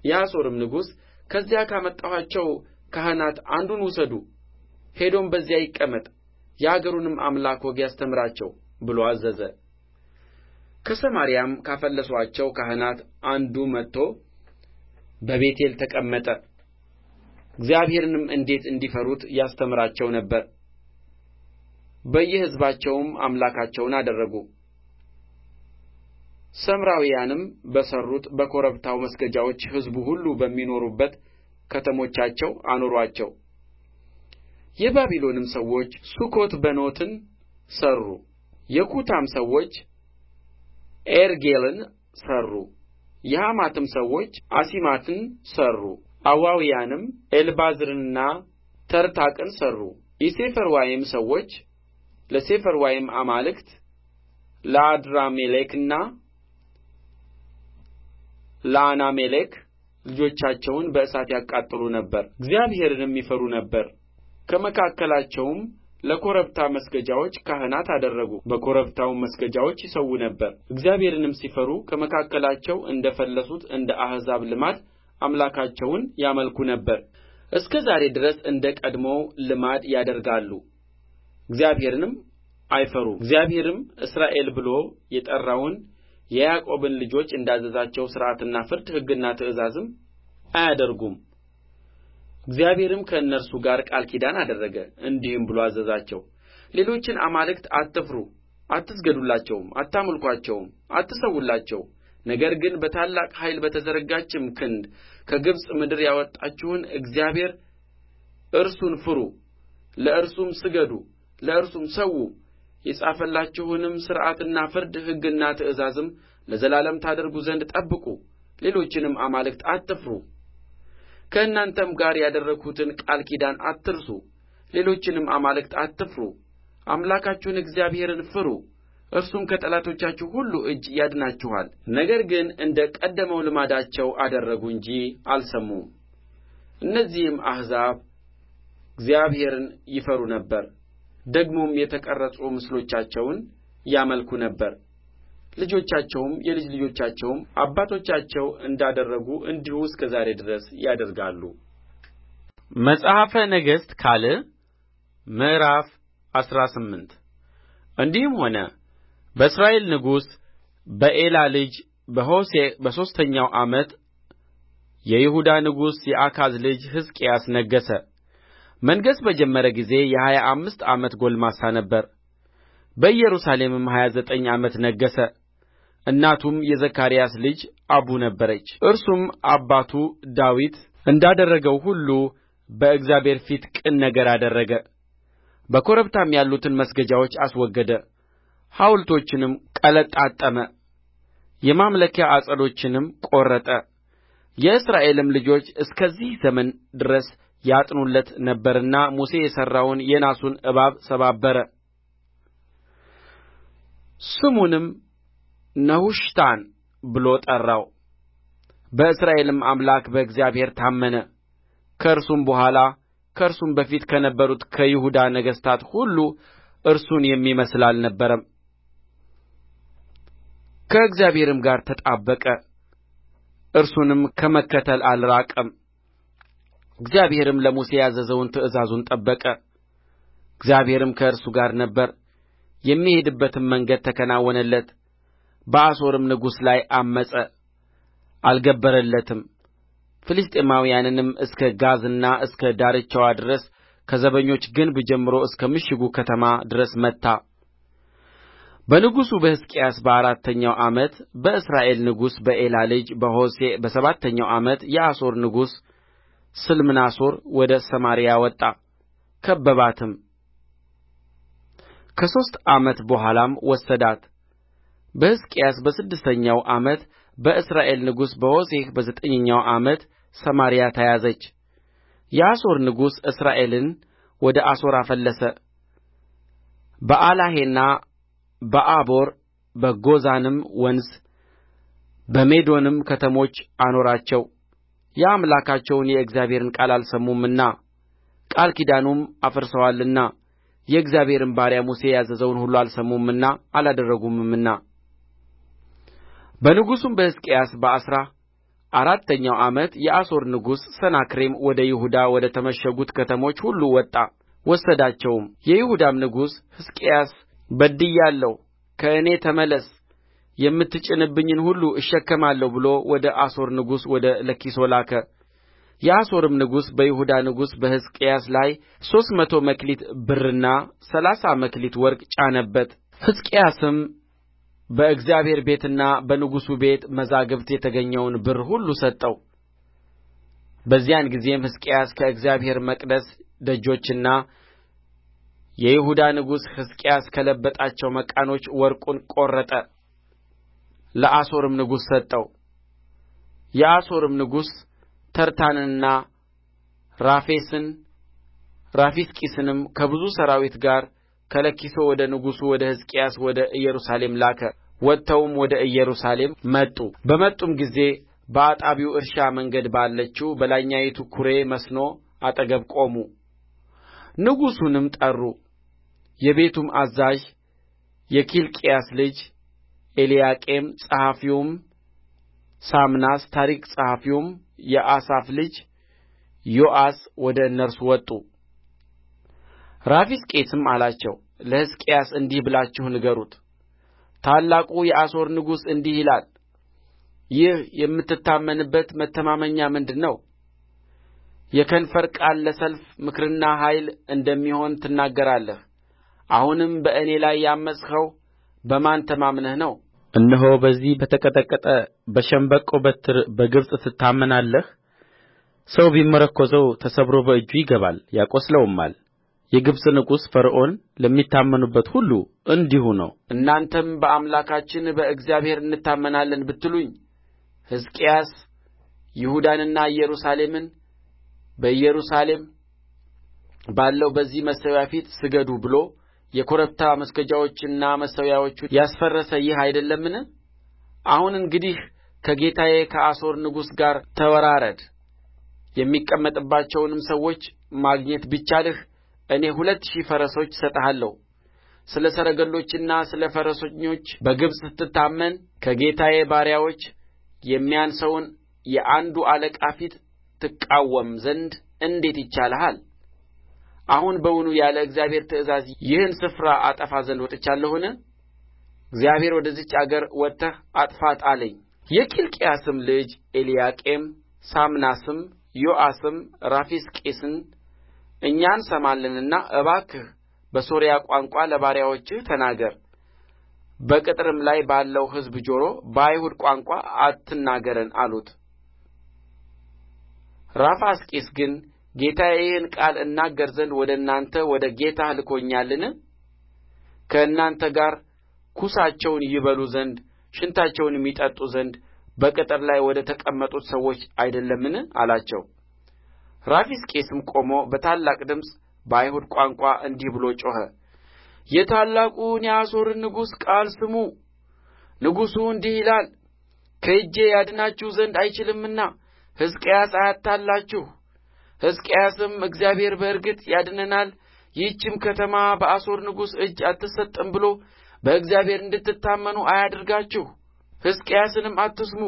A: የአሦርም ንጉሥ ከዚያ ካመጣኋቸው ካህናት አንዱን ውሰዱ ሄዶም በዚያ ይቀመጥ የአገሩንም አምላክ ወግ ያስተምራቸው ብሎ አዘዘ ከሰማርያም ካፈለሷቸው ካህናት አንዱ መጥቶ በቤቴል ተቀመጠ እግዚአብሔርንም እንዴት እንዲፈሩት ያስተምራቸው ነበር በየሕዝባቸውም አምላካቸውን አደረጉ ሰምራውያንም በሠሩት በኮረብታው መስገጃዎች ሕዝቡ ሁሉ በሚኖሩበት ከተሞቻቸው አኖሩአቸው። የባቢሎንም ሰዎች ሱኮት በኖትን ሠሩ። የኩታም ሰዎች ኤርጌልን ሠሩ። የሐማትም ሰዎች አሲማትን ሠሩ። አዋውያንም ኤልባዝርንና ተርታቅን ሠሩ። የሴፈርዋይም ሰዎች ለሴፈርዋይም አማልክት ለአድራሜሌክና ለአናሜሌክ ልጆቻቸውን በእሳት ያቃጥሉ ነበር እግዚአብሔርንም ይፈሩ ነበር ከመካከላቸውም ለኮረብታ መስገጃዎች ካህናት አደረጉ በኮረብታውም መስገጃዎች ይሠዉ ነበር እግዚአብሔርንም ሲፈሩ ከመካከላቸው እንደ ፈለሱት እንደ አሕዛብ ልማድ አምላካቸውን ያመልኩ ነበር እስከ ዛሬ ድረስ እንደ ቀድሞው ልማድ ያደርጋሉ እግዚአብሔርንም አይፈሩም እግዚአብሔርም እስራኤል ብሎ የጠራውን የያዕቆብን ልጆች እንዳዘዛቸው ሥርዓትና ፍርድ ሕግና ትእዛዝም አያደርጉም እግዚአብሔርም ከእነርሱ ጋር ቃል ኪዳን አደረገ እንዲህም ብሎ አዘዛቸው ሌሎችን አማልክት አትፍሩ አትስገዱላቸውም አታምልኩአቸውም አትሠዉላቸው ነገር ግን በታላቅ ኃይል በተዘረጋችም ክንድ ከግብጽ ምድር ያወጣችሁን እግዚአብሔር እርሱን ፍሩ ለእርሱም ስገዱ ለእርሱም ሠዉ የጻፈላችሁንም ሥርዓትና ፍርድ ሕግና ትእዛዝም ለዘላለም ታደርጉ ዘንድ ጠብቁ ሌሎችንም አማልክት አትፍሩ ከእናንተም ጋር ያደረግሁትን ቃል ኪዳን አትርሱ ሌሎችንም አማልክት አትፍሩ አምላካችሁን እግዚአብሔርን ፍሩ እርሱም ከጠላቶቻችሁ ሁሉ እጅ ያድናችኋል ነገር ግን እንደ ቀደመው ልማዳቸው አደረጉ እንጂ አልሰሙም እነዚህም አሕዛብ እግዚአብሔርን ይፈሩ ነበር ደግሞም የተቀረጹ ምስሎቻቸውን ያመልኩ ነበር ልጆቻቸውም የልጅ ልጆቻቸውም አባቶቻቸው እንዳደረጉ እንዲሁ እስከ ዛሬ ድረስ ያደርጋሉ መጽሐፈ ነገሥት ካልዕ ምዕራፍ አስራ ስምንት እንዲህም ሆነ በእስራኤል ንጉሥ በኤላ ልጅ በሆሴዕ በሦስተኛው ዓመት የይሁዳ ንጉሥ የአካዝ ልጅ ሕዝቅያስ ነገሠ መንገሥ በጀመረ ጊዜ የሀያ አምስት ዓመት ጕልማሳ ነበረ በኢየሩሳሌምም ሀያ ዘጠኝ ዓመት ነገሠ እናቱም የዘካርያስ ልጅ አቡ ነበረች እርሱም አባቱ ዳዊት እንዳደረገው ሁሉ በእግዚአብሔር ፊት ቅን ነገር አደረገ በኮረብታም ያሉትን መስገጃዎች አስወገደ ሐውልቶችንም ቀለጣጠመ የማምለኪያ ዐፀዶችንም ቈረጠ የእስራኤልም ልጆች እስከዚህ ዘመን ድረስ ያጥኑለት ነበርና ሙሴ የሠራውን የናሱን እባብ ሰባበረ። ስሙንም ነሑሽታን ብሎ ጠራው። በእስራኤልም አምላክ በእግዚአብሔር ታመነ። ከእርሱም በኋላ ከእርሱም በፊት ከነበሩት ከይሁዳ ነገሥታት ሁሉ እርሱን የሚመስል አልነበረም። ከእግዚአብሔርም ጋር ተጣበቀ፣ እርሱንም ከመከተል አልራቀም። እግዚአብሔርም ለሙሴ ያዘዘውን ትእዛዙን ጠበቀ እግዚአብሔርም ከእርሱ ጋር ነበረ የሚሄድበትም መንገድ ተከናወነለት በአሦርም ንጉሥ ላይ ዐመፀ አልገበረለትም ፍልስጥኤማውያንንም እስከ ጋዛና እስከ ዳርቻዋ ድረስ ከዘበኞች ግንብ ጀምሮ እስከ ምሽጉ ከተማ ድረስ መታ በንጉሡ በሕዝቅያስ በአራተኛው ዓመት በእስራኤል ንጉሥ በኤላ ልጅ በሆሴዕ በሰባተኛው ዓመት የአሦር ንጉሥ ስልምናሶር ወደ ሰማርያ ወጣ ከበባትም ከሦስት ዓመት በኋላም ወሰዳት በሕዝቅያስ በስድስተኛው ዓመት በእስራኤል ንጉሥ በሆሴዕ በዘጠኝኛው ዓመት ሰማርያ ተያዘች የአሦር ንጉሥ እስራኤልን ወደ አሦር አፈለሰ በአላሔና በአቦር በጎዛንም ወንዝ በሜዶንም ከተሞች አኖራቸው የአምላካቸውን የእግዚአብሔርን ቃል አልሰሙምና ቃል ኪዳኑንም አፍርሰዋልና የእግዚአብሔርም ባሪያ ሙሴ ያዘዘውን ሁሉ አልሰሙምና አላደረጉምና በንጉሡም በሕዝቅያስ በአሥራ አራተኛው ዓመት የአሦር ንጉሥ ሰናክሬም ወደ ይሁዳ ወደ ተመሸጉት ከተሞች ሁሉ ወጣ ወሰዳቸውም። የይሁዳም ንጉሥ ሕዝቅያስ በድያለሁ፣ ከእኔ ተመለስ የምትጭንብኝን ሁሉ እሸከማለሁ ብሎ ወደ አሦር ንጉሥ ወደ ለኪሶ ላከ የአሦርም ንጉሥ በይሁዳ ንጉሥ በሕዝቅያስ ላይ ሦስት መቶ መክሊት ብርና ሠላሳ መክሊት ወርቅ ጫነበት ሕዝቅያስም በእግዚአብሔር ቤትና በንጉሡ ቤት መዛግብት የተገኘውን ብር ሁሉ ሰጠው በዚያን ጊዜም ሕዝቅያስ ከእግዚአብሔር መቅደስ ደጆችና የይሁዳ ንጉሥ ሕዝቅያስ ከለበጣቸው መቃኖች ወርቁን ቈረጠ ለአሦርም ንጉሥ ሰጠው። የአሦርም ንጉሥ ተርታንንና ራፌስን ራፋስቂስንም ከብዙ ሠራዊት ጋር ከለኪሶ ወደ ንጉሡ ወደ ሕዝቅያስ ወደ ኢየሩሳሌም ላከ። ወጥተውም ወደ ኢየሩሳሌም መጡ። በመጡም ጊዜ በአጣቢው እርሻ መንገድ ባለችው በላይኛይቱ ኩሬ መስኖ አጠገብ ቆሙ። ንጉሡንም ጠሩ። የቤቱም አዛዥ የኪልቅያስ ልጅ ኤልያቄም ጸሐፊውም ሳምናስ ታሪክ ጸሐፊውም የአሳፍ ልጅ ዮአስ ወደ እነርሱ ወጡ ራፋስቂስም አላቸው ለሕዝቅያስ እንዲህ ብላችሁ ንገሩት ታላቁ የአሦር ንጉሥ እንዲህ ይላል ይህ የምትታመንበት መተማመኛ ምንድር ነው የከንፈር ቃል ለሰልፍ ምክርና ኃይል እንደሚሆን ትናገራለህ አሁንም በእኔ ላይ ያመፅኸው በማን ተማምነህ ነው እነሆ በዚህ በተቀጠቀጠ በሸምበቆ በትር በግብጽ ትታመናለህ ሰው ቢመረኰዘው ተሰብሮ በእጁ ይገባል ያቈስለውማል የግብጽ ንጉሥ ፈርዖን ለሚታመኑበት ሁሉ እንዲሁ ነው እናንተም በአምላካችን በእግዚአብሔር እንታመናለን ብትሉኝ ሕዝቅያስ ይሁዳንና ኢየሩሳሌምን በኢየሩሳሌም ባለው በዚህ መሠዊያ ፊት ስገዱ ብሎ የኮረብታ መስገጃዎቹንና መሠዊያዎቹን ያስፈረሰ ይህ አይደለምን አሁን እንግዲህ ከጌታዬ ከአሦር ንጉሥ ጋር ተወራረድ የሚቀመጡባቸውንም ሰዎች ማግኘት ቢቻልህ እኔ ሁለት ሺህ ፈረሶች እሰጥሃለሁ ስለ ሰረገሎችና ስለ ፈረሰኞች በግብጽ ስትታመን ከጌታዬ ባሪያዎች የሚያንሰውን የአንዱ አለቃ ፊት ትቃወም ዘንድ እንዴት ይቻልሃል አሁን በውኑ ያለ እግዚአብሔር ትእዛዝ ይህን ስፍራ አጠፋ ዘንድ ወጥቻለሁን እግዚአብሔር ወደዚች አገር ወጥተህ አጥፋት አለኝ የኪልቅያስም ልጅ ኤልያቄም ሳምናስም ዮአስም ራፋስቂስን እኛ እንሰማለንና እባክህ በሶርያ ቋንቋ ለባሪያዎችህ ተናገር በቅጥርም ላይ ባለው ሕዝብ ጆሮ በአይሁድ ቋንቋ አትናገረን አሉት ራፋስቂስ ግን ጌታዬ ይህን ቃል እናገር ዘንድ ወደ እናንተ ወደ ጌታህ ልኮኛልን ከእናንተ ጋር ኵሳቸውን ይበሉ ዘንድ ሽንታቸውንም ይጠጡ ዘንድ በቅጥር ላይ ወደ ተቀመጡት ሰዎች አይደለምን አላቸው ራፊስቄስም ቆሞ በታላቅ ድምፅ በአይሁድ ቋንቋ እንዲህ ብሎ ጮኸ የታላቁን የአሦር ንጉሥ ቃል ስሙ ንጉሡ እንዲህ ይላል ከእጄ ያድናችሁ ዘንድ አይችልምና ሕዝቅያስ አያታልላችሁ ሕዝቅያስም እግዚአብሔር በእርግጥ ያድነናል ይህችም ከተማ በአሦር ንጉሥ እጅ አትሰጥም ብሎ በእግዚአብሔር እንድትታመኑ አያድርጋችሁ ሕዝቅያስንም አትስሙ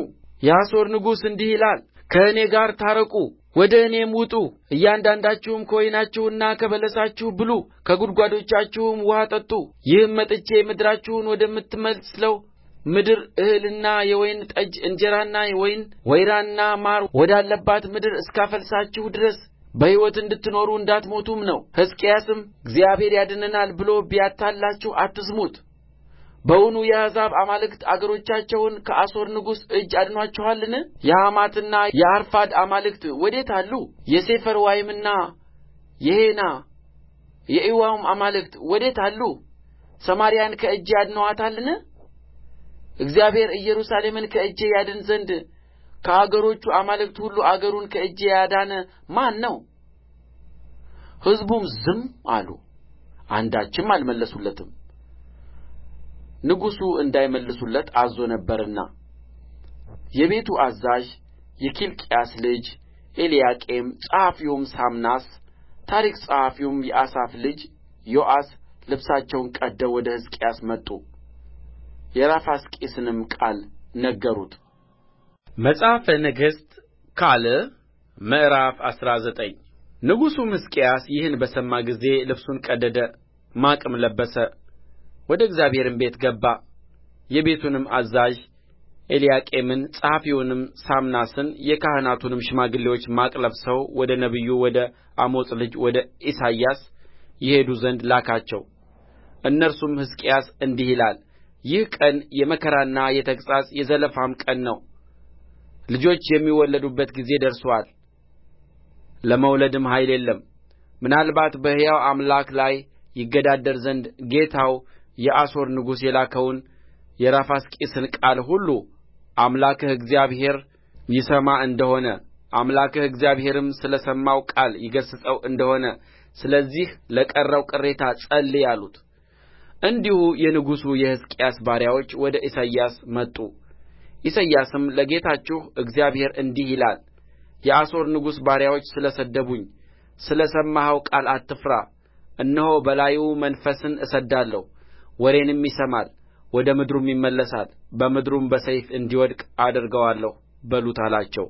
A: የአሦር ንጉሥ እንዲህ ይላል ከእኔ ጋር ታረቁ ወደ እኔም ውጡ እያንዳንዳችሁም ከወይናችሁና ከበለሳችሁ ብሉ ከጕድጓዶቻችሁም ውኃ ጠጡ ይህም መጥቼ ምድራችሁን ወደምትመስለው ምድር እህልና የወይን ጠጅ እንጀራና ወይን ወይራና ማር ወዳለባት ምድር እስካፈልሳችሁ ድረስ በሕይወት እንድትኖሩ እንዳትሞቱም ነው ሕዝቅያስም እግዚአብሔር ያድነናል ብሎ ቢያታልላችሁ አትስሙት በውኑ የአሕዛብ አማልክት አገሮቻቸውን ከአሦር ንጉሥ እጅ አድኗችኋልን የሐማትና የአርፋድ አማልክት ወዴት አሉ የሴፈርዋይምና የሄና የዒዋም አማልክት ወዴት አሉ ሰማርያን ከእጄ አድነዋታልን እግዚአብሔር ኢየሩሳሌምን ከእጄ ያድን ዘንድ ከአገሮቹ አማልክት ሁሉ አገሩን ከእጄ ያዳነ ማን ነው? ሕዝቡም ዝም አሉ፣ አንዳችም አልመለሱለትም። ንጉሡ እንዳይመልሱለት አዞ ነበርና የቤቱ አዛዥ የኪልቅያስ ልጅ ኤልያቄም፣ ጸሐፊውም ሳምናስ፣ ታሪክ ጸሐፊውም የአሳፍ ልጅ ዮአስ ልብሳቸውን ቀደው ወደ ሕዝቅያስ መጡ። የራፋስቂስንም ቃል ነገሩት መጽሐፈ ነገሥት ካልዕ ምዕራፍ አስራ ዘጠኝ ንጉሡም ሕዝቅያስ ይህን በሰማ ጊዜ ልብሱን ቀደደ ማቅም ለበሰ ወደ እግዚአብሔርም ቤት ገባ የቤቱንም አዛዥ ኤልያቄምን ጸሐፊውንም ሳምናስን የካህናቱንም ሽማግሌዎች ማቅ ለብሰው ወደ ነቢዩ ወደ አሞጽ ልጅ ወደ ኢሳይያስ ይሄዱ ዘንድ ላካቸው እነርሱም ሕዝቅያስ እንዲህ ይላል ይህ ቀን የመከራና የተግሣጽ የዘለፋም ቀን ነው ልጆች የሚወለዱበት ጊዜ ደርሶአል ለመውለድም ኃይል የለም ምናልባት በሕያው አምላክ ላይ ይገዳደር ዘንድ ጌታው የአሦር ንጉሥ የላከውን የራፋስቂስን ቃል ሁሉ አምላክህ እግዚአብሔር ይሰማ እንደሆነ አምላክህ እግዚአብሔርም ስለ ሰማው ቃል ይገሥጸው እንደሆነ ስለዚህ ለቀረው ቅሬታ ጸልይ አሉት እንዲሁ የንጉሡ የሕዝቅያስ ባሪያዎች ወደ ኢሳይያስ መጡ ኢሳይያስም ለጌታችሁ እግዚአብሔር እንዲህ ይላል የአሦር ንጉሥ ባሪያዎች ስለ ሰደቡኝ ስለ ሰማኸው ቃል አትፍራ እነሆ በላዩ መንፈስን እሰድዳለሁ ወሬንም ይሰማል ወደ ምድሩም ይመለሳል በምድሩም በሰይፍ እንዲወድቅ አደርገዋለሁ በሉት አላቸው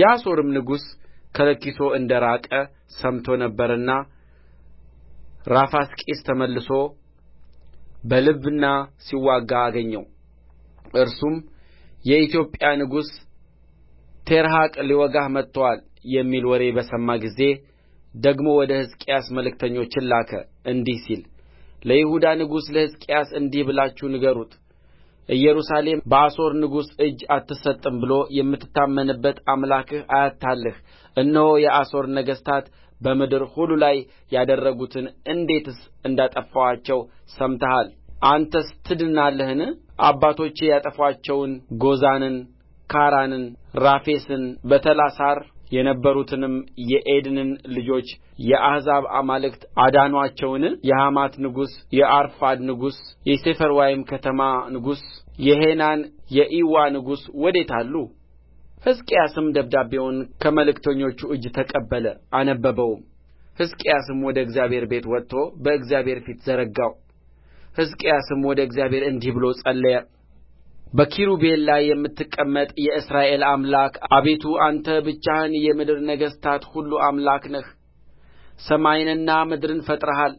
A: የአሦርም ንጉሥ ከለኪሶ እንደ ራቀ ሰምቶ ነበርና ራፋስቂስ ተመልሶ በልብና ሲዋጋ አገኘው እርሱም የኢትዮጵያ ንጉሥ ቲርሐቅ ሊወጋህ መጥቶአል የሚል ወሬ በሰማ ጊዜ ደግሞ ወደ ሕዝቅያስ መልእክተኞችን ላከ እንዲህ ሲል ለይሁዳ ንጉሥ ለሕዝቅያስ እንዲህ ብላችሁ ንገሩት ኢየሩሳሌም በአሦር ንጉሥ እጅ አትሰጥም ብሎ የምትታመንበት አምላክህ አያታልልህ እነሆ የአሦር ነገሥታት በምድር ሁሉ ላይ ያደረጉትን እንዴትስ እንዳጠፋቸው ሰምተሃል አንተስ ትድናለህን አባቶቼ ያጠፉአቸውን ጎዛንን ካራንን ራፌስን በተላሳር የነበሩትንም የዔድንን ልጆች የአሕዛብ አማልክት አዳኑአቸውን የሐማት ንጉሥ የአርፋድ ንጉሥ የሴፈርዋይም ከተማ ንጉሥ የሄናን የዒዋ ንጉሥ ወዴት አሉ ሕዝቅያስም ደብዳቤውን ከመልእክተኞቹ እጅ ተቀበለ አነበበውም ሕዝቅያስም ወደ እግዚአብሔር ቤት ወጥቶ በእግዚአብሔር ፊት ዘረጋው ሕዝቅያስም ወደ እግዚአብሔር እንዲህ ብሎ ጸለየ በኪሩቤል ላይ የምትቀመጥ የእስራኤል አምላክ አቤቱ አንተ ብቻህን የምድር ነገሥታት ሁሉ አምላክ ነህ ሰማይንና ምድርን ፈጥረሃል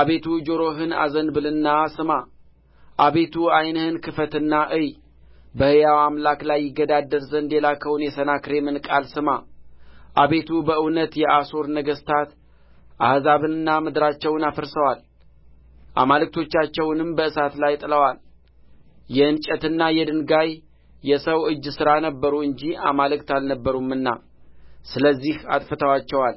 A: አቤቱ ጆሮህን አዘንብልና ስማ አቤቱ ዐይንህን ክፈትና እይ በሕያው አምላክ ላይ ይገዳደር ዘንድ የላከውን የሰናክሬምን ቃል ስማ አቤቱ በእውነት የአሦር ነገሥታት አሕዛብንና ምድራቸውን አፍርሰዋል አማልክቶቻቸውንም በእሳት ላይ ጥለዋል የእንጨትና የድንጋይ የሰው እጅ ሥራ ነበሩ እንጂ አማልክት አልነበሩምና ስለዚህ አጥፍተዋቸዋል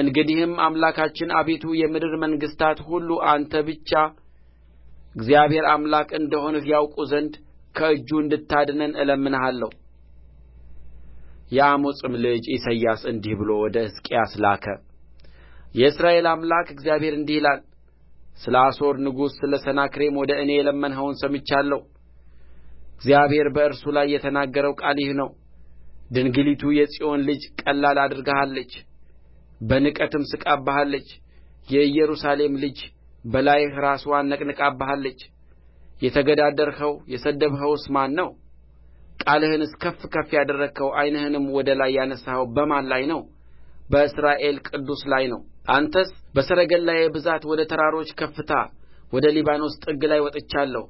A: እንግዲህም አምላካችን አቤቱ የምድር መንግሥታት ሁሉ አንተ ብቻ እግዚአብሔር አምላክ እንደ ሆንህ ያውቁ ዘንድ ከእጁ እንድታድነን እለምንሃለሁ የአሞጽም ልጅ ኢሳይያስ እንዲህ ብሎ ወደ ሕዝቅያስ ላከ የእስራኤል አምላክ እግዚአብሔር እንዲህ ይላል ስለ አሦር ንጉሥ ስለ ሰናክሬም ወደ እኔ የለመንኸውን ሰምቻለሁ እግዚአብሔር በእርሱ ላይ የተናገረው ቃል ይህ ነው ድንግሊቱ የጽዮን ልጅ ቀላል አድርጋሃለች በንቀትም ስቃብሃለች የኢየሩሳሌም ልጅ በላይህ ራስዋን ነቅንቃብሃለች የተገዳደርኸው የሰደብኸውስ ማን ነው ቃልህንስ ከፍ ከፍ ያደረግኸው ዓይንህንም ወደ ላይ ያነሣኸው በማን ላይ ነው በእስራኤል ቅዱስ ላይ ነው አንተስ በሰረገላዬ ብዛት ወደ ተራሮች ከፍታ ወደ ሊባኖስ ጥግ ላይ ወጥቻለሁ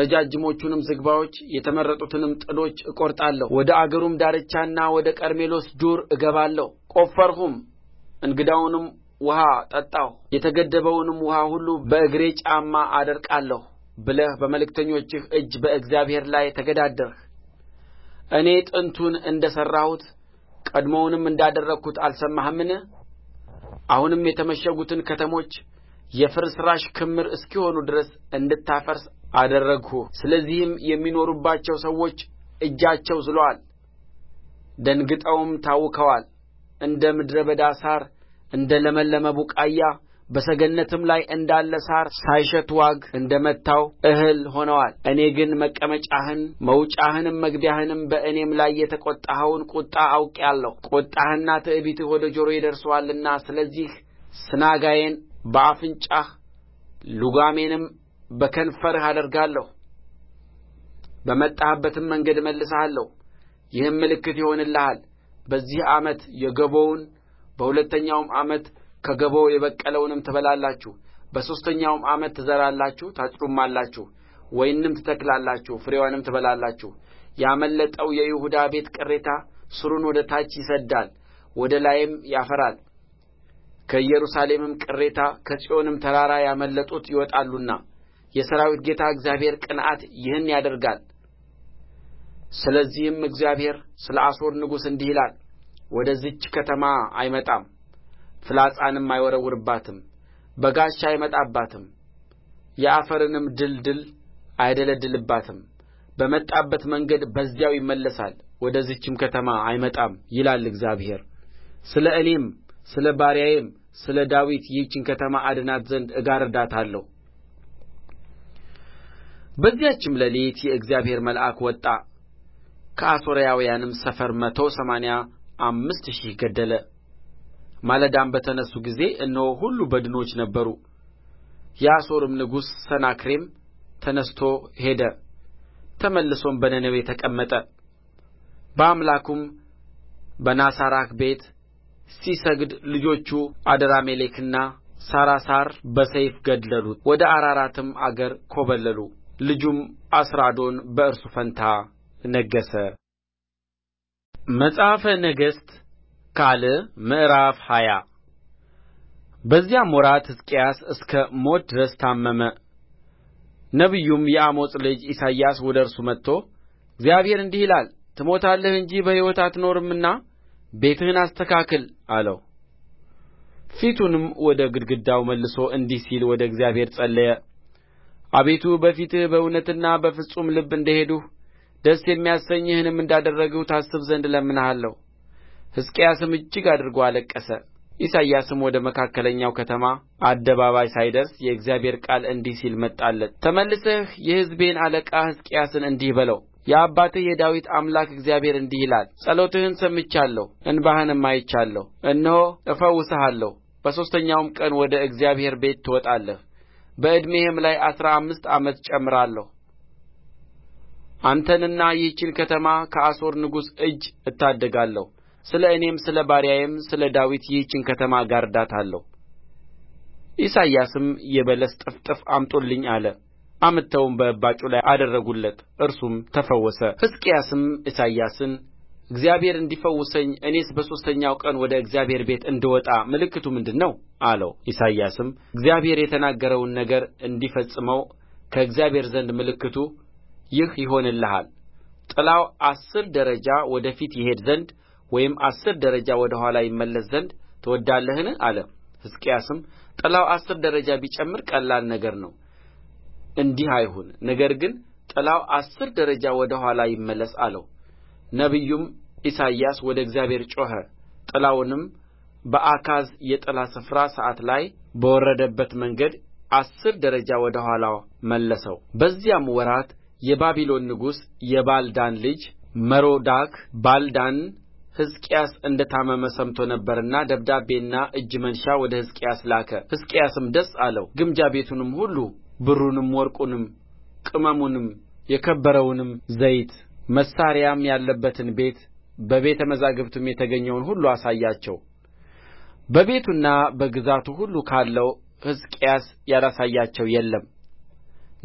A: ረጃጅሞቹንም ዝግባዎች የተመረጡትንም ጥዶች እቈርጣለሁ ወደ አገሩም ዳርቻና ወደ ቀርሜሎስ ዱር እገባለሁ ቈፈርሁም እንግዳውንም ውኃ ጠጣሁ የተገደበውንም ውኃ ሁሉ በእግሬ ጫማ አደርቃለሁ ብለህ በመልእክተኞችህ እጅ በእግዚአብሔር ላይ ተገዳደርህ እኔ ጥንቱን እንደ ሠራሁት ቀድሞውንም እንዳደረግሁት አልሰማህምን አሁንም የተመሸጉትን ከተሞች የፍርስራሽ ክምር እስኪሆኑ ድረስ እንድታፈርስ አደረግሁህ ስለዚህም የሚኖሩባቸው ሰዎች እጃቸው ዝሎአል ደንግጠውም ታውከዋል እንደ ምድረ በዳ ሣር እንደ ለመለመ ቡቃያ በሰገነትም ላይ እንዳለ ሣር ሳይሸት ዋግ እንደ መታው እህል ሆነዋል። እኔ ግን መቀመጫህን መውጫህንም መግቢያህንም በእኔም ላይ የተቈጣኸውን ቍጣ አውቄአለሁ። ቍጣህና ትዕቢትህ ወደ ጆሮዬ ደርሶአልና ስለዚህ ስናጋዬን በአፍንጫህ ልጓሜንም በከንፈርህ አደርጋለሁ። በመጣህበትም መንገድ እመልስሃለሁ። ይህም ምልክት ይሆንልሃል። በዚህ ዓመት የገቦውን በሁለተኛውም ዓመት ከገቦው የበቀለውንም ትበላላችሁ በሦስተኛውም ዓመት ትዘራላችሁ ታጭዱማላችሁ ወይንም ትተክላላችሁ ፍሬዋንም ትበላላችሁ ያመለጠው የይሁዳ ቤት ቅሬታ ሥሩን ወደ ታች ይሰዳል ወደ ላይም ያፈራል ከኢየሩሳሌምም ቅሬታ ከጽዮንም ተራራ ያመለጡት ይወጣሉና የሠራዊት ጌታ እግዚአብሔር ቅንዓት ይህን ያደርጋል ስለዚህም እግዚአብሔር ስለ አሦር ንጉሥ እንዲህ ይላል ወደዚች ከተማ አይመጣም ፍላጻንም አይወረውርባትም በጋሻ አይመጣባትም የአፈርንም ድልድል አይደለድልባትም በመጣበት መንገድ በዚያው ይመለሳል ወደዚችም ከተማ አይመጣም ይላል እግዚአብሔር ስለ እኔም ስለ ባሪያዬም ስለ ዳዊት ይህችን ከተማ አድናት ዘንድ እጋርዳታለሁ በዚያችም ሌሊት የእግዚአብሔር መልአክ ወጣ ከአሦራውያንም ሰፈር መቶ ሰማንያ አምስት ሺህ ገደለ ማለዳም በተነሡ ጊዜ እነሆ ሁሉ በድኖች ነበሩ የአሦርም ንጉሥ ሰናክሬም ተነሥቶ ሄደ ተመልሶም በነነዌ ተቀመጠ በአምላኩም በናሳራክ ቤት ሲሰግድ ልጆቹ አደራሜሌክና ሳራሳር በሰይፍ ገደሉት ወደ አራራትም አገር ኰበለሉ ልጁም አስራዶን በእርሱ ፋንታ ነገሠ መጽሐፈ ነገሥት ካልዕ ምዕራፍ ሃያ በዚያም ወራት ሕዝቅያስ እስከ ሞት ድረስ ታመመ። ነቢዩም የአሞጽ ልጅ ኢሳይያስ ወደ እርሱ መጥቶ እግዚአብሔር እንዲህ ይላል ትሞታለህ እንጂ በሕይወት አትኖርምና ቤትህን አስተካክል አለው። ፊቱንም ወደ ግድግዳው መልሶ እንዲህ ሲል ወደ እግዚአብሔር ጸለየ። አቤቱ በፊትህ በእውነትና በፍጹም ልብ እንደ ሄድሁ ደስ የሚያሰኝህንም እንዳደረግሁ ታስብ ዘንድ እለምንሃለሁ ሕዝቅያስም እጅግ አድርጎ አለቀሰ ኢሳይያስም ወደ መካከለኛው ከተማ አደባባይ ሳይደርስ የእግዚአብሔር ቃል እንዲህ ሲል መጣለት ተመልሰህ የሕዝቤን አለቃ ሕዝቅያስን እንዲህ በለው የአባትህ የዳዊት አምላክ እግዚአብሔር እንዲህ ይላል ጸሎትህን ሰምቻለሁ እንባህንም አይቻለሁ እነሆ እፈውስሃለሁ በሦስተኛውም ቀን ወደ እግዚአብሔር ቤት ትወጣለህ በዕድሜህም ላይ አሥራ አምስት ዓመት ጨምራለሁ። አንተንና ይህችን ከተማ ከአሦር ንጉሥ እጅ እታደጋለሁ ስለ እኔም ስለ ባሪያዬም ስለ ዳዊት ይህችን ከተማ እጋርዳታለሁ ኢሳይያስም የበለስ ጥፍጥፍ አምጡልኝ አለ አምጥተውም በእባጩ ላይ አደረጉለት እርሱም ተፈወሰ ሕዝቅያስም ኢሳይያስን እግዚአብሔር እንዲፈውሰኝ እኔስ በሦስተኛው ቀን ወደ እግዚአብሔር ቤት እንድወጣ ምልክቱ ምንድር ነው አለው ኢሳይያስም እግዚአብሔር የተናገረውን ነገር እንዲፈጽመው ከእግዚአብሔር ዘንድ ምልክቱ ይህ ይሆንልሃል ጥላው አሥር ደረጃ ወደ ፊት ይሄድ ዘንድ ወይም አሥር ደረጃ ወደ ኋላ ይመለስ ዘንድ ትወድዳለህን አለ ሕዝቅያስም ጥላው አሥር ደረጃ ቢጨምር ቀላል ነገር ነው እንዲህ አይሁን ነገር ግን ጥላው አሥር ደረጃ ወደ ኋላ ይመለስ አለው ነቢዩም ኢሳይያስ ወደ እግዚአብሔር ጮኸ ጥላውንም በአካዝ የጥላ ስፍራ ሰዓት ላይ በወረደበት መንገድ አሥር ደረጃ ወደ ኋላ መለሰው በዚያም ወራት የባቢሎን ንጉሥ የባልዳን ልጅ መሮዳክ ባልዳን ሕዝቅያስ እንደ ታመመ ሰምቶ ነበርና ደብዳቤና እጅ መንሻ ወደ ሕዝቅያስ ላከ ሕዝቅያስም ደስ አለው ግምጃ ቤቱንም ሁሉ ብሩንም ወርቁንም ቅመሙንም የከበረውንም ዘይት መሣሪያም ያለበትን ቤት በቤተ መዛግብቱም የተገኘውን ሁሉ አሳያቸው በቤቱና በግዛቱ ሁሉ ካለው ሕዝቅያስ ያላሳያቸው የለም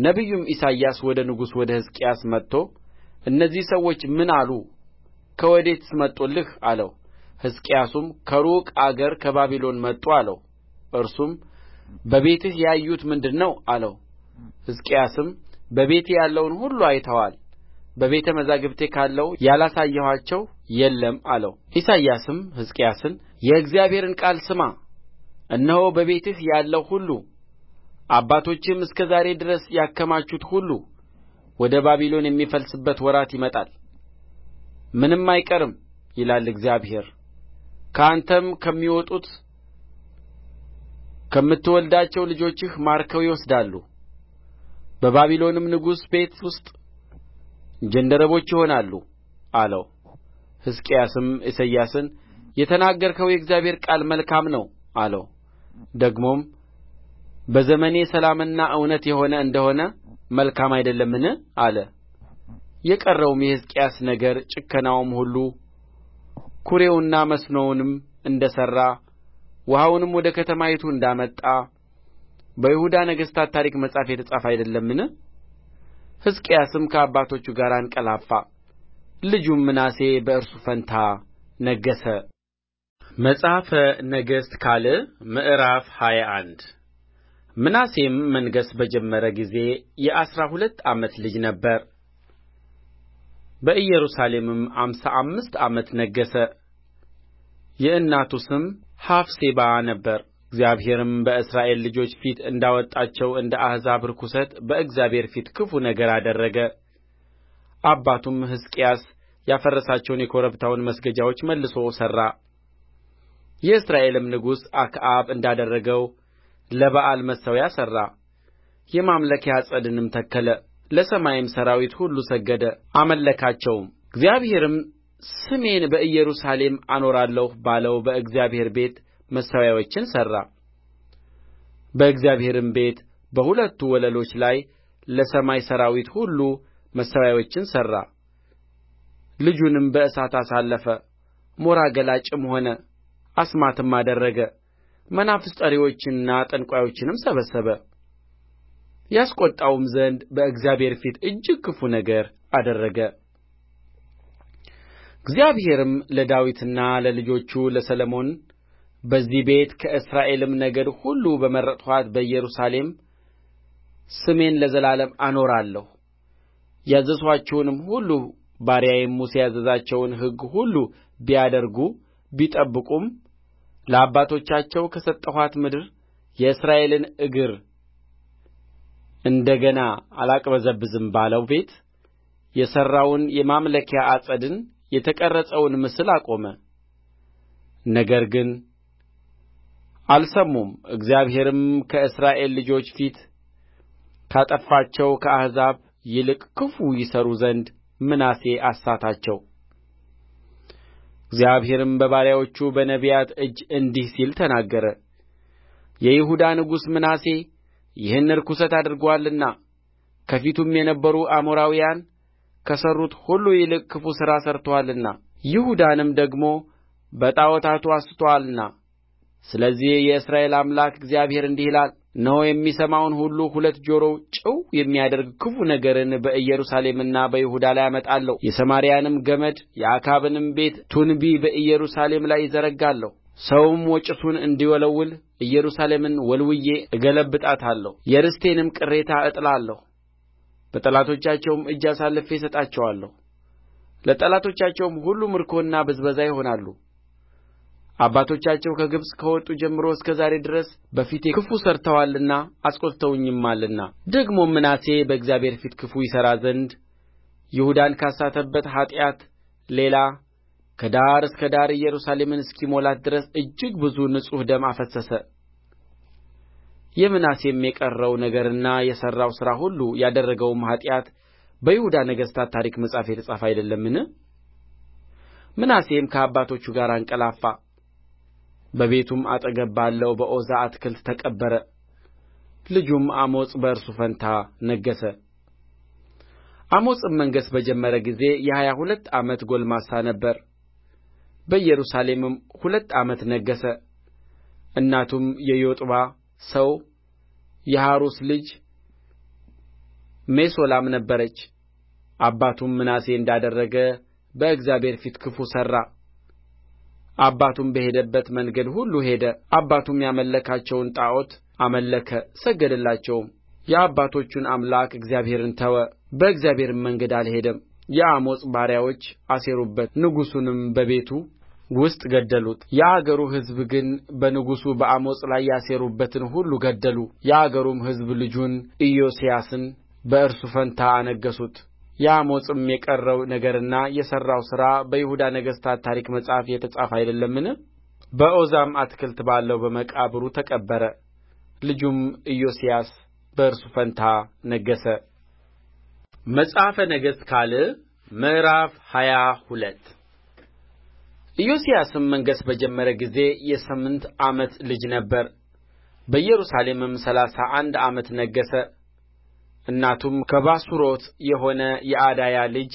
A: ነቢዩም ኢሳይያስ ወደ ንጉሡ ወደ ሕዝቅያስ መጥቶ እነዚህ ሰዎች ምን አሉ ከወዴትስ መጡልህ አለው ሕዝቅያሱም ከሩቅ አገር ከባቢሎን መጡ አለው እርሱም በቤትህ ያዩት ምንድር ነው አለው ሕዝቅያስም በቤቴ ያለውን ሁሉ አይተዋል በቤተ መዛግብቴ ካለው ያላሳየኋቸው የለም አለው ኢሳይያስም ሕዝቅያስን የእግዚአብሔርን ቃል ስማ እነሆ በቤትህ ያለው ሁሉ አባቶችህም እስከ ዛሬ ድረስ ያከማቹት ሁሉ ወደ ባቢሎን የሚፈልስበት ወራት ይመጣል ምንም አይቀርም ይላል እግዚአብሔር ከአንተም ከሚወጡት ከምትወልዳቸው ልጆችህ ማርከው ይወስዳሉ በባቢሎንም ንጉሥ ቤት ውስጥ ጃንደረቦች ይሆናሉ አለው ሕዝቅያስም ኢሳይያስን የተናገርኸው የእግዚአብሔር ቃል መልካም ነው አለው ደግሞም በዘመኔ ሰላምና እውነት የሆነ እንደሆነ መልካም አይደለምን አለ የቀረውም የሕዝቅያስ ነገር ጭከናውም ሁሉ ኵሬውንና መስኖውንም እንደ ሠራ ውኃውንም ወደ ከተማይቱ እንዳመጣ በይሁዳ ነገሥታት ታሪክ መጽሐፍ የተጻፈ አይደለምን ሕዝቅያስም ከአባቶቹ ጋር አንቀላፋ ልጁም ምናሴ በእርሱ ፈንታ ነገሠ። መጽሐፈ ነገሥት ካልዕ ምዕራፍ ሃያ አንድ ምናሴም መንገሥ በጀመረ ጊዜ የአሥራ ሁለት ዓመት ልጅ ነበር። በኢየሩሳሌምም አምሳ አምስት ዓመት ነገሠ የእናቱ ስም ሐፍሴባ ነበረ እግዚአብሔርም በእስራኤል ልጆች ፊት እንዳወጣቸው እንደ አሕዛብ ርኵሰት በእግዚአብሔር ፊት ክፉ ነገር አደረገ አባቱም ሕዝቅያስ ያፈረሳቸውን የኮረብታውን መስገጃዎች መልሶ ሠራ የእስራኤልም ንጉሥ አክዓብ እንዳደረገው ለበኣል መሠዊያ ሠራ የማምለኪያ ዐፀድንም ተከለ ለሰማይም ሠራዊት ሁሉ ሰገደ አመለካቸውም እግዚአብሔርም ስሜን በኢየሩሳሌም አኖራለሁ ባለው በእግዚአብሔር ቤት መሠዊያዎችን ሠራ በእግዚአብሔርም ቤት በሁለቱ ወለሎች ላይ ለሰማይ ሠራዊት ሁሉ መሠዊያዎችን ሠራ ልጁንም በእሳት አሳለፈ ሞራ ገላጭም ሆነ አስማትም አደረገ መናፍስት ጠሪዎችንና ጠንቋዮችንም ሰበሰበ ያስቈጣውም ዘንድ በእግዚአብሔር ፊት እጅግ ክፉ ነገር አደረገ እግዚአብሔርም ለዳዊትና ለልጆቹ ለሰሎሞን በዚህ ቤት ከእስራኤልም ነገድ ሁሉ በመረጥኋት በኢየሩሳሌም ስሜን ለዘላለም አኖራለሁ ያዘዝኋቸውንም ሁሉ ባሪያዬም ሙሴ ያዘዛቸውን ሕግ ሁሉ ቢያደርጉ ቢጠብቁም ለአባቶቻቸው ከሰጠኋት ምድር የእስራኤልን እግር እንደ ገና አላቅበዘብዝም ባለው ቤት የሠራውን የማምለኪያ ዐፀድን የተቀረጸውን ምስል አቆመ ነገር ግን አልሰሙም እግዚአብሔርም ከእስራኤል ልጆች ፊት ካጠፋቸው ከአሕዛብ ይልቅ ክፉ ይሠሩ ዘንድ ምናሴ አሳታቸው እግዚአብሔርም በባሪያዎቹ በነቢያት እጅ እንዲህ ሲል ተናገረ የይሁዳ ንጉሥ ምናሴ ይህን ርኵሰት አድርጎአልና ከፊቱም የነበሩ አሞራውያን ከሠሩት ሁሉ ይልቅ ክፉ ሥራ ሠርቶአልና ይሁዳንም ደግሞ በጣዖታቱ አስቶአልና ስለዚህ የእስራኤል አምላክ እግዚአብሔር እንዲህ ይላል እነሆ የሚሰማውን ሁሉ ሁለት ጆሮው ጭው የሚያደርግ ክፉ ነገርን በኢየሩሳሌምና በይሁዳ ላይ አመጣለሁ የሰማርያንም ገመድ የአክዓብንም ቤት ቱንቢ በኢየሩሳሌም ላይ እዘረጋለሁ ሰውም ወጭቱን እንዲወለውል ኢየሩሳሌምን ወልውዬ እገለብጣታለሁ የርስቴንም ቅሬታ እጥላለሁ በጠላቶቻቸውም እጅ አሳልፌ እሰጣቸዋለሁ ለጠላቶቻቸውም ሁሉ ምርኮና ብዝበዛ ይሆናሉ አባቶቻቸው ከግብፅ ከወጡ ጀምሮ እስከ ዛሬ ድረስ በፊቴ ክፉ ሠርተዋልና አስቈጥተውኝማልና ደግሞም ምናሴ በእግዚአብሔር ፊት ክፉ ይሠራ ዘንድ ይሁዳን ካሳተበት ኃጢአት ሌላ ከዳር እስከ ዳር ኢየሩሳሌምን እስኪሞላት ድረስ እጅግ ብዙ ንጹሕ ደም አፈሰሰ የምናሴም የቀረው ነገርና የሠራው ሥራ ሁሉ ያደረገውም ኃጢአት በይሁዳ ነገሥታት ታሪክ መጽሐፍ የተጻፈ አይደለምን ምናሴም ከአባቶቹ ጋር አንቀላፋ በቤቱም አጠገብ ባለው በዖዛ አትክልት ተቀበረ ልጁም አሞጽ በእርሱ ፋንታ ነገሠ አሞጽም መንገሥ በጀመረ ጊዜ የሀያ ሁለት ዓመት ጕልማሳ ነበረ በኢየሩሳሌምም ሁለት ዓመት ነገሠ እናቱም የዮጥባ ሰው የሐሩስ ልጅ ሜሶላም ነበረች አባቱም ምናሴ እንዳደረገ በእግዚአብሔር ፊት ክፉ ሠራ አባቱም በሄደበት መንገድ ሁሉ ሄደ አባቱም ያመለካቸውን ጣዖታት አመለከ ሰገደላቸውም የአባቶቹን አምላክ እግዚአብሔርን ተወ በእግዚአብሔርም መንገድ አልሄደም የአሞጽ ባሪያዎች አሴሩበት ንጉሡንም በቤቱ ውስጥ ገደሉት የአገሩ ሕዝብ ግን በንጉሡ በአሞጽ ላይ ያሴሩበትን ሁሉ ገደሉ የአገሩም ሕዝብ ልጁን ኢዮስያስን በእርሱ ፋንታ አነገሡት የአሞጽም የቀረው ነገርና የሠራው ሥራ በይሁዳ ነገሥታት ታሪክ መጽሐፍ የተጻፈ አይደለምን በዖዛም አትክልት ባለው በመቃብሩ ተቀበረ ልጁም ኢዮስያስ በእርሱ ፋንታ ነገሠ መጽሐፈ ነገሥት ካልዕ ምዕራፍ ሃያ ሁለት ኢዮስያስም መንገሥ በጀመረ ጊዜ የስምንት ዓመት ልጅ ነበረ በኢየሩሳሌምም ሠላሳ አንድ ዓመት ነገሠ እናቱም ከባሱሮት የሆነ የዓዳያ ልጅ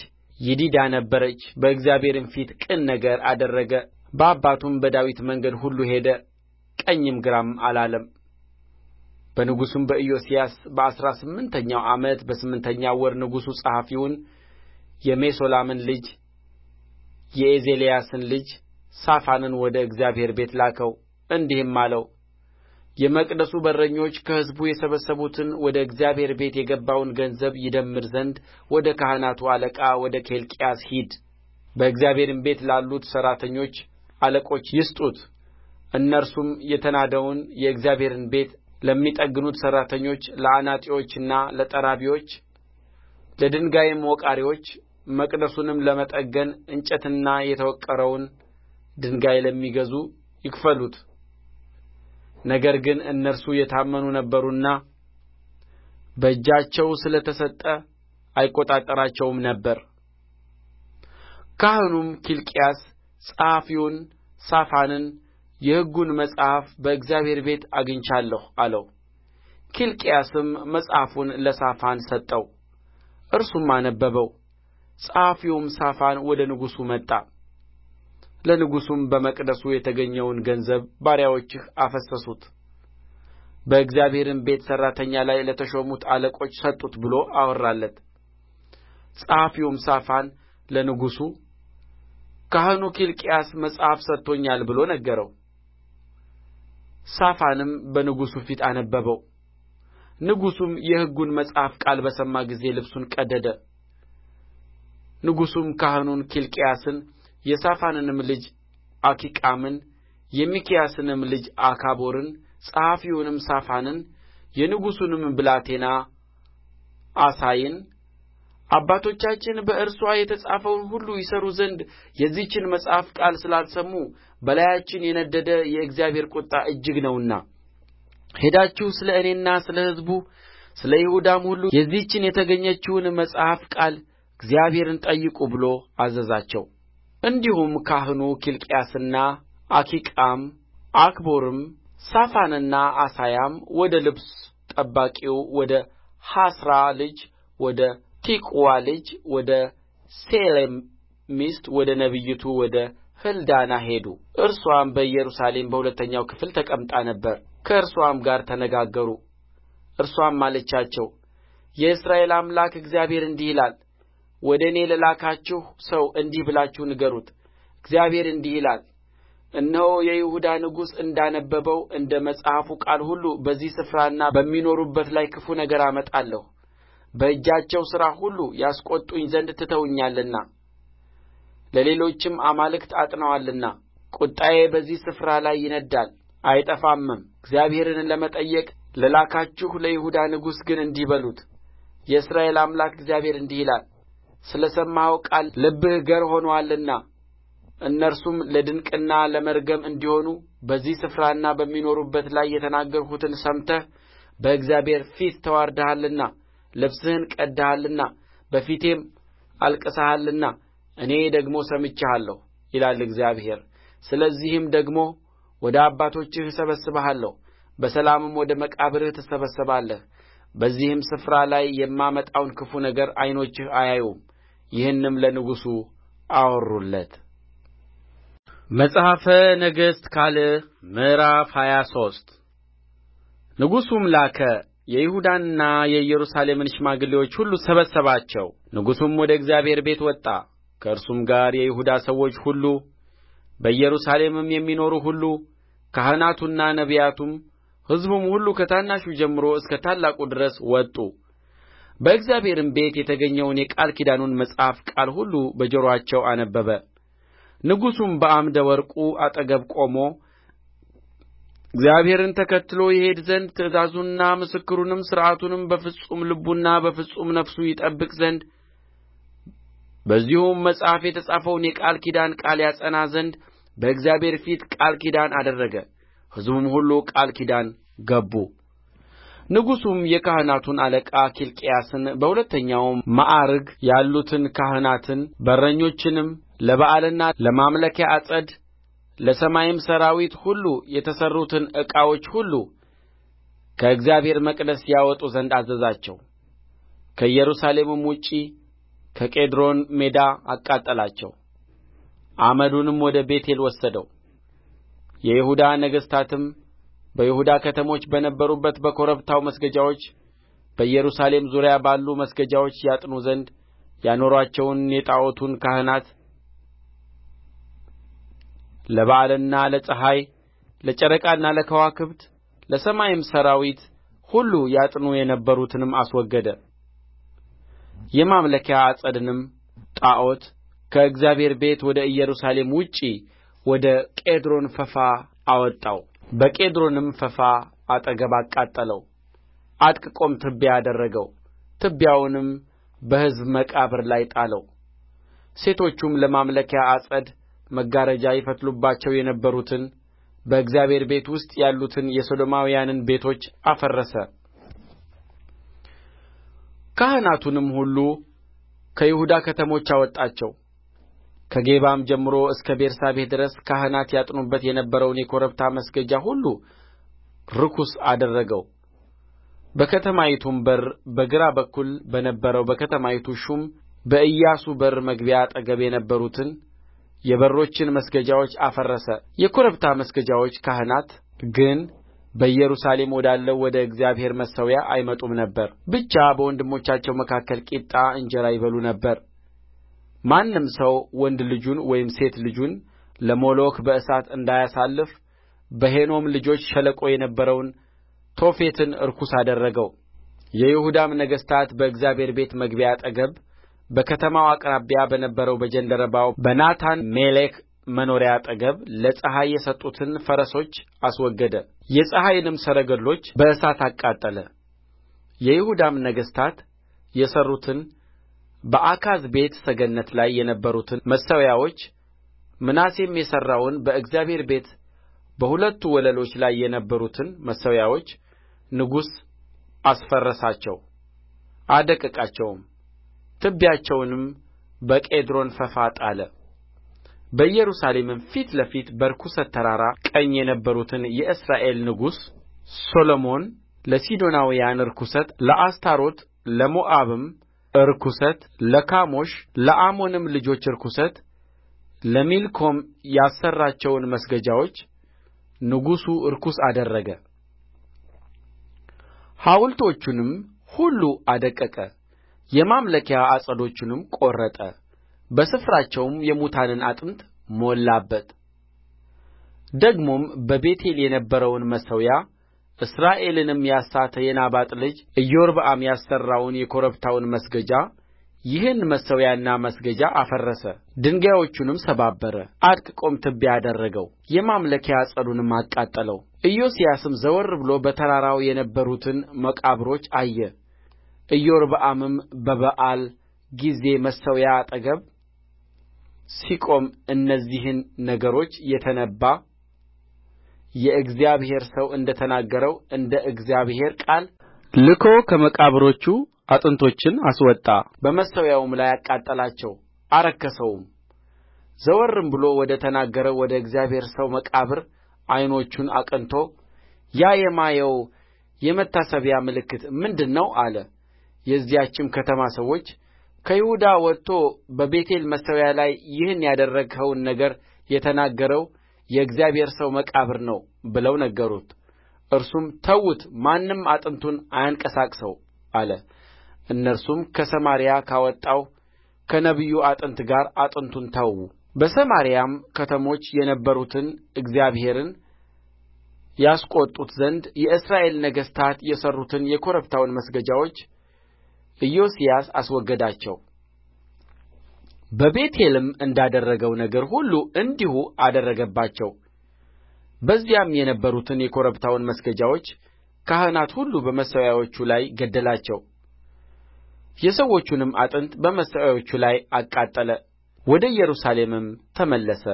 A: ይዲዳ ነበረች በእግዚአብሔርም ፊት ቅን ነገር አደረገ በአባቱም በዳዊት መንገድ ሁሉ ሄደ ቀኝም ግራም አላለም በንጉሡም በኢዮስያስ በአሥራ ስምንተኛው ዓመት በስምንተኛው ወር ንጉሡ ጸሐፊውን የሜሶላምን ልጅ የኤዜልያስን ልጅ ሳፋንን ወደ እግዚአብሔር ቤት ላከው እንዲህም አለው የመቅደሱ በረኞች ከሕዝቡ የሰበሰቡትን ወደ እግዚአብሔር ቤት የገባውን ገንዘብ ይደምር ዘንድ ወደ ካህናቱ አለቃ ወደ ኬልቅያስ ሂድ በእግዚአብሔርም ቤት ላሉት ሠራተኞች አለቆች ይስጡት እነርሱም የተናደውን የእግዚአብሔርን ቤት ለሚጠግኑት ሠራተኞች ለአናጢዎችና ለጠራቢዎች ለድንጋይም ወቃሪዎች መቅደሱንም ለመጠገን እንጨትና የተወቀረውን ድንጋይ ለሚገዙ ይክፈሉት ነገር ግን እነርሱ የታመኑ ነበሩና በእጃቸው ስለ ተሰጠ አይቈጣጠራቸውም ነበር ካህኑም ኬልቅያስ ጸሐፊውን ሳፋንን የሕጉን መጽሐፍ በእግዚአብሔር ቤት አግኝቻለሁ አለው ኬልቅያስም መጽሐፉን ለሳፋን ሰጠው እርሱም አነበበው ጸሐፊውም ሳፋን ወደ ንጉሡ መጣ ለንጉሡም በመቅደሱ የተገኘውን ገንዘብ ባሪያዎችህ አፈሰሱት በእግዚአብሔርም ቤት ሠራተኛ ላይ ለተሾሙት አለቆች ሰጡት ብሎ አወራለት። ጸሐፊውም ሳፋን ለንጉሡ ካህኑ ኬልቅያስ መጽሐፍ ሰጥቶኛል ብሎ ነገረው። ሳፋንም በንጉሡ ፊት አነበበው። ንጉሡም የሕጉን መጽሐፍ ቃል በሰማ ጊዜ ልብሱን ቀደደ ንጉሡም ካህኑን ኬልቅያስን የሳፋንንም ልጅ አኪቃምን የሚክያስንም ልጅ ዓክቦርን ጸሐፊውንም ሳፋንን የንጉሡንም ብላቴና አሳይን አባቶቻችን በእርስዋ የተጻፈውን ሁሉ ይሠሩ ዘንድ የዚህችን መጽሐፍ ቃል ስላልሰሙ በላያችን የነደደ የእግዚአብሔር ቍጣ እጅግ ነውና ሄዳችሁ ስለ እኔና ስለ ሕዝቡ ስለ ይሁዳም ሁሉ የዚህችን የተገኘችውን መጽሐፍ ቃል እግዚአብሔርን ጠይቁ ብሎ አዘዛቸው እንዲሁም ካህኑ ኬልቅያስና አኪቃም አክቦርም ሳፋንና አሳያም ወደ ልብስ ጠባቂው ወደ ሐስራ ልጅ ወደ ቲቁዋ ልጅ ወደ ሴሌም ሚስት ወደ ነቢይቱ ወደ ሕልዳና ሄዱ። እርሷም በኢየሩሳሌም በሁለተኛው ክፍል ተቀምጣ ነበር። ከእርሷም ጋር ተነጋገሩ። እርሷም አለቻቸው፣ የእስራኤል አምላክ እግዚአብሔር እንዲህ ይላል ወደ እኔ ለላካችሁ ሰው እንዲህ ብላችሁ ንገሩት እግዚአብሔር እንዲህ ይላል እነሆ የይሁዳ ንጉሥ እንዳነበበው እንደ መጽሐፉ ቃል ሁሉ በዚህ ስፍራና በሚኖሩበት ላይ ክፉ ነገር አመጣለሁ በእጃቸው ሥራ ሁሉ ያስቈጡኝ ዘንድ ትተውኛልና ለሌሎችም አማልክት ዐጥነዋልና ቍጣዬ በዚህ ስፍራ ላይ ይነድዳል አይጠፋምም እግዚአብሔርን ለመጠየቅ ለላካችሁ ለይሁዳ ንጉሥ ግን እንዲህ በሉት የእስራኤል አምላክ እግዚአብሔር እንዲህ ይላል ስለ ሰማኸው ቃል ልብህ ገር ሆኖአልና እነርሱም ለድንቅና ለመርገም እንዲሆኑ በዚህ ስፍራና በሚኖሩበት ላይ የተናገርሁትን ሰምተህ በእግዚአብሔር ፊት ተዋርደሃልና ልብስህን ቀድደሃልና በፊቴም አልቅሰሃልና እኔ ደግሞ ሰምቼሃለሁ ይላል እግዚአብሔር። ስለዚህም ደግሞ ወደ አባቶችህ እሰበስብሃለሁ፣ በሰላምም ወደ መቃብርህ ትሰበሰባለህ በዚህም ስፍራ ላይ የማመጣውን ክፉ ነገር ዓይኖችህ አያዩም። ይህንም ለንጉሡ አወሩለት። መጽሐፈ ነገሥት ካልዕ ምዕራፍ ሃያ ሶስት ንጉሡም ላከ የይሁዳንና የኢየሩሳሌምን ሽማግሌዎች ሁሉ ሰበሰባቸው። ንጉሡም ወደ እግዚአብሔር ቤት ወጣ። ከእርሱም ጋር የይሁዳ ሰዎች ሁሉ፣ በኢየሩሳሌምም የሚኖሩ ሁሉ፣ ካህናቱና ነቢያቱም ሕዝቡም ሁሉ ከታናሹ ጀምሮ እስከ ታላቁ ድረስ ወጡ በእግዚአብሔርም ቤት የተገኘውን የቃል ኪዳኑን መጽሐፍ ቃል ሁሉ በጆሮአቸው አነበበ ንጉሡም በዓምደ ወርቁ አጠገብ ቆሞ እግዚአብሔርን ተከትሎ ይሄድ ዘንድ ትእዛዙንና ምስክሩንም ሥርዓቱንም በፍጹም ልቡና በፍጹም ነፍሱ ይጠብቅ ዘንድ በዚሁም መጽሐፍ የተጻፈውን የቃል ኪዳን ቃል ያጸና ዘንድ በእግዚአብሔር ፊት ቃል ኪዳን አደረገ ሕዝቡም ሁሉ ቃል ኪዳን ገቡ ንጉሡም የካህናቱን አለቃ ኬልቅያስን በሁለተኛውም መዓርግ ያሉትን ካህናትን በረኞችንም ለበኣልና ለማምለኪያ ዐፀድ ለሰማይም ሠራዊት ሁሉ የተሠሩትን ዕቃዎች ሁሉ ከእግዚአብሔር መቅደስ ያወጡ ዘንድ አዘዛቸው። ከኢየሩሳሌምም ውጭ ከቄድሮን ሜዳ አቃጠላቸው። አመዱንም ወደ ቤቴል ወሰደው የይሁዳ ነገሥታትም በይሁዳ ከተሞች በነበሩበት በኮረብታው መስገጃዎች በኢየሩሳሌም ዙሪያ ባሉ መስገጃዎች ያጥኑ ዘንድ ያኖሩአቸውን የጣዖቱን ካህናት ለበኣልና ለፀሐይ ለጨረቃና ለከዋክብት ለሰማይም ሠራዊት ሁሉ ያጥኑ የነበሩትንም አስወገደ የማምለኪያ ዐፀድንም ጣዖት ከእግዚአብሔር ቤት ወደ ኢየሩሳሌም ውጭ ወደ ቄድሮን ፈፋ አወጣው በቄድሮንም ፈፋ አጠገብ አቃጠለው አድቅቆም ትቢያ አደረገው ትቢያውንም በሕዝብ መቃብር ላይ ጣለው ሴቶቹም ለማምለኪያ ዐፀድ መጋረጃ ይፈትሉባቸው የነበሩትን በእግዚአብሔር ቤት ውስጥ ያሉትን የሰዶማውያንን ቤቶች አፈረሰ። ካህናቱንም ሁሉ ከይሁዳ ከተሞች አወጣቸው። ከጌባም ጀምሮ እስከ ቤርሳቤህ ድረስ ካህናት ያጥኑበት የነበረውን የኮረብታ መስገጃ ሁሉ ርኩስ አደረገው በከተማይቱም በር በግራ በኩል በነበረው በከተማይቱ ሹም በኢያሱ በር መግቢያ አጠገብ የነበሩትን የበሮችን መስገጃዎች አፈረሰ የኮረብታ መስገጃዎች ካህናት ግን በኢየሩሳሌም ወዳለው ወደ እግዚአብሔር መሠዊያ አይመጡም ነበር ብቻ በወንድሞቻቸው መካከል ቂጣ እንጀራ ይበሉ ነበር ማንም ሰው ወንድ ልጁን ወይም ሴት ልጁን ለሞሎክ በእሳት እንዳያሳልፍ በሄኖም ልጆች ሸለቆ የነበረውን ቶፌትን ርኩስ አደረገው። የይሁዳም ነገሥታት በእግዚአብሔር ቤት መግቢያ አጠገብ በከተማው አቅራቢያ በነበረው በጃንደረባው በናታን ሜሌክ መኖሪያ አጠገብ ለፀሐይ የሰጡትን ፈረሶች አስወገደ። የፀሐይንም ሰረገሎች በእሳት አቃጠለ። የይሁዳም ነገሥታት የሠሩትን በአካዝ ቤት ሰገነት ላይ የነበሩትን መሠዊያዎች ምናሴም የሠራውን በእግዚአብሔር ቤት በሁለቱ ወለሎች ላይ የነበሩትን መሠዊያዎች ንጉሡ አስፈረሳቸው፣ አደቀቃቸውም። ትቢያቸውንም በቄድሮን ፈፋ ጣለ። በኢየሩሳሌምም ፊት ለፊት በርኵሰት ተራራ ቀኝ የነበሩትን የእስራኤል ንጉሥ ሰሎሞን ለሲዶናውያን ርኵሰት ለአስታሮት ለሞዓብም ርኵሰት ለካሞሽ ለአሞንም ልጆች ርኵሰት ለሚልኮም ያሠራቸውን መስገጃዎች ንጉሡ ርኩስ አደረገ ሐውልቶቹንም ሁሉ አደቀቀ የማምለኪያ ዐፀዶቹንም ቈረጠ በስፍራቸውም የሙታንን አጥንት ሞላበት ደግሞም በቤቴል የነበረውን መሠዊያ እስራኤልንም ያሳተ የናባጥ ልጅ ኢዮርብዓም ያሠራውን የኮረብታውን መስገጃ ይህን መሠዊያና መስገጃ አፈረሰ ድንጋዮቹንም ሰባበረ አድቅቆም ትቢያ አደረገው የማምለኪያ ዐፀዱንም አቃጠለው ኢዮስያስም ዘወር ብሎ በተራራው የነበሩትን መቃብሮች አየ ኢዮርብዓምም በበዓል ጊዜ መሠዊያ አጠገብ ሲቆም እነዚህን ነገሮች የተነባ የእግዚአብሔር ሰው እንደ ተናገረው እንደ እግዚአብሔር ቃል ልኮ ከመቃብሮቹ አጥንቶችን አስወጣ። በመሠዊያውም ላይ አቃጠላቸው፣ አረከሰውም። ዘወርም ብሎ ወደ ተናገረው ወደ እግዚአብሔር ሰው መቃብር ዐይኖቹን አቅንቶ ያ የማየው የመታሰቢያ ምልክት ምንድን ነው? አለ። የዚያችም ከተማ ሰዎች ከይሁዳ ወጥቶ በቤቴል መሠዊያ ላይ ይህን ያደረግኸውን ነገር የተናገረው የእግዚአብሔር ሰው መቃብር ነው ብለው ነገሩት። እርሱም ተዉት፣ ማንም አጥንቱን አያንቀሳቅሰው አለ። እነርሱም ከሰማርያ ካወጣው ከነቢዩ አጥንት ጋር አጥንቱን ተዉ። በሰማርያም ከተሞች የነበሩትን እግዚአብሔርን ያስቈጡት ዘንድ የእስራኤል ነገሥታት የሠሩትን የኮረብታውን መስገጃዎች ኢዮስያስ አስወገዳቸው። በቤቴልም እንዳደረገው ነገር ሁሉ እንዲሁ አደረገባቸው በዚያም የነበሩትን የኮረብታውን መስገጃዎች ካህናት ሁሉ በመሠዊያዎቹ ላይ ገደላቸው የሰዎቹንም አጥንት በመሠዊያዎቹ ላይ አቃጠለ ወደ ኢየሩሳሌምም ተመለሰ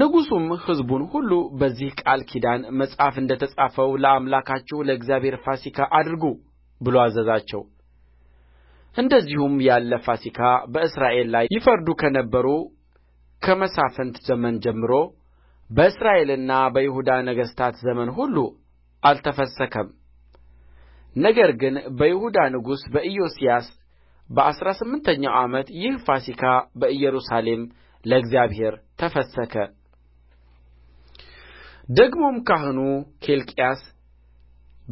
A: ንጉሡም ሕዝቡን ሁሉ በዚህ ቃል ኪዳን መጽሐፍ እንደ ተጻፈው ለአምላካችሁ ለእግዚአብሔር ፋሲካ አድርጉ ብሎ አዘዛቸው እንደዚሁም ያለ ፋሲካ በእስራኤል ላይ ይፈርዱ ከነበሩ ከመሳፍንት ዘመን ጀምሮ በእስራኤልና በይሁዳ ነገሥታት ዘመን ሁሉ አልተፈሰከም። ነገር ግን በይሁዳ ንጉሥ በኢዮስያስ በአሥራ ስምንተኛው ዓመት ይህ ፋሲካ በኢየሩሳሌም ለእግዚአብሔር ተፈሰከ። ደግሞም ካህኑ ኬልቅያስ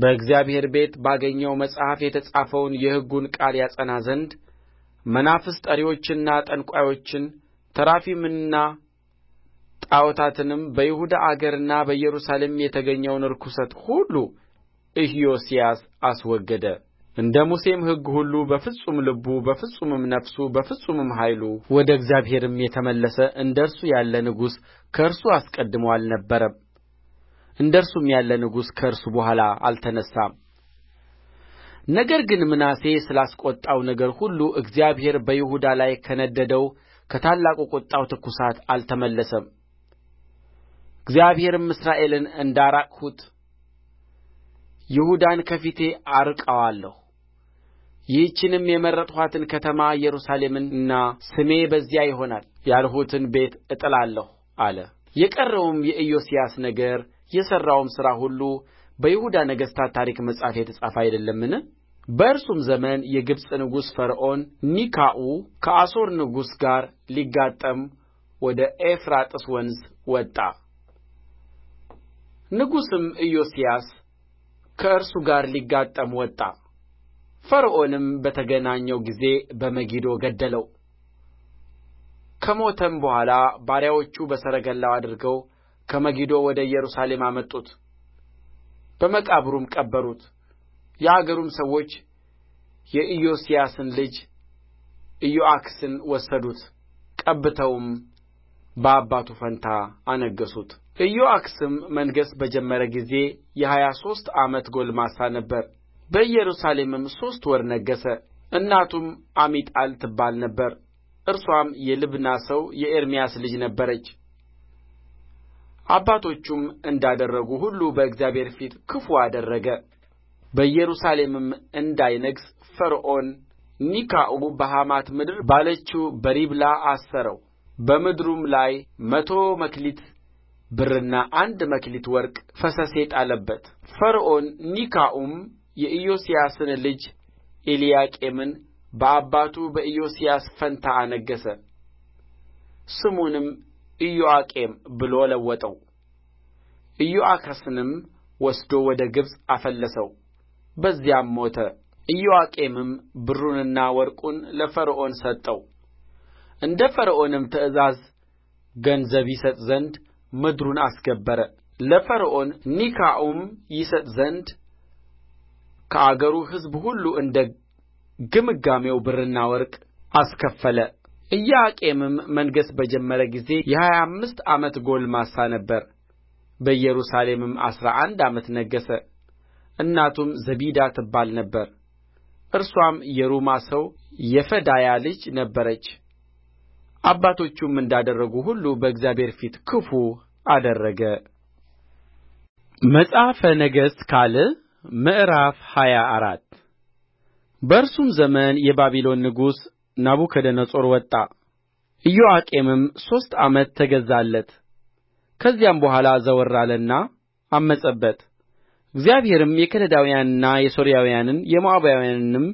A: በእግዚአብሔር ቤት ባገኘው መጽሐፍ የተጻፈውን የሕጉን ቃል ያጸና ዘንድ መናፍስት ጠሪዎችንና ጠንቋዮችን ተራፊምንና ጣዖታትንም በይሁዳ አገርና በኢየሩሳሌም የተገኘውን ርኵሰት ሁሉ ኢዮስያስ አስወገደ እንደ ሙሴም ሕግ ሁሉ በፍጹም ልቡ በፍጹምም ነፍሱ በፍጹምም ኃይሉ ወደ እግዚአብሔርም የተመለሰ እንደ እርሱ ያለ ንጉሥ ከእርሱ አስቀድሞ አልነበረም እንደ እርሱም ያለ ንጉሥ ከእርሱ በኋላ አልተነሣም ነገር ግን ምናሴ ስላስቈጣው ነገር ሁሉ እግዚአብሔር በይሁዳ ላይ ከነደደው ከታላቁ ቍጣው ትኵሳት አልተመለሰም እግዚአብሔርም እስራኤልን እንዳራቅሁት ይሁዳን ከፊቴ አርቀዋለሁ ይህችንም የመረጥኋትን ከተማ ኢየሩሳሌምንና ስሜ በዚያ ይሆናል ያልሁትን ቤት እጥላለሁ አለ የቀረውም የኢዮስያስ ነገር የሠራውም ሥራ ሁሉ በይሁዳ ነገሥታት ታሪክ መጽሐፍ የተጻፈ አይደለምን በእርሱም ዘመን የግብጽ ንጉሥ ፈርዖን ኒካዑ ከአሦር ንጉሥ ጋር ሊጋጠም ወደ ኤፍራጥስ ወንዝ ወጣ ንጉሡም ኢዮስያስ ከእርሱ ጋር ሊጋጠም ወጣ ፈርዖንም በተገናኘው ጊዜ በመጊዶ ገደለው ከሞተም በኋላ ባሪያዎቹ በሰረገላው አድርገው ከመጊዶ ወደ ኢየሩሳሌም አመጡት በመቃብሩም ቀበሩት የአገሩም ሰዎች የኢዮስያስን ልጅ ኢዮአክስን ወሰዱት ቀብተውም በአባቱ ፈንታ አነገሡት ኢዮአክስም መንገሥ በጀመረ ጊዜ የሀያ ሦስት ዓመት ጕልማሳ ነበረ በኢየሩሳሌምም ሦስት ወር ነገሠ እናቱም አሚጣል ትባል ነበር እርሷም የልብና ሰው የኤርምያስ ልጅ ነበረች አባቶቹም እንዳደረጉ ሁሉ በእግዚአብሔር ፊት ክፉ አደረገ በኢየሩሳሌምም እንዳይነግሥ ፈርዖን ኒካዑ በሐማት ምድር ባለችው በሪብላ አሰረው በምድሩም ላይ መቶ መክሊት ብርና አንድ መክሊት ወርቅ ፈሰሴ ጣለበት ፈርዖን ኒካዑም የኢዮስያስን ልጅ ኤልያቄምን በአባቱ በኢዮስያስ ፋንታ አነገሠ ስሙንም ኢዮአቄም ብሎ ለወጠው ኢዮአክስንም ወስዶ ወደ ግብፅ አፈለሰው በዚያም ሞተ ኢዮአቄምም ብሩንና ወርቁን ለፈርዖን ሰጠው እንደ ፈርዖንም ትእዛዝ ገንዘብ ይሰጥ ዘንድ ምድሩን አስገበረ ለፈርዖን ኒካዑም ይሰጥ ዘንድ ከአገሩ ሕዝብ ሁሉ እንደ ግምጋሜው ብርና ወርቅ አስከፈለ ኢዮአቄምም መንገሥ በጀመረ ጊዜ የሀያ አምስት ዓመት ጕልማሳ ነበረ በኢየሩሳሌምም አሥራ አንድ ዓመት ነገሠ እናቱም ዘቢዳ ትባል ነበር እርስዋም የሩማ ሰው የፈዳያ ልጅ ነበረች አባቶቹም እንዳደረጉ ሁሉ በእግዚአብሔር ፊት ክፉ አደረገ መጽሐፈ ነገሥት ካልዕ ምዕራፍ ሃያ አራት በእርሱም ዘመን የባቢሎን ንጉሥ ናቡከደነፆር ወጣ ኢዮአቄምም ሦስት ዓመት ተገዛለት ከዚያም በኋላ ዘወር አለና ዐመፀበት እግዚአብሔርም የከለዳውያንንና የሶርያውያንን የሞዓባውያንንም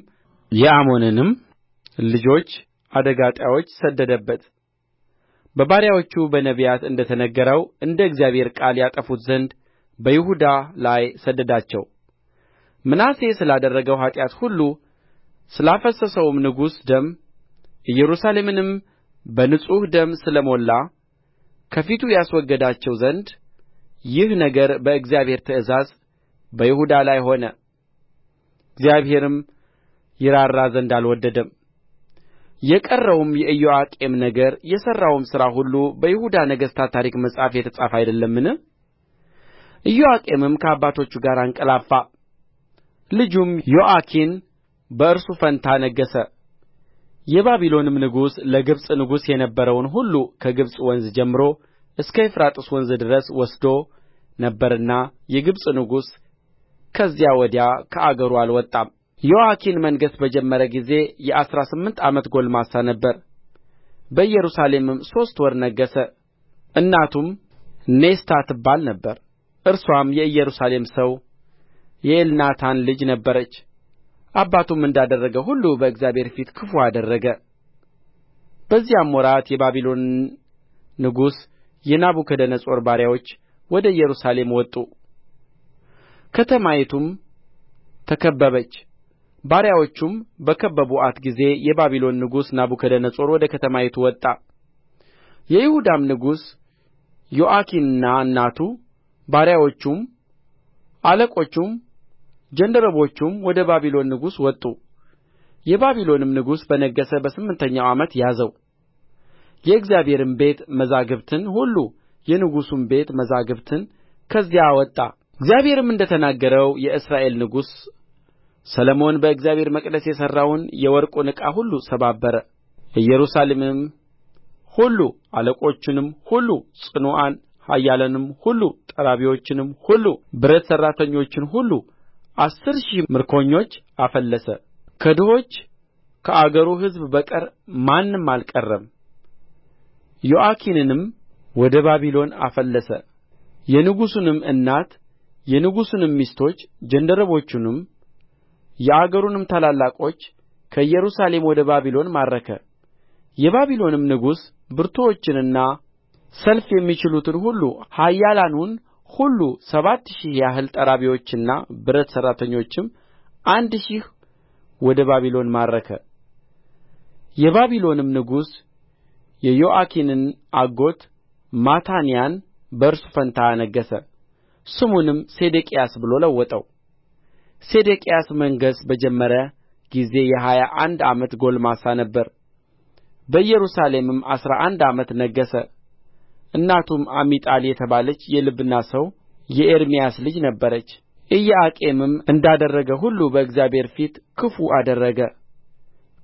A: የአሞንንም ልጆች አደጋ ጣዮች ሰደደበት በባሪያዎቹ በነቢያት እንደ ተነገረው እንደ እግዚአብሔር ቃል ያጠፉት ዘንድ በይሁዳ ላይ ሰደዳቸው ምናሴ ስላደረገው ኃጢአት ሁሉ ስላፈሰሰውም ንጹሕ ደም ኢየሩሳሌምንም በንጹሕ ደም ስለ ሞላ ከፊቱ ያስወግዳቸው ዘንድ ይህ ነገር በእግዚአብሔር ትእዛዝ በይሁዳ ላይ ሆነ እግዚአብሔርም ይራራ ዘንድ አልወደደም የቀረውም የኢዮአቄም ነገር የሠራውም ሥራ ሁሉ በይሁዳ ነገሥታት ታሪክ መጽሐፍ የተጻፈ አይደለምን ኢዮአቄምም ከአባቶቹ ጋር አንቀላፋ ልጁም ዮአኪን በእርሱ ፋንታ ነገሠ የባቢሎንም ንጉሥ ለግብጽ ንጉሥ የነበረውን ሁሉ ከግብጽ ወንዝ ጀምሮ እስከ ኤፍራጥስ ወንዝ ድረስ ወስዶ ነበርና የግብጽ ንጉሥ ከዚያ ወዲያ ከአገሩ አልወጣም ዮአኪን መንገሥ በጀመረ ጊዜ የአሥራ ስምንት ዓመት ጕልማሳ ነበረ በኢየሩሳሌምም ሦስት ወር ነገሠ እናቱም ኔስታ ትባል ነበር እርስዋም የኢየሩሳሌም ሰው የኤልናታን ልጅ ነበረች አባቱም እንዳደረገ ሁሉ በእግዚአብሔር ፊት ክፉ አደረገ በዚያም ወራት የባቢሎን ንጉሥ የናቡከደነፆር ባሪያዎች ወደ ኢየሩሳሌም ወጡ ከተማይቱም ተከበበች ባሪያዎቹም በከበቡአት ጊዜ የባቢሎን ንጉሥ ናቡከደነፆር ወደ ከተማይቱ ወጣ የይሁዳም ንጉሥ ዮአኪንና እናቱ ባሪያዎቹም አለቆቹም ጃንደረቦቹም ወደ ባቢሎን ንጉሥ ወጡ የባቢሎንም ንጉሥ በነገሠ በስምንተኛው ዓመት ያዘው የእግዚአብሔርም ቤት መዛግብትን ሁሉ የንጉሡም ቤት መዛግብትን ከዚያ አወጣ እግዚአብሔርም እንደ ተናገረው የእስራኤል ንጉሥ ሰሎሞን በእግዚአብሔር መቅደስ የሠራውን የወርቁን ዕቃ ሁሉ ሰባበረ ኢየሩሳሌምም ሁሉ አለቆቹንም ሁሉ ጽኑዓን ኃያላኑንም ሁሉ ጠራቢዎችንም ሁሉ ብረት ሠራተኞቹን ሁሉ አሥር ሺህ ምርኮኞች አፈለሰ ከድሆች ከአገሩ ሕዝብ በቀር ማንም አልቀረም ዮአኪንንም ወደ ባቢሎን አፈለሰ የንጉሡንም እናት የንጉሡንም ሚስቶች ጃንደረቦቹንም የአገሩንም ታላላቆች ከኢየሩሳሌም ወደ ባቢሎን ማረከ የባቢሎንም ንጉሥ ብርቱዎችንና ሰልፍ የሚችሉትን ሁሉ ኃያላኑን ሁሉ ሰባት ሺህ ያህል ጠራቢዎችና ብረት ሠራተኞችም አንድ ሺህ ወደ ባቢሎን ማረከ የባቢሎንም ንጉሥ የዮአኪንን አጎት ማታንያን በእርሱ ፋንታ አነገሠ ስሙንም ሴዴቅያስ ብሎ ለወጠው ሴዴቅያስ መንገሥ በጀመረ ጊዜ የሀያ አንድ ዓመት ጕልማሳ ነበረ በኢየሩሳሌምም አሥራ አንድ ዓመት ነገሠ እናቱም አሚጣል የተባለች የልብና ሰው የኤርምያስ ልጅ ነበረች ኢዮአቄምም እንዳደረገ ሁሉ በእግዚአብሔር ፊት ክፉ አደረገ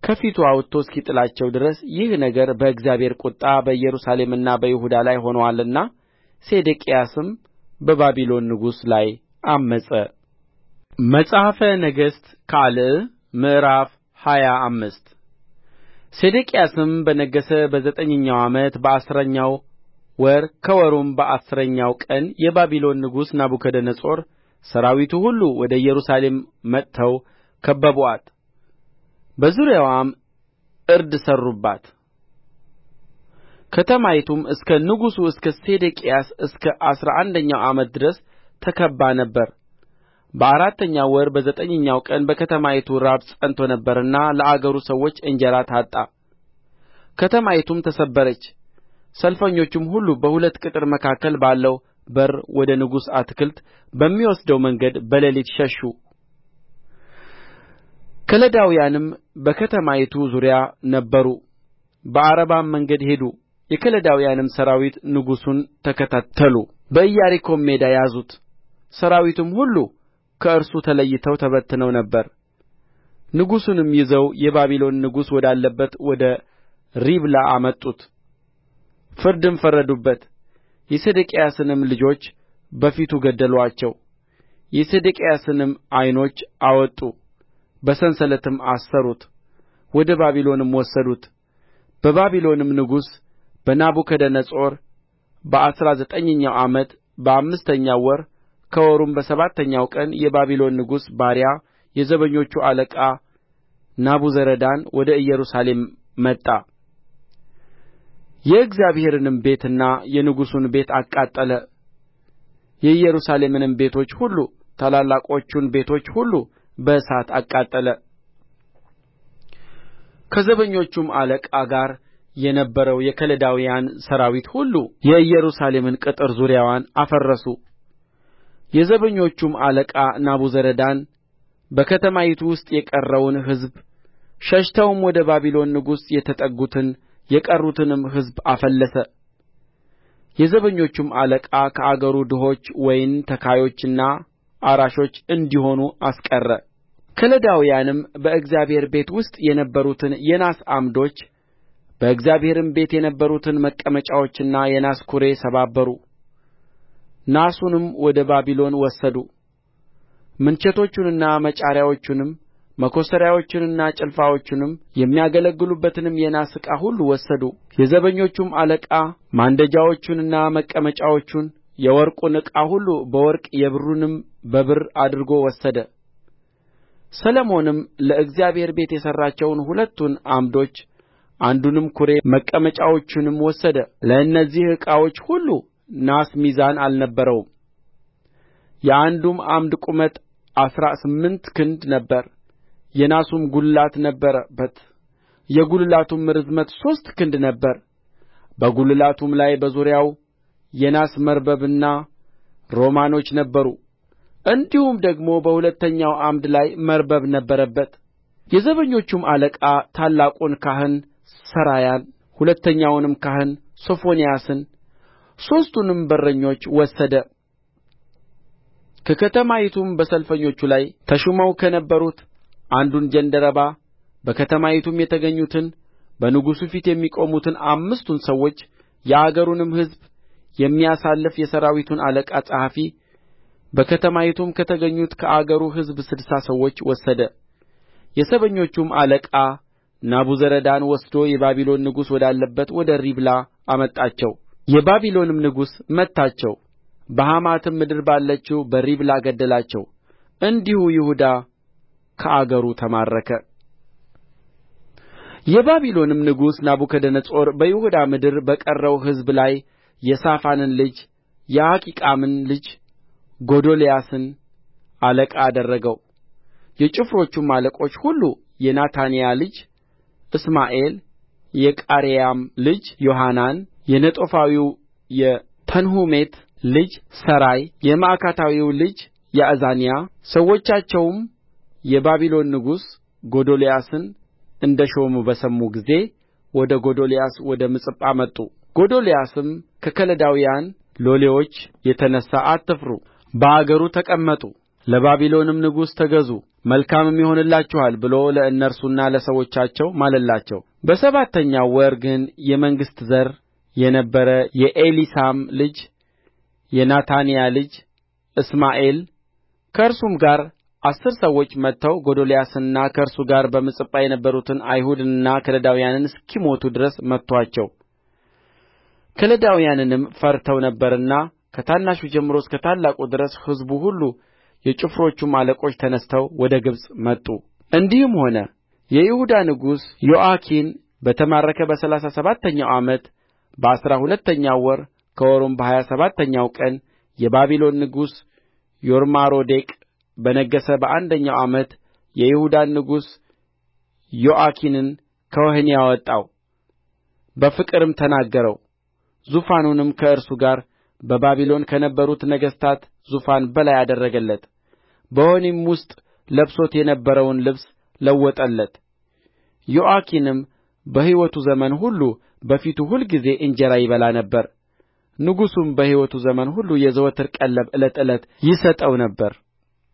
A: ከፊቱ አውጥቶ እስኪጥላቸው ድረስ ይህ ነገር በእግዚአብሔር ቍጣ በኢየሩሳሌምና በይሁዳ ላይ ሆኖአልና ሴዴቅያስም በባቢሎን ንጉሥ ላይ ዐመፀ መጽሐፈ ነገሥት ካልዕ ምዕራፍ ሃያ አምስት ሴዴቅያስም በነገሠ በዘጠኝኛው ዓመት በአሥረኛው ወር ከወሩም በአሥረኛው ቀን የባቢሎን ንጉሥ ናቡከደነፆር ሠራዊቱ ሁሉ ወደ ኢየሩሳሌም መጥተው ከበቡአት በዙሪያዋም ዕርድ ሠሩባት ከተማይቱም እስከ ንጉሡ እስከ ሴዴቅያስ እስከ አሥራ አንደኛው ዓመት ድረስ ተከብባ ነበር በአራተኛው ወር በዘጠኝኛው ቀን በከተማይቱ ራብ ጸንቶ ነበርና ለአገሩ ሰዎች እንጀራ ታጣ ከተማይቱም ተሰበረች ሰልፈኞቹም ሁሉ በሁለት ቅጥር መካከል ባለው በር ወደ ንጉሡ አትክልት በሚወስደው መንገድ በሌሊት ሸሹ ከለዳውያንም በከተማይቱ ዙሪያ ነበሩ በዓረባም መንገድ ሄዱ የከለዳውያንም ሠራዊት ንጉሡን ተከታተሉ በኢያሪኮም ሜዳ ያዙት ሠራዊቱም ሁሉ ከእርሱ ተለይተው ተበትነው ነበር ንጉሡንም ይዘው የባቢሎን ንጉሥ ወዳለበት ወደ ሪብላ አመጡት ፍርድም ፈረዱበት የሴዴቅያስንም ልጆች በፊቱ ገደሉአቸው የሴዴቅያስንም ዓይኖች አወጡ በሰንሰለትም አሰሩት ወደ ባቢሎንም ወሰዱት በባቢሎንም ንጉሥ በናቡከደነፆር በአሥራ ዘጠኝኛው ዓመት በአምስተኛው ወር ከወሩም በሰባተኛው ቀን የባቢሎን ንጉሥ ባሪያ የዘበኞቹ አለቃ ናቡዘረዳን ወደ ኢየሩሳሌም መጣ የእግዚአብሔርንም ቤትና የንጉሡን ቤት አቃጠለ የኢየሩሳሌምንም ቤቶች ሁሉ ታላላቆቹን ቤቶች ሁሉ በእሳት አቃጠለ ከዘበኞቹም አለቃ ጋር የነበረው የከለዳውያን ሠራዊት ሁሉ የኢየሩሳሌምን ቅጥር ዙሪያዋን አፈረሱ የዘበኞቹም አለቃ ናቡዘረዳን በከተማይቱ ውስጥ የቀረውን ሕዝብ ሸሽተውም ወደ ባቢሎን ንጉሥ የተጠጉትን የቀሩትንም ሕዝብ አፈለሰ የዘበኞቹም አለቃ ከአገሩ ድሆች ወይን ተካዮችና አራሾች እንዲሆኑ አስቀረ ከለዳውያንም በእግዚአብሔር ቤት ውስጥ የነበሩትን የናስ ዓምዶች በእግዚአብሔርም ቤት የነበሩትን መቀመጫዎችና የናስ ኵሬ ሰባበሩ ናሱንም ወደ ባቢሎን ወሰዱ ምንቸቶቹንና መጫሪያዎቹንም መኰስተሪያዎቹንና ጭልፋዎቹንም የሚያገለግሉበትንም የናስ ዕቃ ሁሉ ወሰዱ የዘበኞቹም አለቃ ማንደጃዎቹንና መቀመጫዎቹን የወርቁን ዕቃ ሁሉ በወርቅ የብሩንም በብር አድርጎ ወሰደ ሰሎሞንም ለእግዚአብሔር ቤት የሠራቸውን ሁለቱን ዓምዶች አንዱንም ኵሬ መቀመጫዎቹንም ወሰደ ለእነዚህ ዕቃዎች ሁሉ ናስ ሚዛን አልነበረውም የአንዱም ዓምድ ቁመት አሥራ ስምንት ክንድ ነበረ የናሱም ጕልላት ነበረበት የጕልላቱም ርዝመት ሦስት ክንድ ነበረ በጕልላቱም ላይ በዙሪያው የናስ መርበብና ሮማኖች ነበሩ እንዲሁም ደግሞ በሁለተኛው ዓምድ ላይ መርበብ ነበረበት የዘበኞቹም አለቃ ታላቁን ካህን ሠራያን ሁለተኛውንም ካህን ሶፎንያስን ሦስቱንም በረኞች ወሰደ ከከተማይቱም በሰልፈኞቹ ላይ ተሾመው ከነበሩት አንዱን ጃንደረባ በከተማይቱም የተገኙትን በንጉሡ ፊት የሚቆሙትን አምስቱን ሰዎች የአገሩንም ሕዝብ የሚያሰልፍ የሠራዊቱን አለቃ ጸሐፊ በከተማይቱም ከተገኙት ከአገሩ ሕዝብ ስድሳ ሰዎች ወሰደ የዘበኞቹም አለቃ ናቡዘረዳን ወስዶ የባቢሎን ንጉሥ ወዳለበት ወደ ሪብላ አመጣቸው የባቢሎንም ንጉሥ መታቸው በሐማትም ምድር ባለችው በሪብላ ገደላቸው እንዲሁ ይሁዳ ከአገሩ ተማረከ የባቢሎንም ንጉሥ ናቡከደነፆር በይሁዳ ምድር በቀረው ሕዝብ ላይ የሳፋንን ልጅ የአኪቃምን ልጅ ጎዶልያስን አለቃ አደረገው የጭፍሮቹም አለቆች ሁሉ የናታንያ ልጅ እስማኤል የቃሬያም ልጅ ዮሐናን የነጦፋዊው የተንሑሜት ልጅ ሰራይ የማዕካታዊው ልጅ ያእዛንያ ሰዎቻቸውም የባቢሎን ንጉሥ ጎዶልያስን እንደ ሾመ በሰሙ ጊዜ ወደ ጎዶልያስ ወደ ምጽጳ መጡ ጎዶልያስም ከከለዳውያን ሎሌዎች የተነሣ አትፍሩ በአገሩ ተቀመጡ ለባቢሎንም ንጉሥ ተገዙ መልካምም ይሆንላችኋል ብሎ ለእነርሱና ለሰዎቻቸው ማለላቸው በሰባተኛው ወር ግን የመንግሥት ዘር የነበረ የኤሊሳማ ልጅ የናታንያ ልጅ እስማኤል ከእርሱም ጋር አሥር ሰዎች መጥተው ጎዶልያስንና ከእርሱ ጋር በምጽጳ የነበሩትን አይሁድንና ከለዳውያንን እስኪሞቱ ድረስ መቱአቸው ከለዳውያንንም ፈርተው ነበርና ከታናሹ ጀምሮ እስከ ታላቁ ድረስ ሕዝቡ ሁሉ የጭፍሮቹም አለቆች ተነሥተው ወደ ግብጽ መጡ እንዲህም ሆነ የይሁዳ ንጉሥ ዮአኪን በተማረከ በሠላሳ ሰባተኛው ዓመት በአሥራ ሁለተኛው ወር ከወሩም በሀያ ሰባተኛው ቀን የባቢሎን ንጉሥ ዮርማሮዴቅ በነገሠ በአንደኛው ዓመት የይሁዳን ንጉሥ ዮአኪንን ከወህኒ አወጣው በፍቅርም ተናገረው ዙፋኑንም ከእርሱ ጋር በባቢሎን ከነበሩት ነገሥታት ዙፋን በላይ አደረገለት በወህኒም ውስጥ ለብሶት የነበረውን ልብስ ለወጠለት ዮአኪንም በሕይወቱ ዘመን ሁሉ በፊቱ ሁልጊዜ እንጀራ ይበላ ነበር ንጉሡም በሕይወቱ ዘመን ሁሉ የዘወትር ቀለብ ዕለት ዕለት ይሰጠው ነበር